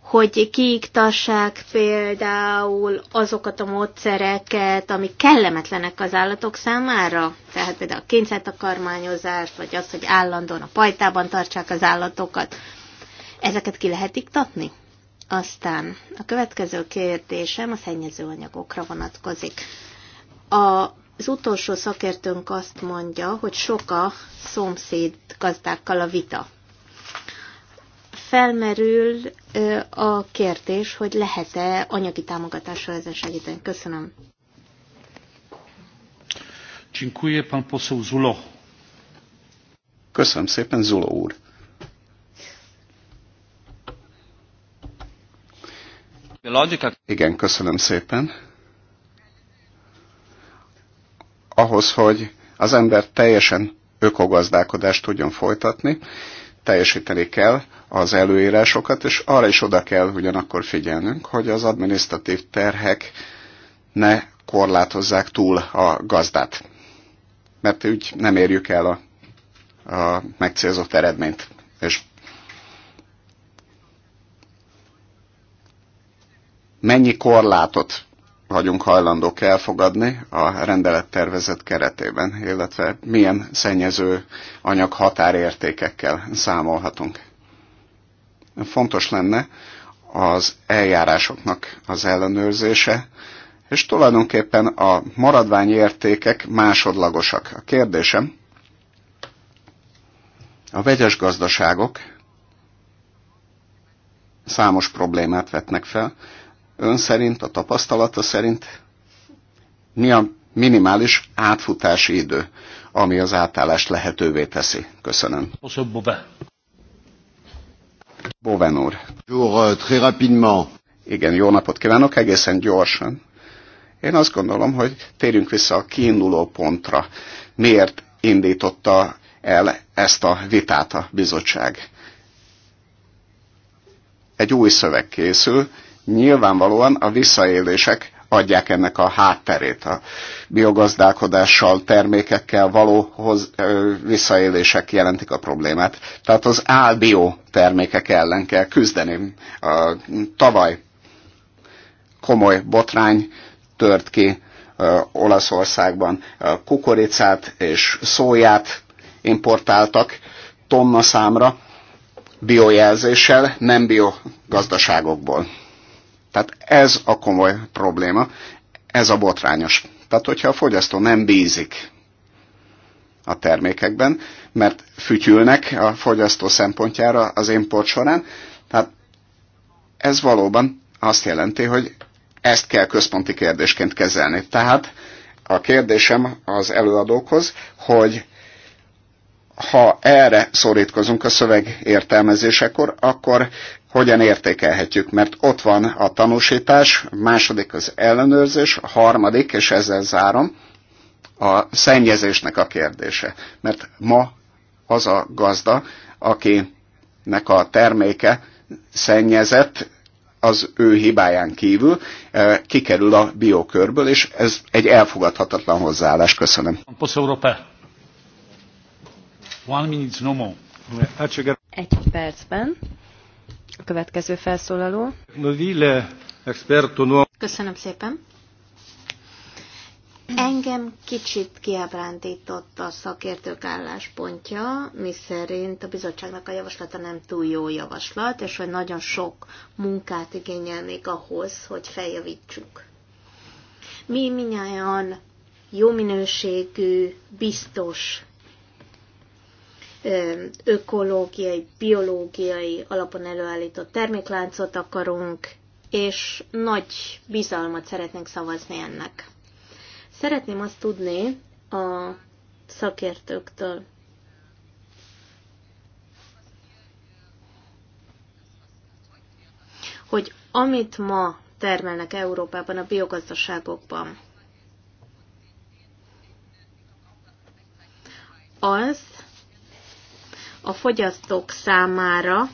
B: hogy kiiktassák például azokat a módszereket, amik kellemetlenek az állatok számára, tehát például a kényszertakarmányozást, vagy az, hogy állandóan a pajtában tartsák az állatokat. Ezeket ki lehet iktatni? Aztán a következő kérdésem a szennyezőanyagokra vonatkozik. A az utolsó szakértőnk azt mondja, hogy sok a szomszéd gazdákkal a vita. Felmerül a kérdés, hogy lehet-e anyagi támogatással ezen segíteni. Köszönöm.
A: Dziękuję, pan poseł Zulo.
C: Köszönöm szépen, Zulo úr. Igen, köszönöm szépen ahhoz, hogy az ember teljesen ökogazdálkodást tudjon folytatni, teljesíteni kell az előírásokat, és arra is oda kell ugyanakkor figyelnünk, hogy az administratív terhek ne korlátozzák túl a gazdát. Mert úgy nem érjük el a, a megcélzott eredményt. És mennyi korlátot vagyunk hajlandók elfogadni a rendelettervezet keretében, illetve milyen szennyező anyag határértékekkel számolhatunk. Fontos lenne az eljárásoknak az ellenőrzése, és tulajdonképpen a maradványértékek másodlagosak. A kérdésem, a vegyes gazdaságok számos problémát vetnek fel, ön szerint, a tapasztalata szerint mi a minimális átfutási idő, ami az átállást lehetővé teszi? Köszönöm. Boven úr. Bonjour, euh, très rapidement. Igen, jó napot kívánok, egészen gyorsan. Én azt gondolom, hogy térjünk vissza a kiinduló pontra. Miért indította el ezt a vitát a bizottság? Egy új szöveg készül, nyilvánvalóan a visszaélések adják ennek a hátterét. A biogazdálkodással, termékekkel való visszaélések jelentik a problémát. Tehát az álbió termékek ellen kell küzdeni. A, tavaly komoly botrány tört ki ö, Olaszországban. A kukoricát és szóját importáltak tonna számra biojelzéssel, nem biogazdaságokból tehát ez a komoly probléma, ez a botrányos. Tehát, hogyha a fogyasztó nem bízik a termékekben, mert fütyülnek a fogyasztó szempontjára az import során, tehát ez valóban azt jelenti, hogy ezt kell központi kérdésként kezelni. Tehát a kérdésem az előadókhoz, hogy ha erre szorítkozunk a szöveg értelmezésekor, akkor hogyan értékelhetjük, mert ott van a tanúsítás, második az ellenőrzés, a harmadik, és ezzel zárom, a szennyezésnek a kérdése. Mert ma az a gazda, akinek a terméke szennyezett, az ő hibáján kívül eh, kikerül a biokörből, és ez egy elfogadhatatlan hozzáállás. Köszönöm.
D: Egy percben. A következő felszólaló.
B: Köszönöm szépen. Engem kicsit kiábrándított a szakértők álláspontja, miszerint a bizottságnak a javaslata nem túl jó javaslat, és hogy nagyon sok munkát igényelnék ahhoz, hogy feljavítsuk. Mi minnyáján jó minőségű, biztos ökológiai, biológiai alapon előállított termékláncot akarunk, és nagy bizalmat szeretnénk szavazni ennek. Szeretném azt tudni a szakértőktől, hogy amit ma termelnek Európában a biogazdaságokban, az a fogyasztók számára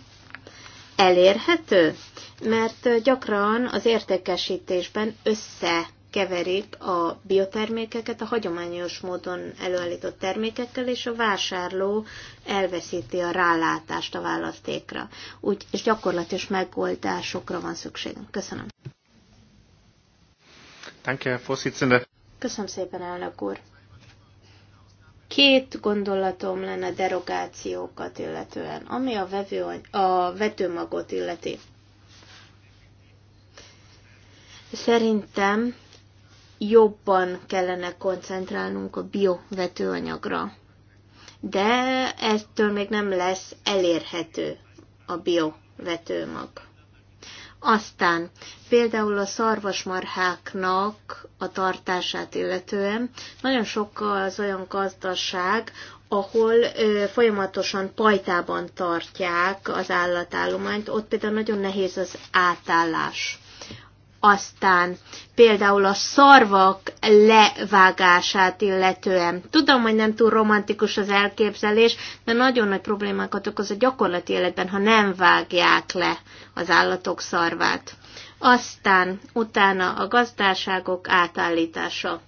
B: elérhető? Mert gyakran az értékesítésben összekeverik a biotermékeket a hagyományos módon előállított termékekkel, és a vásárló elveszíti a rálátást a választékra. Úgy, és gyakorlatos megoldásokra van szükségünk. Köszönöm. Köszönöm szépen, elnök úr. Két gondolatom lenne derogációkat illetően, ami a, vevő, a vetőmagot illeti. Szerintem jobban kellene koncentrálnunk a biovetőanyagra. De eztől még nem lesz elérhető a biovetőmag. Aztán például a szarvasmarháknak a tartását illetően nagyon sok az olyan gazdaság, ahol ö, folyamatosan pajtában tartják az állatállományt, ott például nagyon nehéz az átállás. Aztán például a szarvak levágását illetően. Tudom, hogy nem túl romantikus az elképzelés, de nagyon nagy problémákat okoz a gyakorlati életben, ha nem vágják le az állatok szarvát. Aztán utána a gazdaságok átállítása.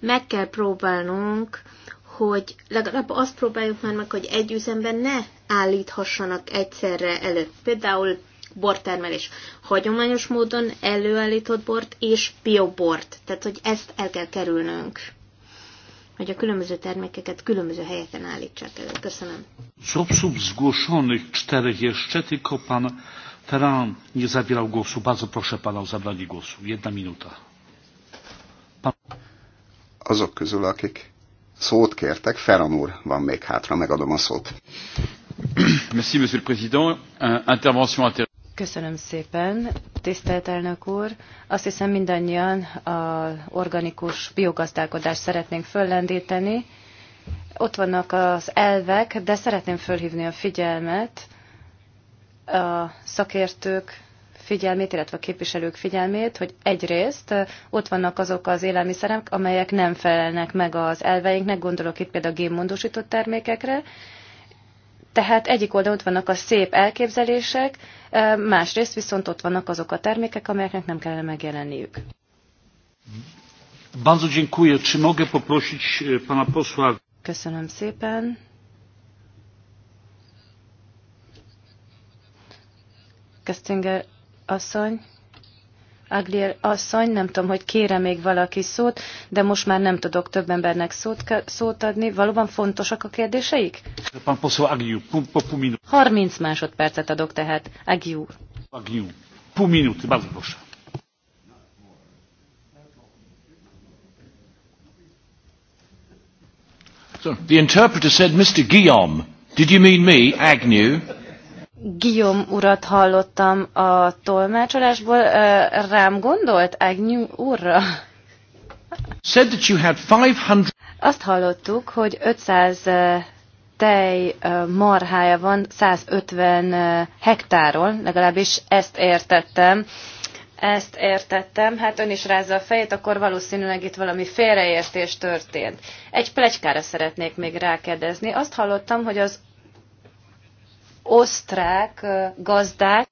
B: Meg kell próbálnunk hogy legalább azt próbáljuk már meg, hogy egy üzemben ne állíthassanak egyszerre elő. Például bortermelés. Hagyományos módon előállított bort és biobort. Tehát, hogy ezt el kell kerülnünk. Hogy a különböző termékeket különböző helyeken állítsák elő. Köszönöm.
A: Z osób zgłoszonych czterech jeszcze, tylko pan Ferran nie zabierał głosu. Bardzo proszę pana o zabranie głosu. Jedna minuta.
C: Pan... Azok közül, akik szót kértek, Ferran úr van még hátra, megadom a szót. Merci, monsieur le président. Intervention
D: Köszönöm szépen, tisztelt elnök úr. Azt hiszem mindannyian a organikus biogazdálkodást szeretnénk föllendíteni. Ott vannak az elvek, de szeretném fölhívni a figyelmet, a szakértők figyelmét, illetve a képviselők figyelmét, hogy egyrészt ott vannak azok az élelmiszerek, amelyek nem felelnek meg az elveinknek, gondolok itt például a génmódosított termékekre, tehát egyik oldalon ott vannak a szép elképzelések, másrészt viszont ott vannak azok a termékek, amelyeknek nem kellene megjelenniük.
A: Bardzo dziękuję. Czy mogę poprosić e, pana posła? Köszönöm szépen.
D: Kestinger asszony. Aglier asszony, nem tudom, hogy kére még valaki szót, de most már nem tudok több embernek szót, szót adni. Valóban fontosak a kérdéseik? 30 másodpercet adok tehát. Agiu.
A: Agiu, Pół minuty, bardzo proszę.
D: The interpreter said, Mr. Guillaume, did you mean me, Agnew? Guillaume urat hallottam a tolmácsolásból, rám gondolt Agnew úrra?
A: Said that you had 500...
D: Azt hallottuk, hogy 500 tej marhája van 150 hektáron, legalábbis ezt értettem. Ezt értettem, hát ön is rázza a fejét, akkor valószínűleg itt valami félreértés történt. Egy plegykára szeretnék még rákérdezni. Azt hallottam, hogy az osztrák gazdák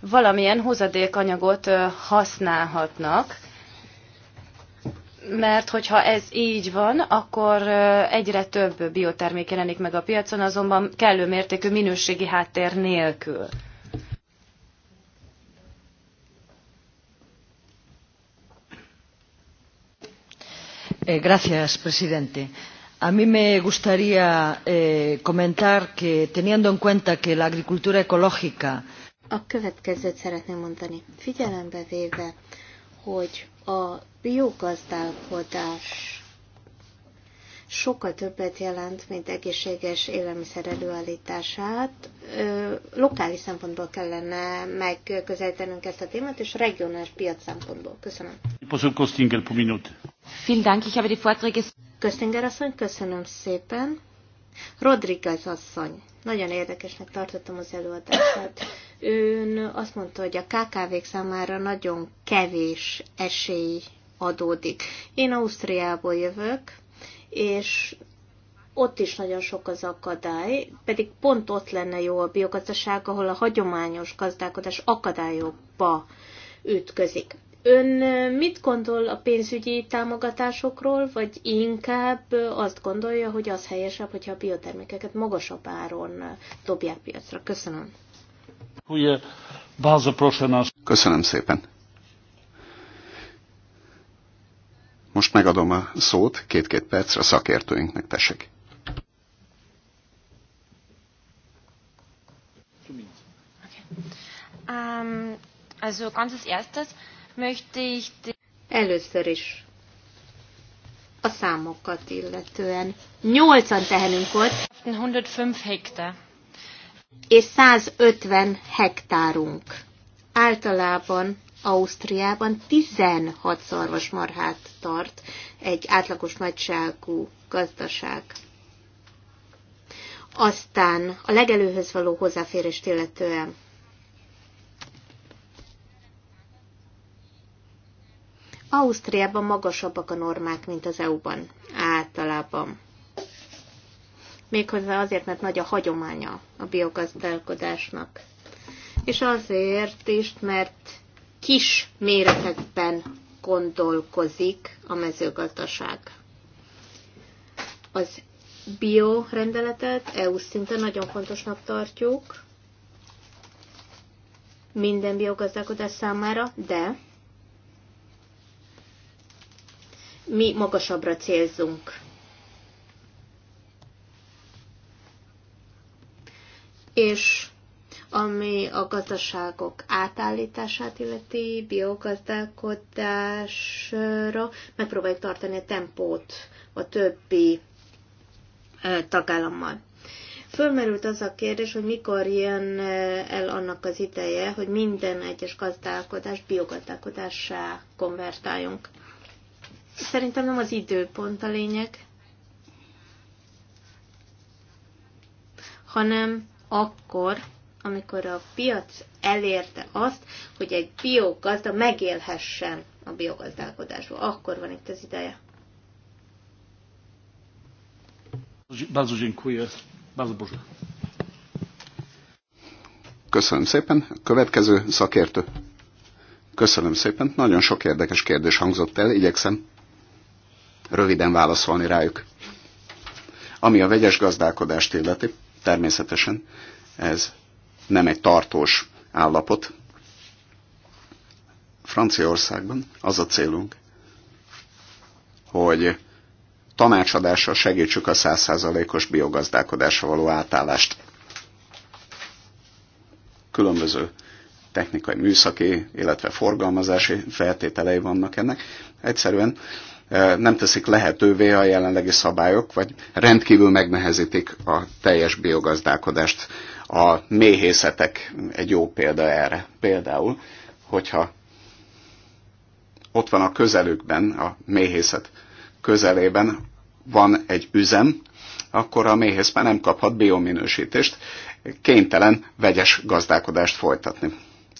D: valamilyen hozadékanyagot használhatnak, mert hogyha ez így van, akkor egyre több biotermék jelenik meg a piacon, azonban kellő mértékű minőségi háttér nélkül.
C: Eh, gracias, presidente a mí me gustaría eh, comentar que teniendo en cuenta que la agricultura ecológica a következőt
B: szeretném mondani. Figyelembe véve, hogy a biogazdálkodás sokkal többet jelent, mint egészséges élelmiszer előállítását. Lokális szempontból kellene megközelítenünk ezt a témát, és regionális piac szempontból. Köszönöm. Köstinger, Köstinger asszony, köszönöm szépen. Rodriguez asszony, nagyon érdekesnek tartottam az előadását. Ön azt mondta, hogy a KKV-k számára nagyon kevés esély adódik. Én Ausztriából jövök, és ott is nagyon sok az akadály, pedig pont ott lenne jó a biogazdaság, ahol a hagyományos gazdálkodás akadályokba ütközik. Ön mit gondol a pénzügyi támogatásokról, vagy inkább azt gondolja, hogy az helyesebb, hogyha a biotermékeket magasabb áron dobják piacra? Köszönöm.
C: Köszönöm szépen. Most megadom a szót két-két percre a szakértőinknek, tessék.
B: Um, Először is a számokat illetően. 80 tehenünk volt. 105 hektár. És 150 hektárunk. Általában Ausztriában 16 szarvasmarhát tart egy átlagos nagyságú gazdaság. Aztán a legelőhöz való hozzáférést illetően Ausztriában magasabbak a normák, mint az EU-ban általában. Méghozzá azért, mert nagy a hagyománya a biogazdálkodásnak. És azért is, mert kis méretekben gondolkozik a mezőgazdaság. Az biorendeletet EU szinten nagyon fontosnak tartjuk minden biogazdálkodás számára, de mi magasabbra célzunk. És ami a gazdaságok átállítását illeti, biogazdálkodásra, megpróbáljuk tartani a tempót a többi tagállammal. Fölmerült az a kérdés, hogy mikor jön el annak az ideje, hogy minden egyes gazdálkodás biogazdálkodássá konvertáljunk. Szerintem nem az időpont a lényeg, hanem akkor, amikor a piac elérte azt, hogy egy biogazda megélhessen a biogazdálkodásból. Akkor van itt az ideje.
A: Bardzo dziękuję. Bardzo Boże.
C: Köszönöm szépen. Következő szakértő. Köszönöm szépen. Nagyon sok érdekes kérdés hangzott el. Igyekszem röviden válaszolni rájuk. Ami a vegyes gazdálkodást illeti, természetesen ez nem egy tartós állapot. Franciaországban az a célunk, hogy tanácsadással segítsük a százszázalékos biogazdálkodásra való átállást. Különböző technikai, műszaki, illetve forgalmazási feltételei vannak ennek. Egyszerűen e, nem teszik lehetővé a jelenlegi szabályok, vagy rendkívül megnehezítik a teljes biogazdálkodást. A méhészetek egy jó példa erre. Például, hogyha ott van a közelükben, a méhészet közelében van egy üzem, akkor a méhész már nem kaphat biominősítést, kénytelen vegyes gazdálkodást folytatni.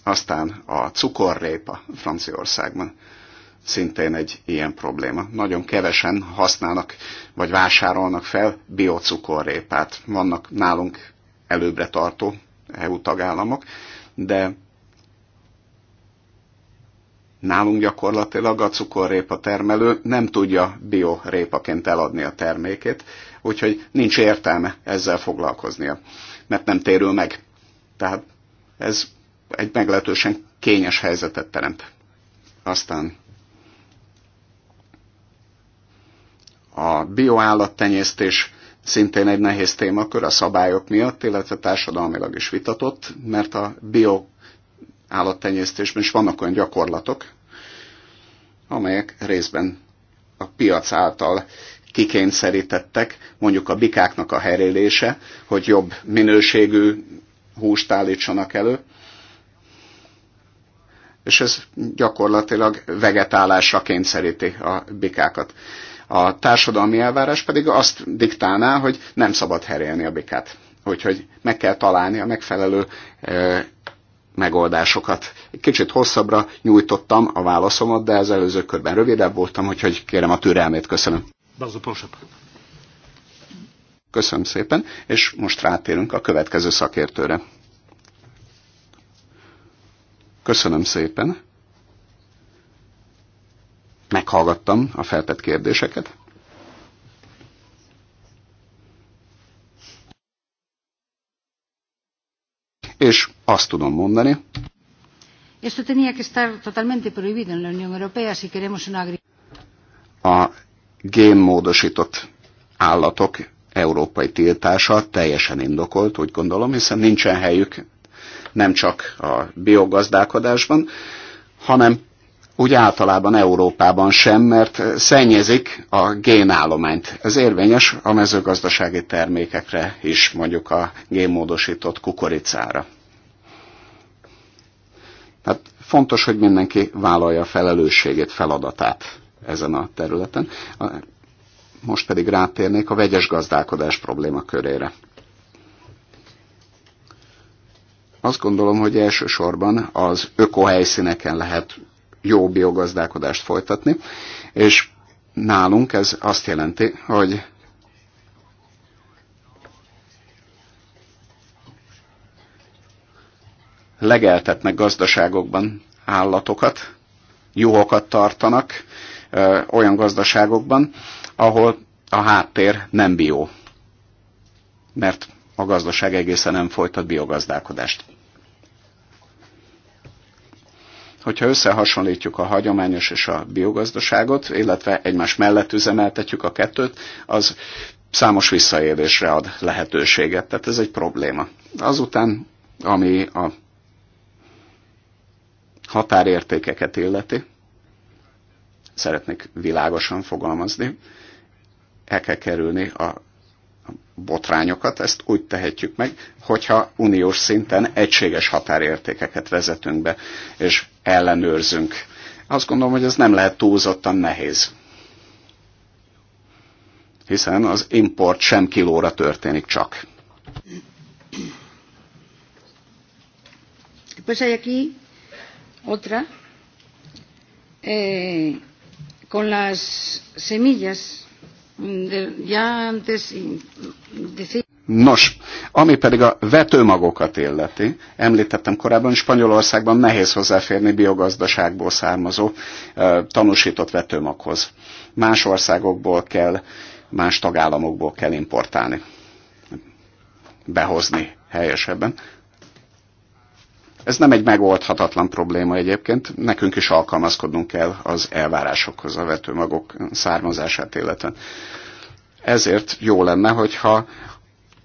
C: Aztán a cukorrépa Franciaországban szintén egy ilyen probléma. Nagyon kevesen használnak vagy vásárolnak fel biocukorrépát. Vannak nálunk előbbre tartó EU tagállamok, de nálunk gyakorlatilag a cukorrépa termelő nem tudja biorépaként eladni a termékét, úgyhogy nincs értelme ezzel foglalkoznia, mert nem térül meg. Tehát ez egy meglehetősen kényes helyzetet teremt. Aztán a bioállattenyésztés szintén egy nehéz témakör a szabályok miatt, illetve társadalmilag is vitatott, mert a bio állattenyésztésben is vannak olyan gyakorlatok, amelyek részben a piac által kikényszerítettek, mondjuk a bikáknak a herélése, hogy jobb minőségű húst állítsanak elő, és ez gyakorlatilag vegetálásra kényszeríti a bikákat. A társadalmi elvárás pedig azt diktálná, hogy nem szabad herélni a bikát. Úgyhogy meg kell találni a megfelelő e, megoldásokat. Kicsit hosszabbra nyújtottam a válaszomat, de az előző körben rövidebb voltam, úgyhogy kérem a türelmét, köszönöm. Köszönöm szépen, és most rátérünk a következő szakértőre. Köszönöm szépen meghallgattam a feltett kérdéseket. És azt tudom mondani,
D: Esto tenía que estar totalmente prohibido en la Unión Europea si queremos una
C: A génmódosított állatok európai tiltása teljesen indokolt, úgy gondolom, hiszen nincsen helyük nem csak a biogazdálkodásban, hanem úgy általában Európában sem, mert szennyezik a génállományt. Ez érvényes a mezőgazdasági termékekre is, mondjuk a génmódosított kukoricára. Tehát fontos, hogy mindenki vállalja a felelősségét, feladatát ezen a területen. Most pedig rátérnék a vegyes gazdálkodás probléma körére. Azt gondolom, hogy elsősorban az ökohelyszíneken lehet jó biogazdálkodást folytatni, és nálunk ez azt jelenti, hogy legeltetnek gazdaságokban állatokat, juhokat tartanak ö, olyan gazdaságokban, ahol a háttér nem bió, mert a gazdaság egészen nem folytat biogazdálkodást hogyha összehasonlítjuk a hagyományos és a biogazdaságot, illetve egymás mellett üzemeltetjük a kettőt, az számos visszaélésre ad lehetőséget, tehát ez egy probléma. Azután, ami a határértékeket illeti, szeretnék világosan fogalmazni, el kell kerülni a botrányokat, ezt úgy tehetjük meg, hogyha uniós szinten egységes határértékeket vezetünk be, és ellenőrzünk. Azt gondolom, hogy ez nem lehet túlzottan nehéz. Hiszen az import sem kilóra történik csak.
B: Pues hay aquí otra eh, con las
D: semillas
C: Nos, ami pedig a vetőmagokat illeti, említettem korábban, Spanyolországban nehéz hozzáférni biogazdaságból származó tanúsított vetőmaghoz. Más országokból kell, más tagállamokból kell importálni, behozni helyesebben. Ez nem egy megoldhatatlan probléma egyébként, nekünk is alkalmazkodnunk kell az elvárásokhoz, a vetőmagok származását illetően. Ezért jó lenne, hogyha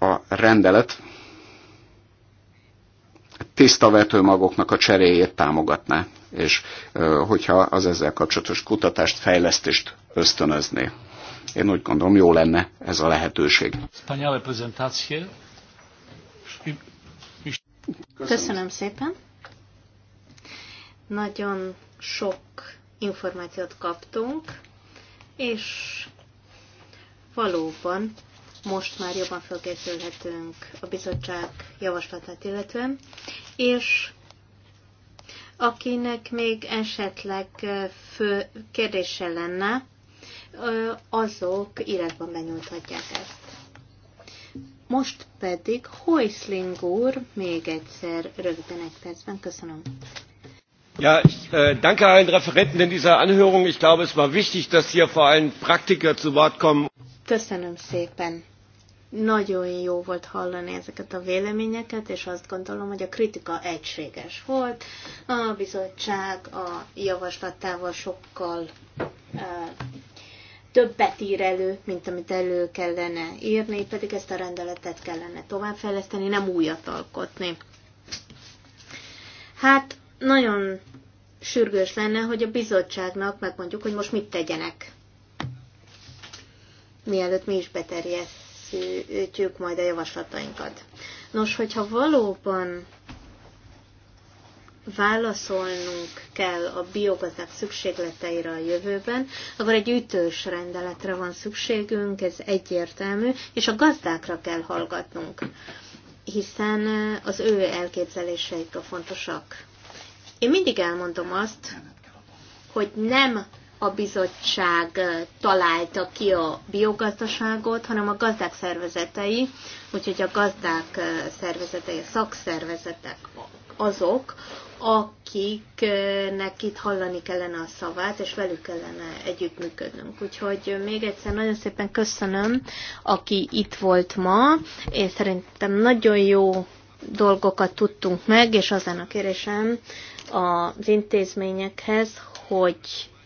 C: a rendelet tiszta vetőmagoknak a cseréjét támogatná, és hogyha az ezzel kapcsolatos kutatást, fejlesztést ösztönözné. Én úgy gondolom, jó lenne ez a lehetőség.
A: Köszönöm. Köszönöm
B: szépen. Nagyon sok információt kaptunk, és valóban most már jobban felkészülhetünk a bizottság javaslatát illetően, és akinek még esetleg fő kérdése lenne, azok írásban benyújthatják ezt. Most pedig Hoisling úr még egyszer rögtön egy percben. Köszönöm.
C: Ja, ich äh, danke allen Referenten in dieser Anhörung. Ich glaube, es war wichtig, dass hier vor allem Praktiker zu Wort kommen.
B: Köszönöm szépen. Nagyon jó volt hallani ezeket a véleményeket, és azt gondolom, hogy a kritika egységes volt. A bizottság a javaslatával sokkal többet ír elő, mint amit elő kellene írni, pedig ezt a rendeletet kellene továbbfejleszteni, nem újat alkotni. Hát nagyon sürgős lenne, hogy a bizottságnak megmondjuk, hogy most mit tegyenek. Mielőtt mi is beterjesztjük majd a javaslatainkat. Nos, hogyha valóban válaszolnunk kell a biogazdák szükségleteire a jövőben, akkor egy ütős rendeletre van szükségünk, ez egyértelmű, és a gazdákra kell hallgatnunk, hiszen az ő elképzeléseik a fontosak. Én mindig elmondom azt, hogy nem a bizottság találta ki a biogazdaságot, hanem a gazdák szervezetei, úgyhogy a gazdák szervezetei, a szakszervezetek azok, akiknek itt hallani kellene a szavát, és velük kellene együttműködnünk. Úgyhogy még egyszer nagyon szépen köszönöm, aki itt volt ma, és szerintem nagyon jó dolgokat tudtunk meg, és az a kérésem az intézményekhez, hogy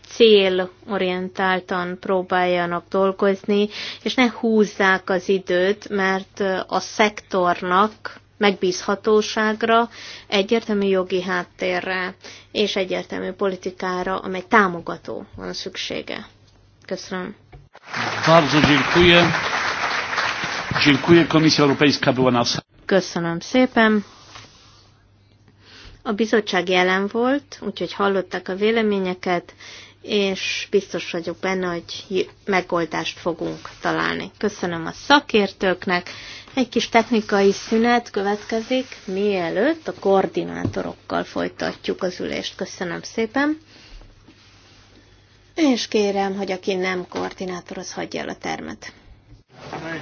B: célorientáltan próbáljanak dolgozni, és ne húzzák az időt, mert a szektornak megbízhatóságra, egyértelmű jogi háttérre és egyértelmű politikára, amely támogató van szüksége. Köszönöm. Köszönöm szépen. A bizottság jelen volt, úgyhogy hallották a véleményeket, és biztos vagyok benne, hogy megoldást fogunk találni. Köszönöm a szakértőknek, egy kis technikai szünet következik, mielőtt a koordinátorokkal folytatjuk az ülést. Köszönöm szépen. És kérem, hogy aki nem
A: koordinátor, az hagyja el a termet. Na,